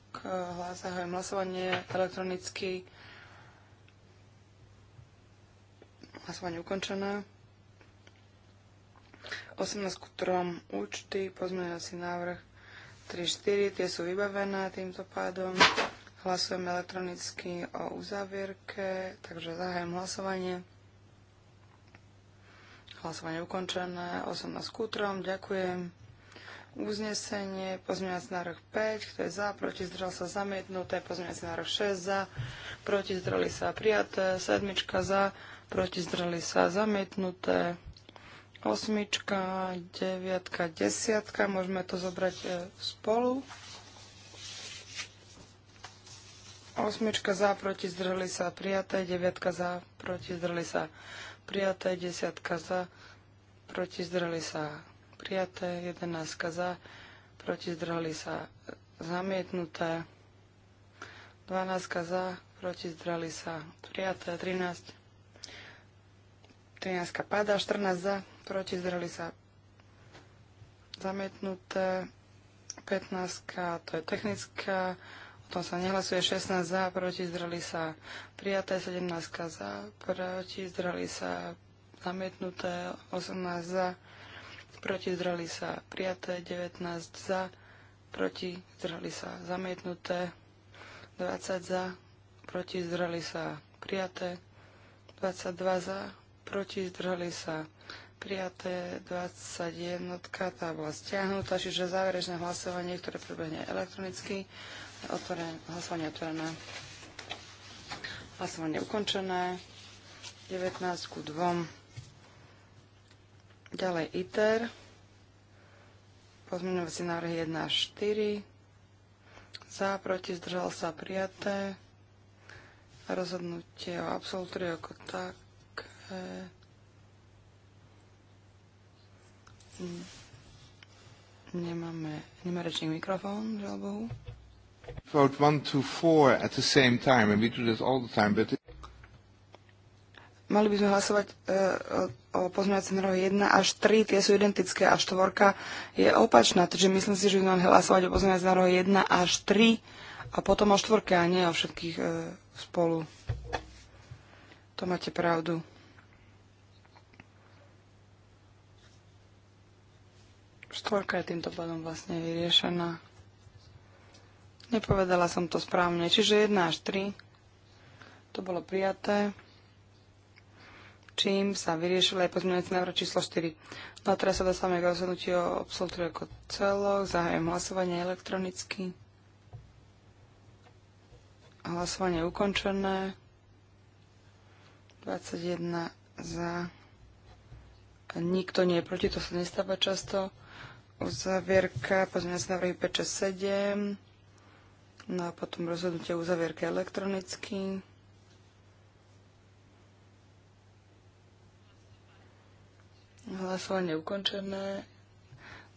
hlasahujem hlasovanie elektronicky. Hlasovanie ukončené. 18 k 3 účty, pozmeňovací návrh 3-4, tie sú vybavené týmto pádom. Hlasujeme elektronicky o uzavierke, takže zahajem hlasovanie. Hlasovanie ukončené. 18 kútrom. Ďakujem. Uznesenie. Pozmeňovací návrh 5. Kto je za? Proti? Zdržal sa? Zamietnuté. Pozmeňovací návrh 6. Za. Proti? zdrali sa? Prijaté. Sedmička za. Proti? zdrali sa? Zamietnuté. Osmička, deviatka, desiatka. Môžeme to zobrať e, spolu. Osmička za, proti zdrhli sa prijaté, deviatka za, proti zdrhli sa prijaté, desiatka za, proti zdrhli sa prijaté, 11 za, proti zdrhli sa zamietnuté, dvanáctka za, proti zdrhli sa prijaté, 13, 13 páda, 14 za, proti zdrhli sa zamietnuté, 15, to je technická, tom sa nehlasuje 16 za, proti zdrali sa prijaté, 17 za, proti zdrali sa zamietnuté, 18 za, proti zdrali sa prijaté, 19 za, proti zdrali sa zamietnuté, 20 za, proti zdrali sa prijaté, 22 za, proti zdrali sa prijaté 21, tá bola stiahnutá, čiže záverečné hlasovanie, ktoré prebehne elektronicky, otvorené, hlasovanie otvorené, hlasovanie ukončené, 19 ku 2. Ďalej ITER, pozmeňovací návrh 1 až 4, za, proti, zdržal sa, prijaté, rozhodnutie o absolutóriu ako také, Nemáme, nemá rečník mikrofón, žiaľ Bohu. Vote to at the same time, and we do that all the time, but... Mali by sme hlasovať e, o, o pozmeňovacom 1 až 3, tie sú identické a štvorka je opačná, takže myslím si, že by mali hlasovať o pozmeňovacom návrhu 1 až 3 a potom o štvorke a nie o všetkých e, spolu. To máte pravdu. Štvorka je týmto pádom vlastne vyriešená. Nepovedala som to správne. Čiže 1 až 3 to bolo prijaté, čím sa vyriešil aj pozmeňujúci návrh číslo 4. No a teraz sa dostávame k rozhodnutiu o absolutóriu ako celok. Zahajujem hlasovanie elektronicky. Hlasovanie je ukončené. 21 za. Nikto nie je proti, to sa nestáva často uzavierka, pozmeňovacie návrhy 5, 6, 7, no a potom rozhodnutie uzavierky elektronicky. Hlasovanie ukončené.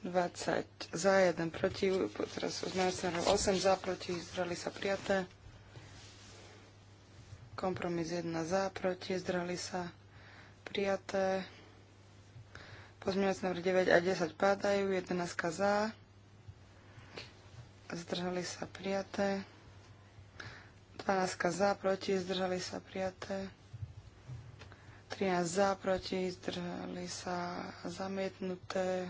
20 za, 1 proti. Teraz uznávací návrhy 8 za, proti. Zdrali sa prijaté. Kompromis 1 za, proti. Zdrali sa prijaté. Pozmeňovací návrh 9 a 10 pádajú, 11 za, zdržali sa prijaté, 12 za, proti, zdržali sa prijaté. 13 za, proti, zdržali sa zamietnuté.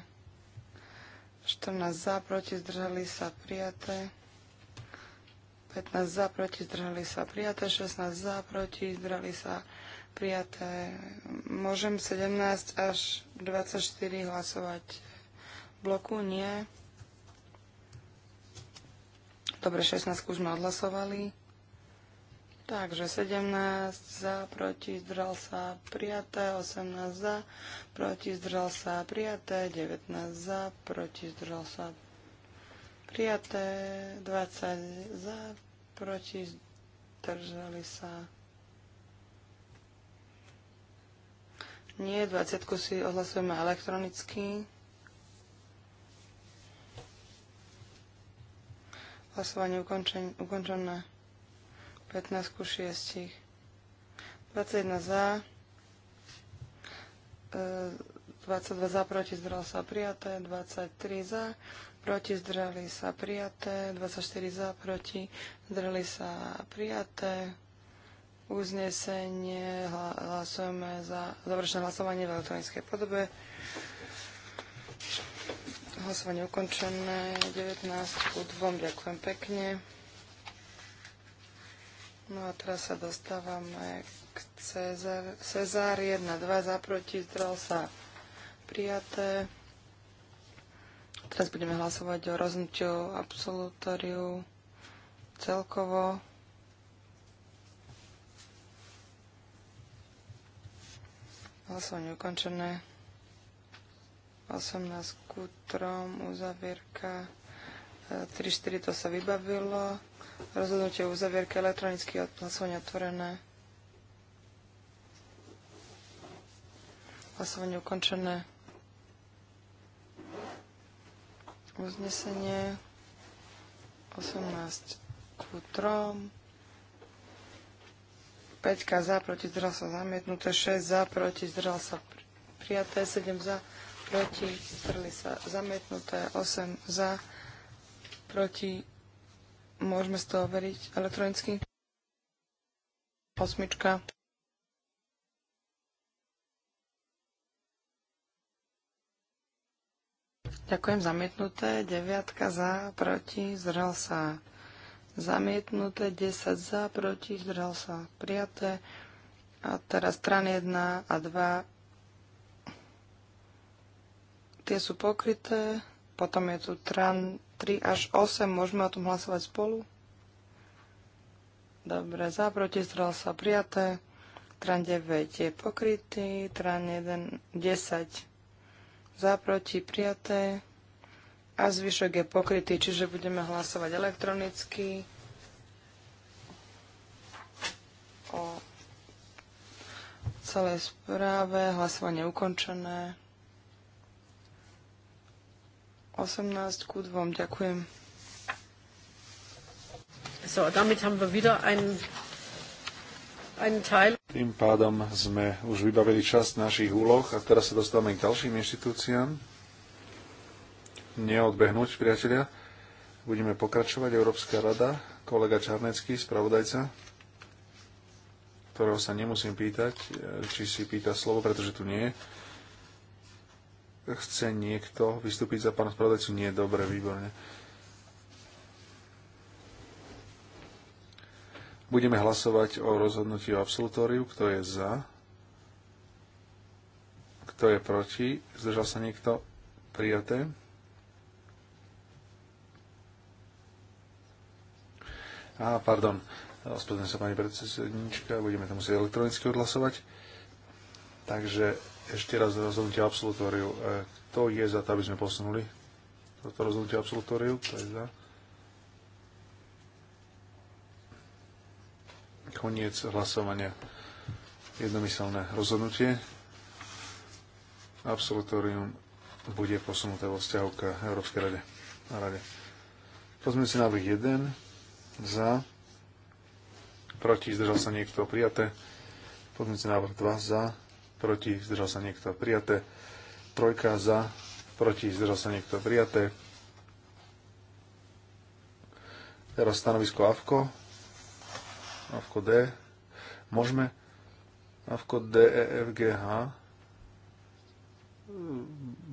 14 za, proti, zdržali sa prijaté. 15 za, proti, zdržali sa prijaté. 16 za, proti, zdržali sa prijaté. Môžem 17 až 24 hlasovať bloku? Nie. Dobre, 16 už sme odhlasovali. Takže 17 za, proti, zdržal sa, prijaté, 18 za, proti, zdržal sa, prijaté, 19 za, proti, zdržal sa, prijaté, 20 za, proti, zdržali sa, Nie, 20 si ohlasujeme elektronicky. Hlasovanie ukončen- ukončené. 15 ku 6. 21 za. 22 e, za, proti zdržal sa prijaté. 23 za, proti zdržali sa prijaté. 24 za, proti zdržali sa prijaté uznesenie, hlasujeme za záverečné hlasovanie v elektronickej podobe. Hlasovanie ukončené, 19 ku 2, ďakujem pekne. No a teraz sa dostávame k Cezar, Cezar 1, 2 za proti, zdrel sa prijaté. Teraz budeme hlasovať o rozhodnutiu absolutóriu celkovo. Hlasovanie ukončené. 18 kutrom, uzavierka. 3-4 e, to sa vybavilo. Rozhodnutie o uzavierke elektronicky hlasovanie otvorené. Hlasovanie ukončené. Uznesenie 18 k 3. 5 za, proti zdržal sa zamietnuté, 6 za, proti zdržal sa prijaté, 7 za, proti zdržali sa zamietnuté, 8 za, proti môžeme z toho veriť elektronicky. Osmička. Ďakujem, zamietnuté. Deviatka za, proti, zdržal sa zamietnuté, 10 za, proti, zdržal sa prijaté. A teraz strany 1 a 2, tie sú pokryté. Potom je tu tran 3 až 8, môžeme o tom hlasovať spolu. Dobre, za, proti, zdržal sa prijaté. Tran 9 je pokrytý, tran 1, 10 za, proti, prijaté a zvyšok je pokrytý, čiže budeme hlasovať elektronicky o celej správe, hlasovanie ukončené. 18 ku 2, ďakujem. So, damit haben wir wieder ein, Teil. Tým pádom sme už vybavili časť našich úloh a teraz sa dostávame k ďalším inštitúciám neodbehnúť, priatelia. Budeme pokračovať. Európska rada, kolega Čarnecký, spravodajca, ktorého sa nemusím pýtať, či si pýta slovo, pretože tu nie je. Chce niekto vystúpiť za pána spravodajcu? Nie, dobre, výborne. Budeme hlasovať o rozhodnutí o absolutóriu. Kto je za? Kto je proti? Zdržal sa niekto? Prijaté. A, pardon, ospravedlňujem sa pani predsednička, budeme to musieť elektronicky odhlasovať. Takže ešte raz rozhodnutie absolutóriu. E, kto je za to, aby sme posunuli toto rozhodnutie absolutóriu? Kto je za? Koniec hlasovania. Jednomyselné rozhodnutie. Absolutórium bude posunuté vo vzťahu k Európskej rade. Na rade. si návrh 1 za, proti, zdržal sa niekto, prijaté. Pozmite návrh 2 za, proti, zdržal sa niekto, prijaté. Trojka za, proti, zdržal sa niekto, prijaté. Teraz stanovisko AVKO. AVKO D. Môžeme. AVKO D, E, F, G, H.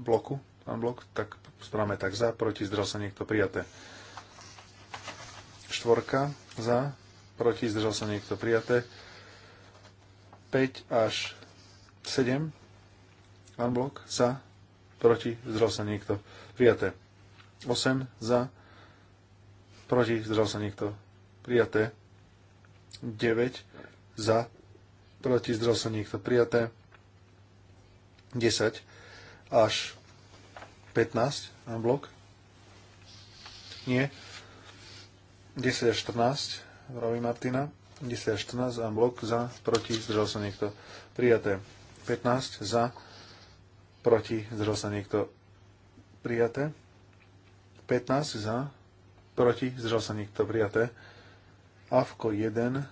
Bloku. blok. Tak správame tak za, proti, zdržal sa niekto, prijaté štvorka za, proti, zdržal sa niekto prijaté. 5 až 7 unblock za, proti, zdržal sa niekto prijaté. 8 za, proti, zdržal sa niekto prijaté. 9 za, proti, zdržal sa niekto prijaté. 10 až 15 unblock. Nie. 10.14, vraví Martina. 10 až 14 blok za, proti, zdržal sa niekto. Prijaté. 15 za, proti, zdržal sa niekto. Prijaté. 15 za, proti, zdržal sa niekto. Prijaté. Avko 1, 2,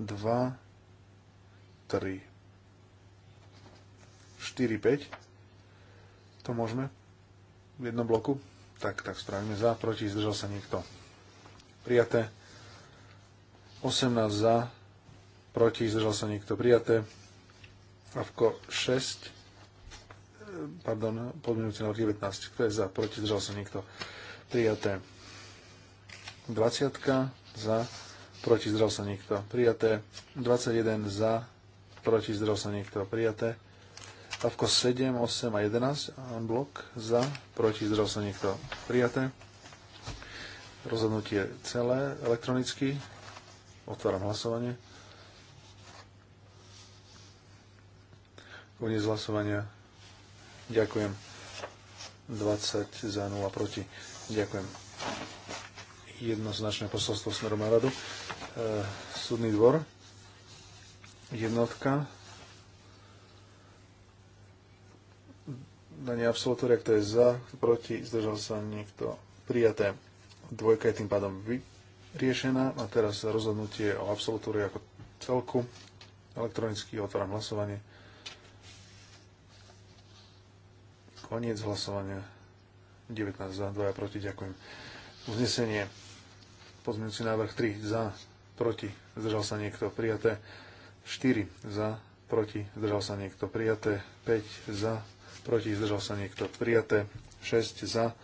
3, 4, 5. To môžeme v jednom bloku? Tak, tak spravíme za, proti, zdržal sa niekto prijaté. 18 za, proti, zdržal sa niekto prijaté. Avko 6, pardon, podmienujúci návrh 19, kto je za, proti, zdržal sa niekto prijaté. 20 za, proti, zdržal sa niekto prijaté. 21 za, proti, zdržal sa niekto prijaté. Avko 7, 8 a 11, blok za, proti, zdržal sa niekto prijaté. Rozhodnutie celé elektronicky. Otváram hlasovanie. Koniec hlasovania. Ďakujem. 20 za 0 proti. Ďakujem. Jednoznačné posolstvo smerom na radu. E, súdny dvor. Jednotka. Danie absolutória, kto je za, proti, zdržal sa niekto. Prijaté. Dvojka je tým pádom vyriešená a teraz rozhodnutie o absolutúre ako celku. Elektronicky otváram hlasovanie. Koniec hlasovania. 19 za, 2 proti, ďakujem. Uznesenie. Pozmeňujúci návrh 3 za, proti, zdržal sa niekto, prijaté. 4 za, proti, zdržal sa niekto, prijaté. 5 za, proti, zdržal sa niekto, prijaté. 6 za,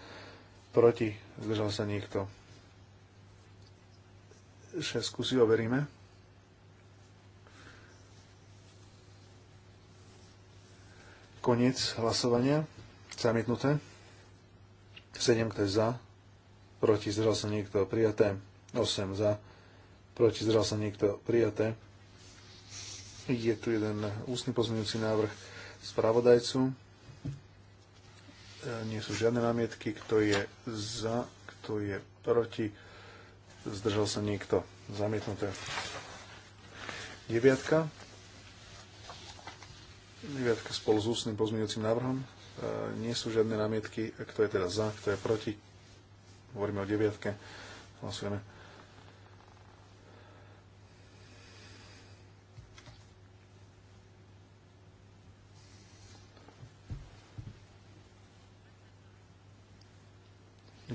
Proti? Zdržal sa niekto? 6 si overíme. Koniec hlasovania. Zamietnuté. 7, kto je za? Proti? Zdržal sa niekto? Prijaté. 8 za. Proti? Zdržal sa niekto? Prijaté. Je tu jeden ústny pozmeňujúci návrh spravodajcu E, nie sú žiadne námietky. Kto je za, kto je proti? Zdržal sa niekto. Zamietnuté. Deviatka. Deviatka spolu s ústnym pozmeňujúcim návrhom. E, nie sú žiadne námietky. Kto je teda za, kto je proti? Hovoríme o deviatke. Hlasujeme.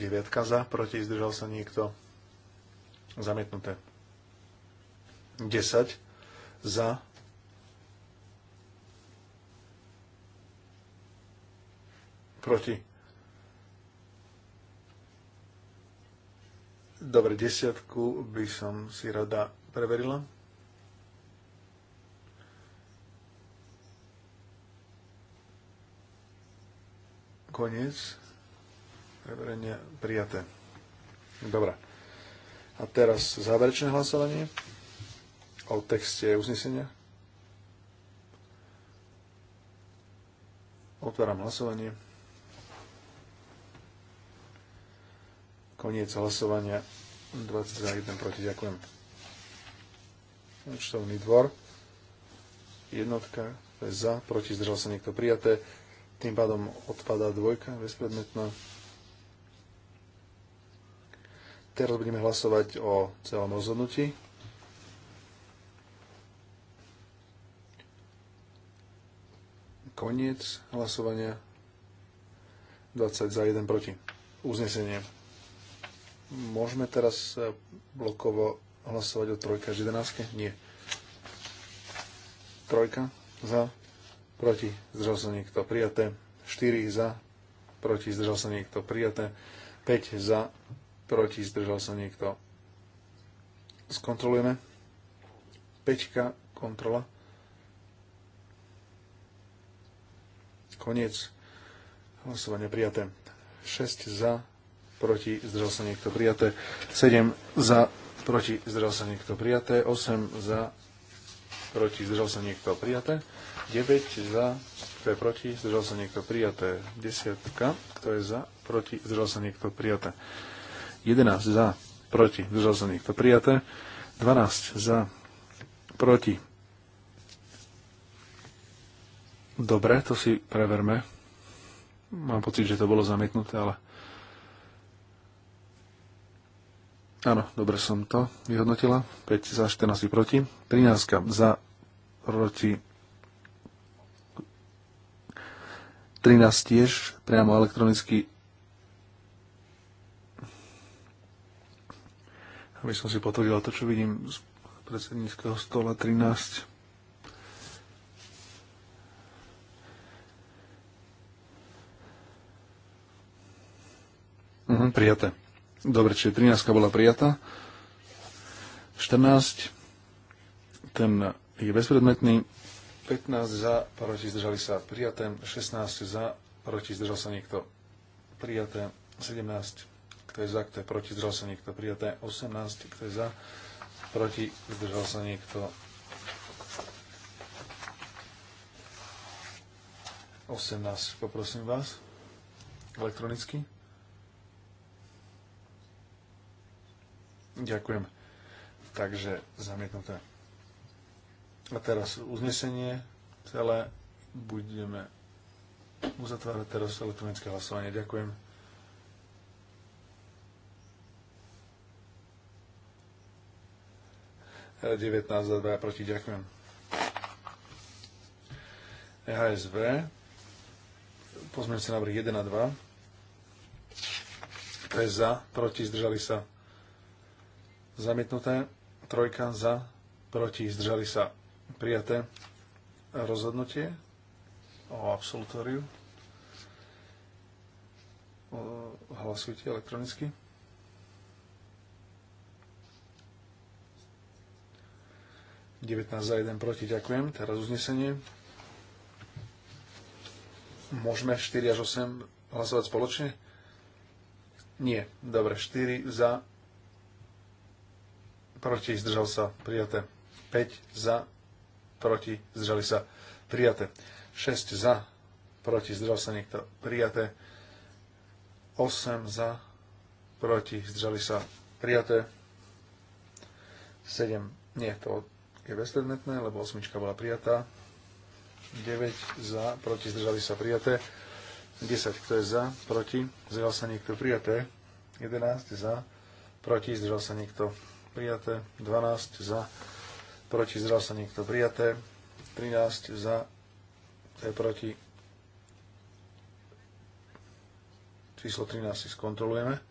9 za, proti zdržal sa niekto. Zamietnuté. 10 za. Proti. Dobre, desiatku by som si rada preverila. Koniec preverenie prijaté. Dobre. A teraz záverečné hlasovanie o texte uznesenia. Otváram hlasovanie. Koniec hlasovania. 20 za 1 proti. Ďakujem. Účtovný dvor. Jednotka. To je za. Proti. Zdržal sa niekto prijaté. Tým pádom odpadá dvojka bezpredmetná. Teraz budeme hlasovať o celom rozhodnutí. Koniec hlasovania. 20 za 1 proti. Uznesenie. Môžeme teraz eh, blokovo hlasovať o trojka až 11? Nie. Trojka za, proti, zdržal sa niekto, prijaté. 4 za, proti, zdržal sa niekto, prijaté. 5 za, proti, zdržal sa niekto. Skontrolujeme. Peťka, kontrola. Koniec. Hlasovanie prijaté. 6 za, proti, zdržal sa niekto prijaté. 7 za, proti, zdržal sa niekto prijaté. 8 za, proti, zdržal sa niekto prijaté. 9 za, kto je proti, zdržal sa niekto prijaté. Desiatka, kto je za, proti, zdržal sa niekto prijaté. 11 za, proti, zdržal sa niekto prijaté, 12 za, proti. Dobre, to si preverme. Mám pocit, že to bolo zamietnuté, ale... Áno, dobre som to vyhodnotila. 5 za, 14 proti. 13 za, proti. 13 tiež, priamo elektronicky aby som si potvrdila to, čo vidím z predsedníckého stola 13. Mhm, prijaté. Dobre, čiže 13 bola prijatá. 14, ten je bezpredmetný. 15 za, proti zdržali sa prijaté. 16 za, proti zdržal sa niekto prijaté. 17 kto je za, kto je proti, zdržal sa niekto. Prijaté 18, kto je za, proti, zdržal sa niekto. 18, poprosím vás, elektronicky. Ďakujem. Takže zamietnuté. A teraz uznesenie celé budeme uzatvárať teraz elektronické hlasovanie. Ďakujem. 19 e, za 2 proti. Ďakujem. EHSV. Pozmeňujúci návrh 1 a 2. To je za, proti, zdržali sa. Zamietnuté. Trojka za, proti, zdržali sa. Prijaté rozhodnutie o absolutóriu. Hlasujte elektronicky. 19 za 1 proti, ďakujem. Teraz uznesenie. Môžeme 4 až 8 hlasovať spoločne? Nie. Dobre, 4 za, proti, zdržal sa, prijaté. 5 za, proti, zdržali sa, prijaté. 6 za, proti, zdržal sa niekto, prijaté. 8 za, proti, zdržali sa, prijaté. 7, nie, to je bezpredmetné, lebo osmička bola prijatá. 9 za, proti, zdržali sa prijaté. 10, kto je za, proti, zdržal sa niekto prijaté. 11 za, proti, zdržal sa niekto prijaté. 12 za, proti, zdržal sa niekto prijaté. 13 za, to je proti. Číslo 13 si skontrolujeme.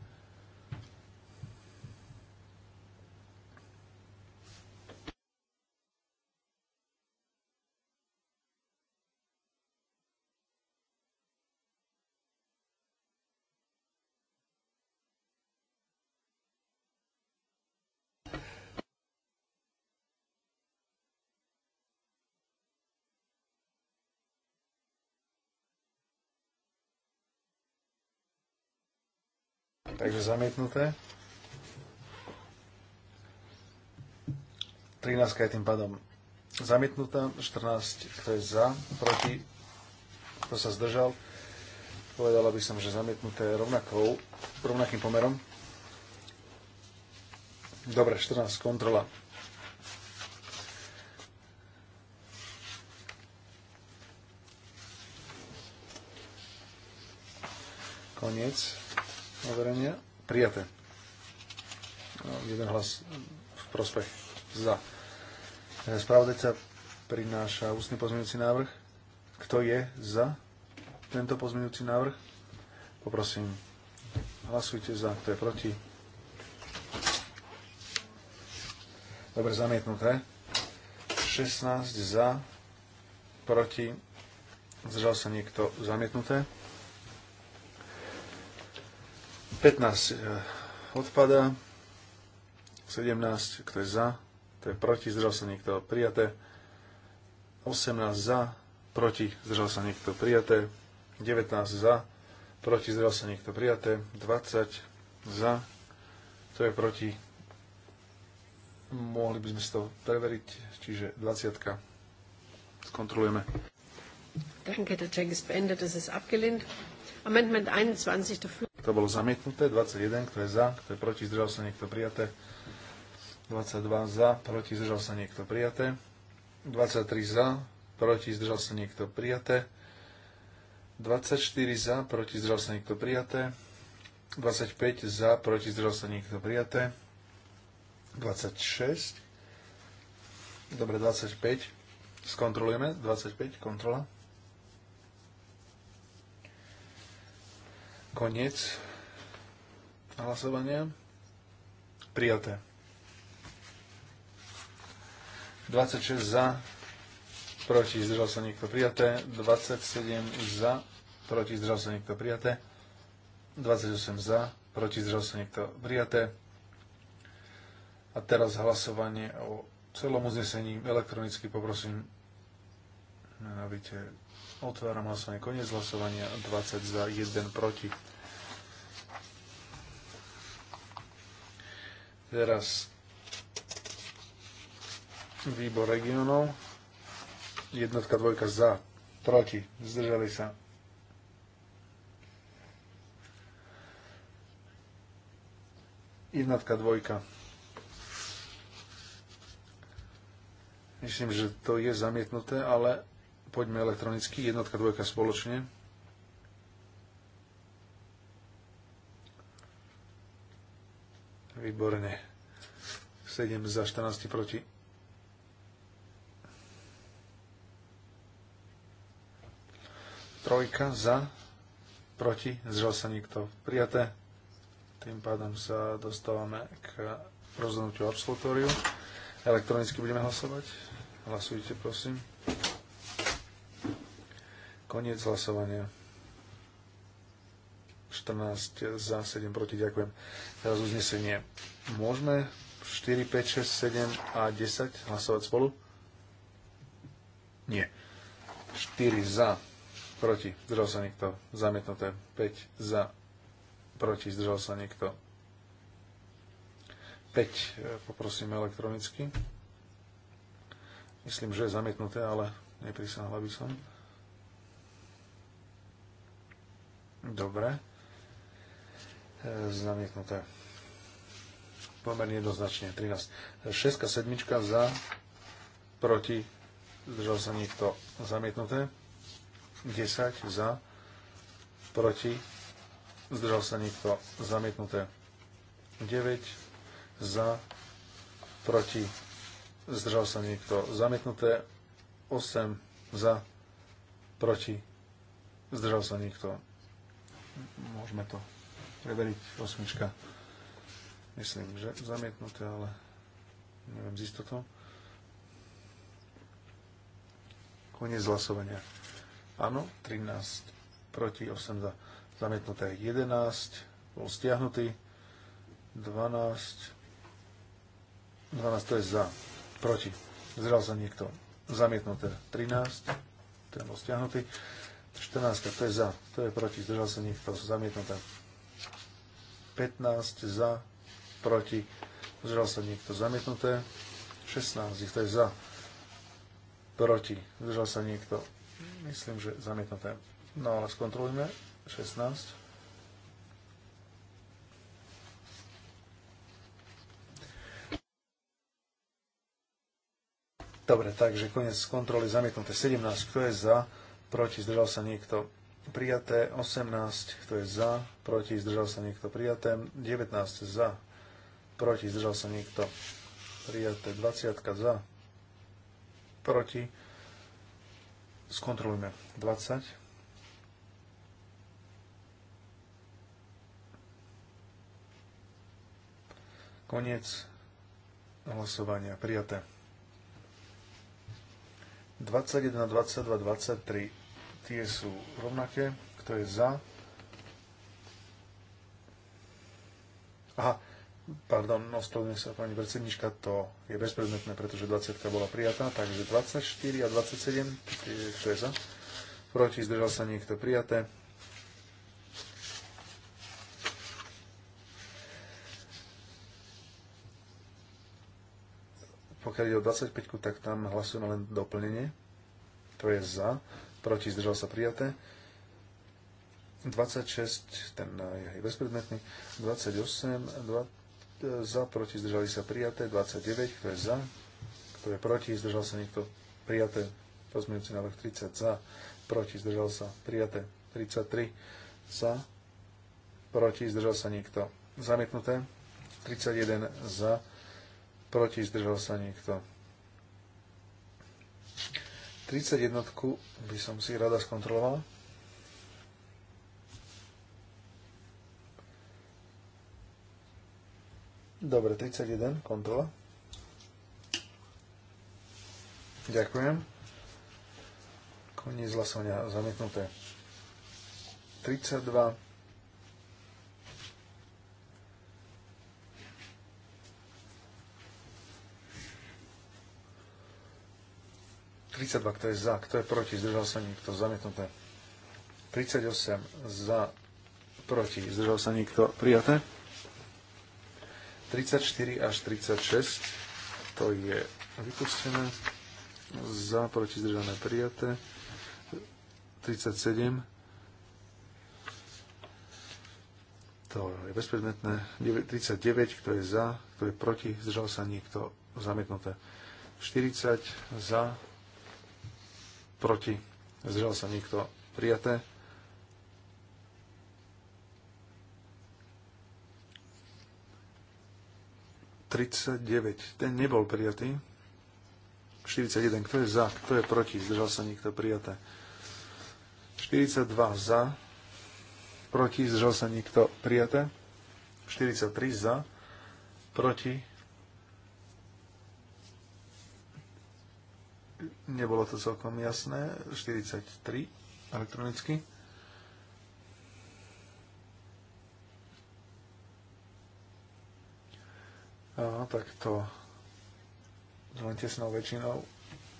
Takže zamietnuté. 13 je tým pádom zamietnutá. 14, kto je za, proti, kto sa zdržal. Povedala by som, že zamietnuté rovnakou, rovnakým pomerom. Dobre, 14, kontrola. Koniec overenia. Prijaté. No, jeden hlas v prospech za. E, spravodajca prináša ústny pozmeňujúci návrh. Kto je za tento pozmeňujúci návrh? Poprosím, hlasujte za, kto je proti. Dobre, zamietnuté. 16 za, proti, zdržal sa niekto, zamietnuté. 15 e, odpada. 17, kto je za, to je proti, zdržal sa niekto prijaté. 18 za, proti, zdržal sa niekto prijaté. 19 za, proti, zdržal sa niekto prijaté. 20 za, to je proti. Mohli by sme si to preveriť, čiže 20. Skontrolujeme. Danke, der Check ist beendet, es ist abgelehnt. Amendment 21 dafür. To bolo zamietnuté. 21, kto je za, kto je proti, zdržal sa niekto prijaté. 22 za, proti, zdržal sa niekto prijaté. 23 za, proti, zdržal sa niekto prijaté. 24 za, proti, zdržal sa niekto prijaté. 25 za, proti, zdržal sa niekto prijaté. 26. Dobre, 25. Skontrolujeme. 25, kontrola. Koniec hlasovania. Prijaté. 26 za, proti, zdržal sa niekto prijaté. 27 za, proti, zdržal sa niekto prijaté. 28 za, proti, zdržal sa niekto prijaté. A teraz hlasovanie o celom uznesení. Elektronicky poprosím, aby Otváram hlasovanie. Koniec hlasovania. 20 za, 1 proti. Teraz výbor regionov. Jednotka, dvojka za, proti. Zdržali sa. Jednotka, dvojka. Myslím, že to je zamietnuté, ale Poďme elektronicky. Jednotka, dvojka spoločne. Výborne. 7 za 14 proti. Trojka za, proti, zžal sa nikto. Prijaté. Tým pádom sa dostávame k rozhodnutiu absolutóriu. Elektronicky budeme hlasovať. Hlasujte, prosím. Koniec hlasovania. 14 za, 7 proti, ďakujem. Teraz uznesenie. Môžeme 4, 5, 6, 7 a 10 hlasovať spolu? Nie. 4 za, proti, zdržal sa niekto, zamietnuté. 5 za, proti, zdržal sa niekto. 5 e, poprosím elektronicky. Myslím, že je zamietnuté, ale neprisahla by som. Dobre. E, zamietnuté. Pomerne jednoznačne. 13. 6 7 za, proti, zdržal sa niekto. Zamietnuté. 10 za, proti, zdržal sa niekto. Zamietnuté. 9 za, proti, zdržal sa niekto. Zamietnuté. 8 za, proti, zdržal sa niekto Môžeme to preveriť. Osmička. Myslím, že zamietnuté, ale neviem z istotou. Koniec hlasovania. Áno, 13 proti 8 za zamietnuté 11, bol stiahnutý 12, 12 to je za, proti. Zral sa niekto zamietnuté 13, ten bol stiahnutý, 14, kto je za, kto je proti, zdržal sa nikto, zamietnuté. 15 za, proti, zdržal sa nikto, zamietnuté. 16, kto je za, proti, zdržal sa nikto, myslím, že zamietnuté. No ale skontrolujme, 16. Dobre, takže konec kontroly zamietnuté 17. Kto je za? proti, zdržal sa niekto prijaté, 18, kto je za, proti, zdržal sa niekto prijaté, 19 za, proti, zdržal sa niekto prijaté, 20 za, proti, skontrolujme, 20, Koniec hlasovania. Prijaté. 21, 22, 23, tie sú rovnaké. Kto je za? Aha, pardon, ospravedlňujem no, sa pani predsednička, to je bezpredmetné, pretože 20 bola prijatá, takže 24 a 27, tie, kto je za? Proti, zdržal sa niekto prijaté. Pokiaľ ide o 25, tak tam hlasujeme len doplnenie. To je za. Proti zdržal sa prijaté. 26, ten je bezpredmetný. 28, 2, e, za, proti zdržali sa prijaté. 29, kto je za. Kto je proti, zdržal sa niekto prijaté. Pozmeňujúci návrh 30 za. Proti zdržal sa prijaté. 33 za. Proti zdržal sa niekto zamietnuté. 31 za proti, zdržal sa niekto. 31 by som si rada skontrolovala. Dobre, 31, kontrola. Ďakujem. Koniec hlasovania zamietnuté. 32 32, kto je za, kto je proti, zdržal sa nikto zamietnuté. 38 za, proti, zdržal sa nikto prijaté. 34 až 36, to je vypustené. Za, proti, zdržané, prijaté. 37, to je bezpredmetné. 39, kto je za, kto je proti, zdržal sa nikto zamietnuté. 40 za, proti, zdržal sa nikto, prijaté. ten nebol prijatý. 41, kto je za, kto je proti, zdržal sa nikto prijaté. 42 za, proti, zdržal sa nikto prijaté. 43 za, proti, Nebolo to celkom jasné. 43 elektronicky. Áno, tak to s len tesnou väčšinou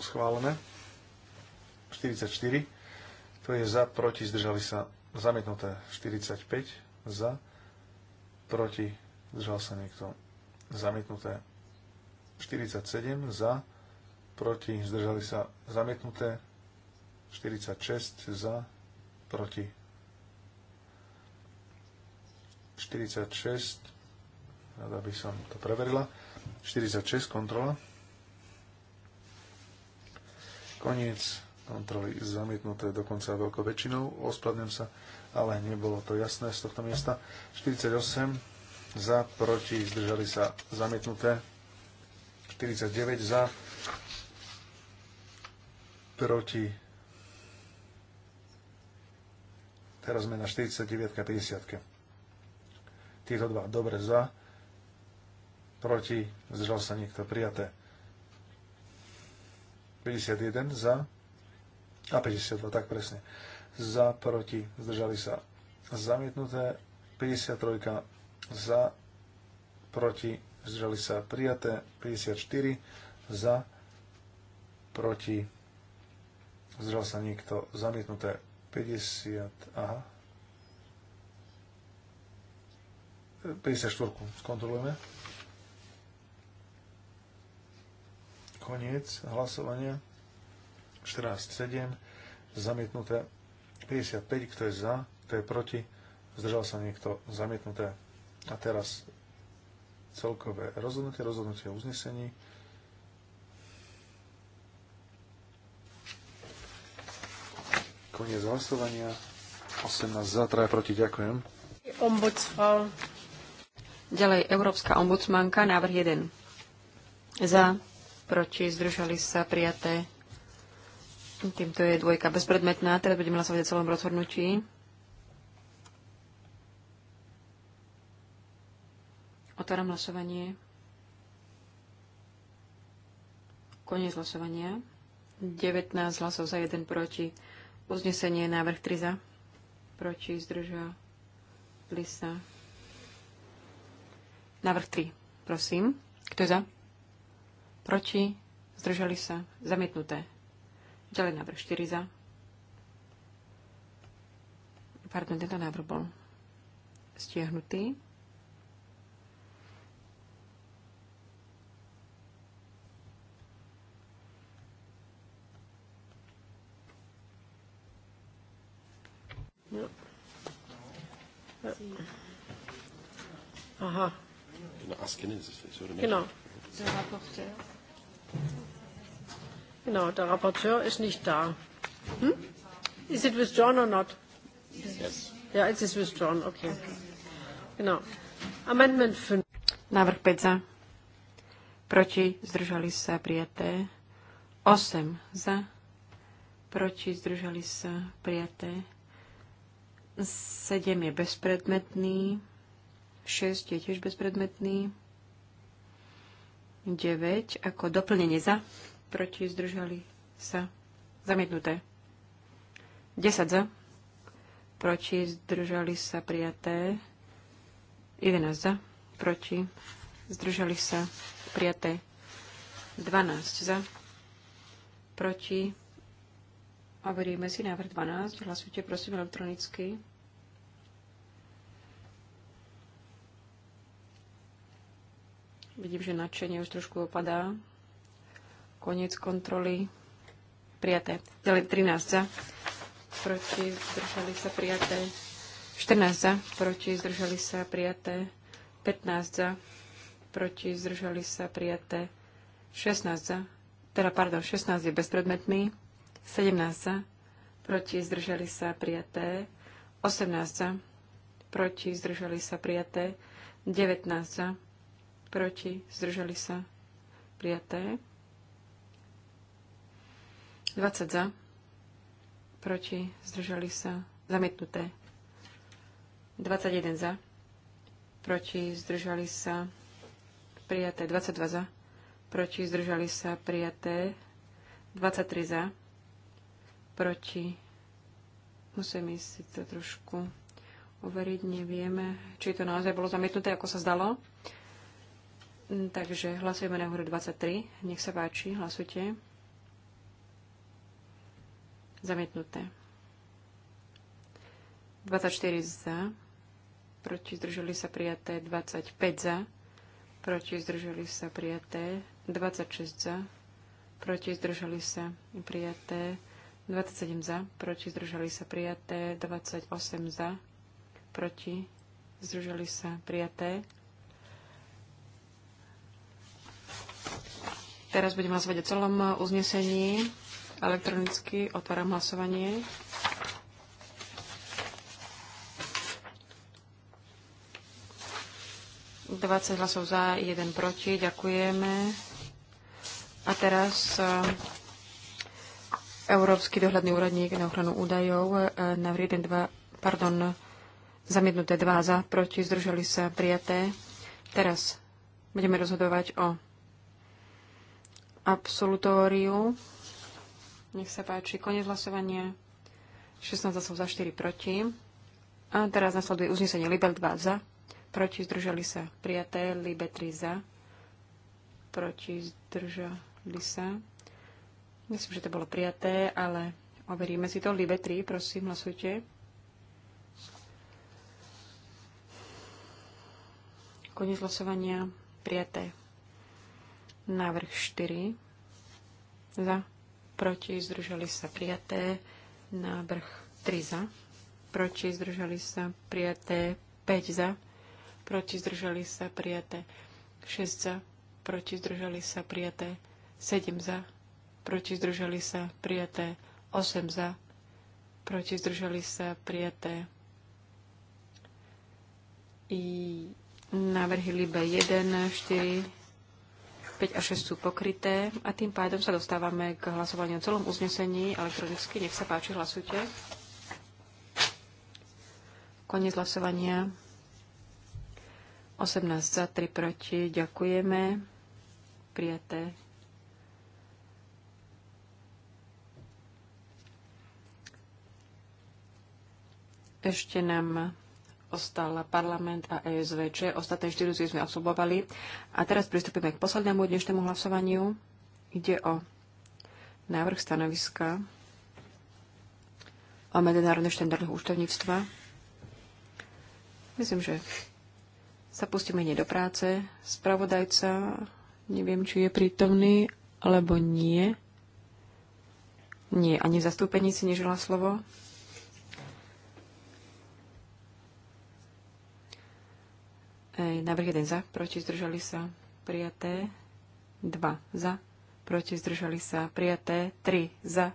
schválené. 44. To je za, proti, zdržali sa zamietnuté. 45 za, proti, zdržal sa niekto zamietnuté. 47 za, proti, zdržali sa zamietnuté, 46 za, proti, 46, rada by som to preverila, 46 kontrola, koniec kontroly zamietnuté dokonca veľkou väčšinou, ospravedlňujem sa, ale nebolo to jasné z tohto miesta, 48 za, proti, zdržali sa zamietnuté, 49 za, proti. Teraz sme na 49 a 50. Tieto dva. Dobre, za. Proti. Zdržal sa niekto. Prijaté. 51 za. A 52, tak presne. Za, proti. Zdržali sa. Zamietnuté. 53 za. Proti. Zdržali sa. Prijaté. 54 za. Proti Zdržal sa niekto. Zamietnuté 50. Aha. 54. Skontrolujeme. Koniec hlasovania. 14.7. Zamietnuté 55. Kto je za? Kto je proti? Zdržal sa niekto. Zamietnuté. A teraz celkové rozhodnutie, rozhodnutie o uznesení. Koniec hlasovania. 18 za, 3 proti. Ďakujem. Ombudsman. Ďalej Európska ombudsmanka, návrh 1. Za, proti, zdržali sa, prijaté. Týmto je dvojka bezpredmetná. Teraz budeme hlasovať o celom rozhodnutí. Otváram hlasovanie. Koniec hlasovania. 19 hlasov za 1 proti. Uznesenie návrh 3 za. Proti zdržali Lisa. Návrh 3. Prosím. Kto je za? Proti? Zdržali sa? Zamietnuté. Ďalej návrh 4 za. Pardon, tento návrh bol stiahnutý. Aha. Genau, Askinen ist es. Genau. Der Rapporteur. Genau, der Rapporteur ist nicht da. Hm? Is it withdrawn or not? Yes. Yeah, it is withdrawn, okay. Genau. Amendment 5. Návrh 5 za. Proti zdržali sa prijaté. 8 za. Proti zdržali sa prijaté. 7 je bezpredmetný. 6 je tiež bezpredmetný. 9 ako doplnenie za. Proti zdržali sa. Zamietnuté. 10 za. Proti zdržali sa prijaté. 11 za. Proti zdržali sa prijaté. 12 za. Proti Overíme si návrh 12. Hlasujte prosím elektronicky. Vidím, že nadšenie už trošku opadá. Koniec kontroly. Prijaté. Ďalej 13 za. Proti zdržali sa prijaté. 14 za. Proti zdržali sa prijaté. 15 za. Proti zdržali sa prijaté. 16 za. Teda, pardon, 16 je bezpredmetný. 17 za, proti zdržali sa prijaté, 18 za, proti zdržali sa prijaté, 19 za, proti zdržali sa prijaté, 20 za, proti zdržali sa zamietnuté, 21 za, proti zdržali sa prijaté, 22 za, proti zdržali sa prijaté, 23 za, proti. Musím si to trošku overiť, nevieme, či to naozaj bolo zamietnuté, ako sa zdalo. Mm, takže hlasujeme na hore 23. Nech sa páči, hlasujte. Zamietnuté. 24 za, proti zdržali sa prijaté 25 za, proti zdržali sa prijaté 26 za, proti zdržali sa prijaté 27 za, proti zdržali sa prijaté, 28 za, proti zdržali sa prijaté. Teraz budeme hlasovať o celom uznesení. Elektronicky otváram hlasovanie. Dvadsať hlasov za, jeden proti. Ďakujeme. A teraz Európsky dohľadný úradník na ochranu údajov e, na vrieden 2, pardon, zamietnuté dva za, proti, zdržali sa prijaté. Teraz budeme rozhodovať o absolutóriu. Nech sa páči, koniec hlasovania. 16 hlasov za 4 proti. A teraz nasleduje uznesenie Libel 2 za, proti, zdržali sa prijaté, Libe 3 za, proti, zdržali sa Myslím, že to bolo prijaté, ale overíme si to. Libe 3, prosím, hlasujte. Koniec hlasovania prijaté. Návrh 4. Za. Proti. Zdržali sa prijaté. Návrh 3 za. Proti. Zdržali sa prijaté. 5 za. Proti. Zdržali sa prijaté. 6 za. Proti. Zdržali sa prijaté. 7 za proti zdržali sa prijaté 8 za, proti zdržali sa prijaté i návrhy Libe 1, 4, 5 a 6 sú pokryté a tým pádom sa dostávame k hlasovaniu o celom uznesení elektronicky. Nech sa páči, hlasujte. Koniec hlasovania. 18 za, 3 proti. Ďakujeme. Prijaté. Ešte nám ostal parlament a ESVČ. Ostatné inštitúcie sme absolvovali. A teraz pristúpime k poslednému dnešnému hlasovaniu. Ide o návrh stanoviska o medzinárodných štandardoch účtovníctva. Myslím, že sa pustíme nie do práce. Spravodajca, neviem, či je prítomný, alebo nie. Nie, ani v zastúpení si nežila slovo. Návrh 1 za, proti zdržali sa prijaté. 2 za, proti zdržali sa prijaté. 3 za,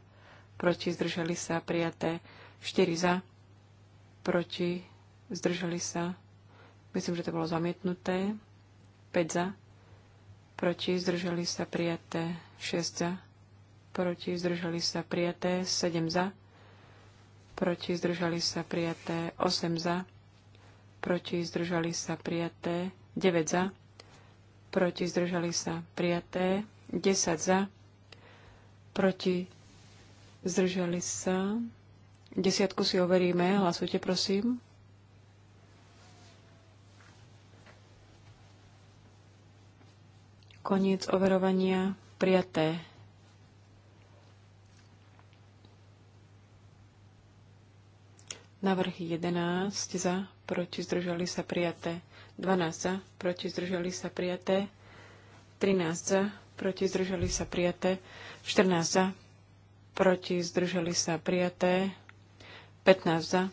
proti zdržali sa prijaté. 4 za, proti zdržali sa. Myslím, že to bolo zamietnuté. 5 za, proti zdržali sa prijaté. 6 za, proti zdržali sa prijaté. 7 za, proti zdržali sa prijaté. 8 za, proti zdržali sa, prijaté proti zdržali sa prijaté, 9 za, proti zdržali sa prijaté, 10 za, proti zdržali sa. Desiatku si overíme, hlasujte prosím. Koniec overovania prijaté. Navrh 11 za, proti zdržali sa prijaté. 12 za, proti zdržali sa prijaté. 13 za, proti zdržali sa prijaté. 14 za, proti zdržali sa prijaté. 15 za.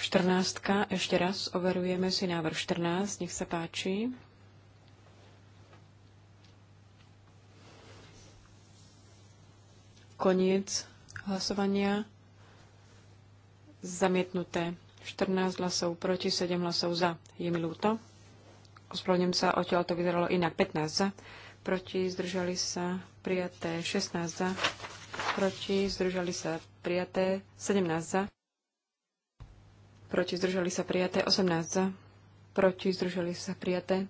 14. Ešte raz overujeme si návrh 14. Nech sa páči. Koniec hlasovania. Zamietnuté. 14 hlasov proti, 7 hlasov za. Je mi ľúto. Ospravedlňujem sa, odtiaľ to vyzeralo inak. 15 za. Proti, zdržali sa. Prijaté. 16 za. Proti, zdržali sa. Prijaté. 17 za. Proti, zdržali sa. Prijaté. 18 za. Proti, zdržali sa. Prijaté.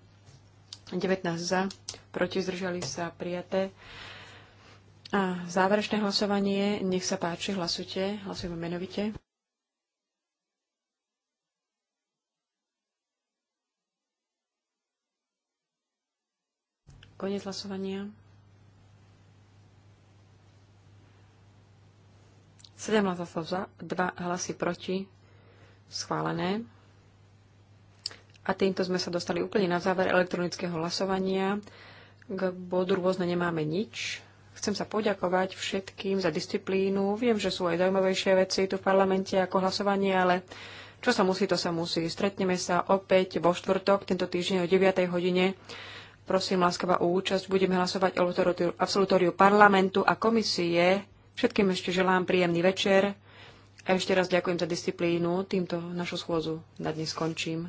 19 za. Proti, zdržali sa. Prijaté. A záverečné hlasovanie. Nech sa páči, hlasujte. Hlasujeme menovite. Koniec hlasovania. 7 hlasov za, 2 hlasy proti. Schválené. A týmto sme sa dostali úplne na záver elektronického hlasovania. K bodu rôzne nemáme nič. Chcem sa poďakovať všetkým za disciplínu. Viem, že sú aj zaujímavejšie veci tu v parlamente ako hlasovanie, ale čo sa musí, to sa musí. Stretneme sa opäť vo štvrtok, tento týždeň o 9. hodine Prosím, láskavá účasť. Budeme hlasovať o absolutóriu parlamentu a komisie. Všetkým ešte želám príjemný večer. A ešte raz ďakujem za disciplínu. Týmto našu schôzu na dnes skončím.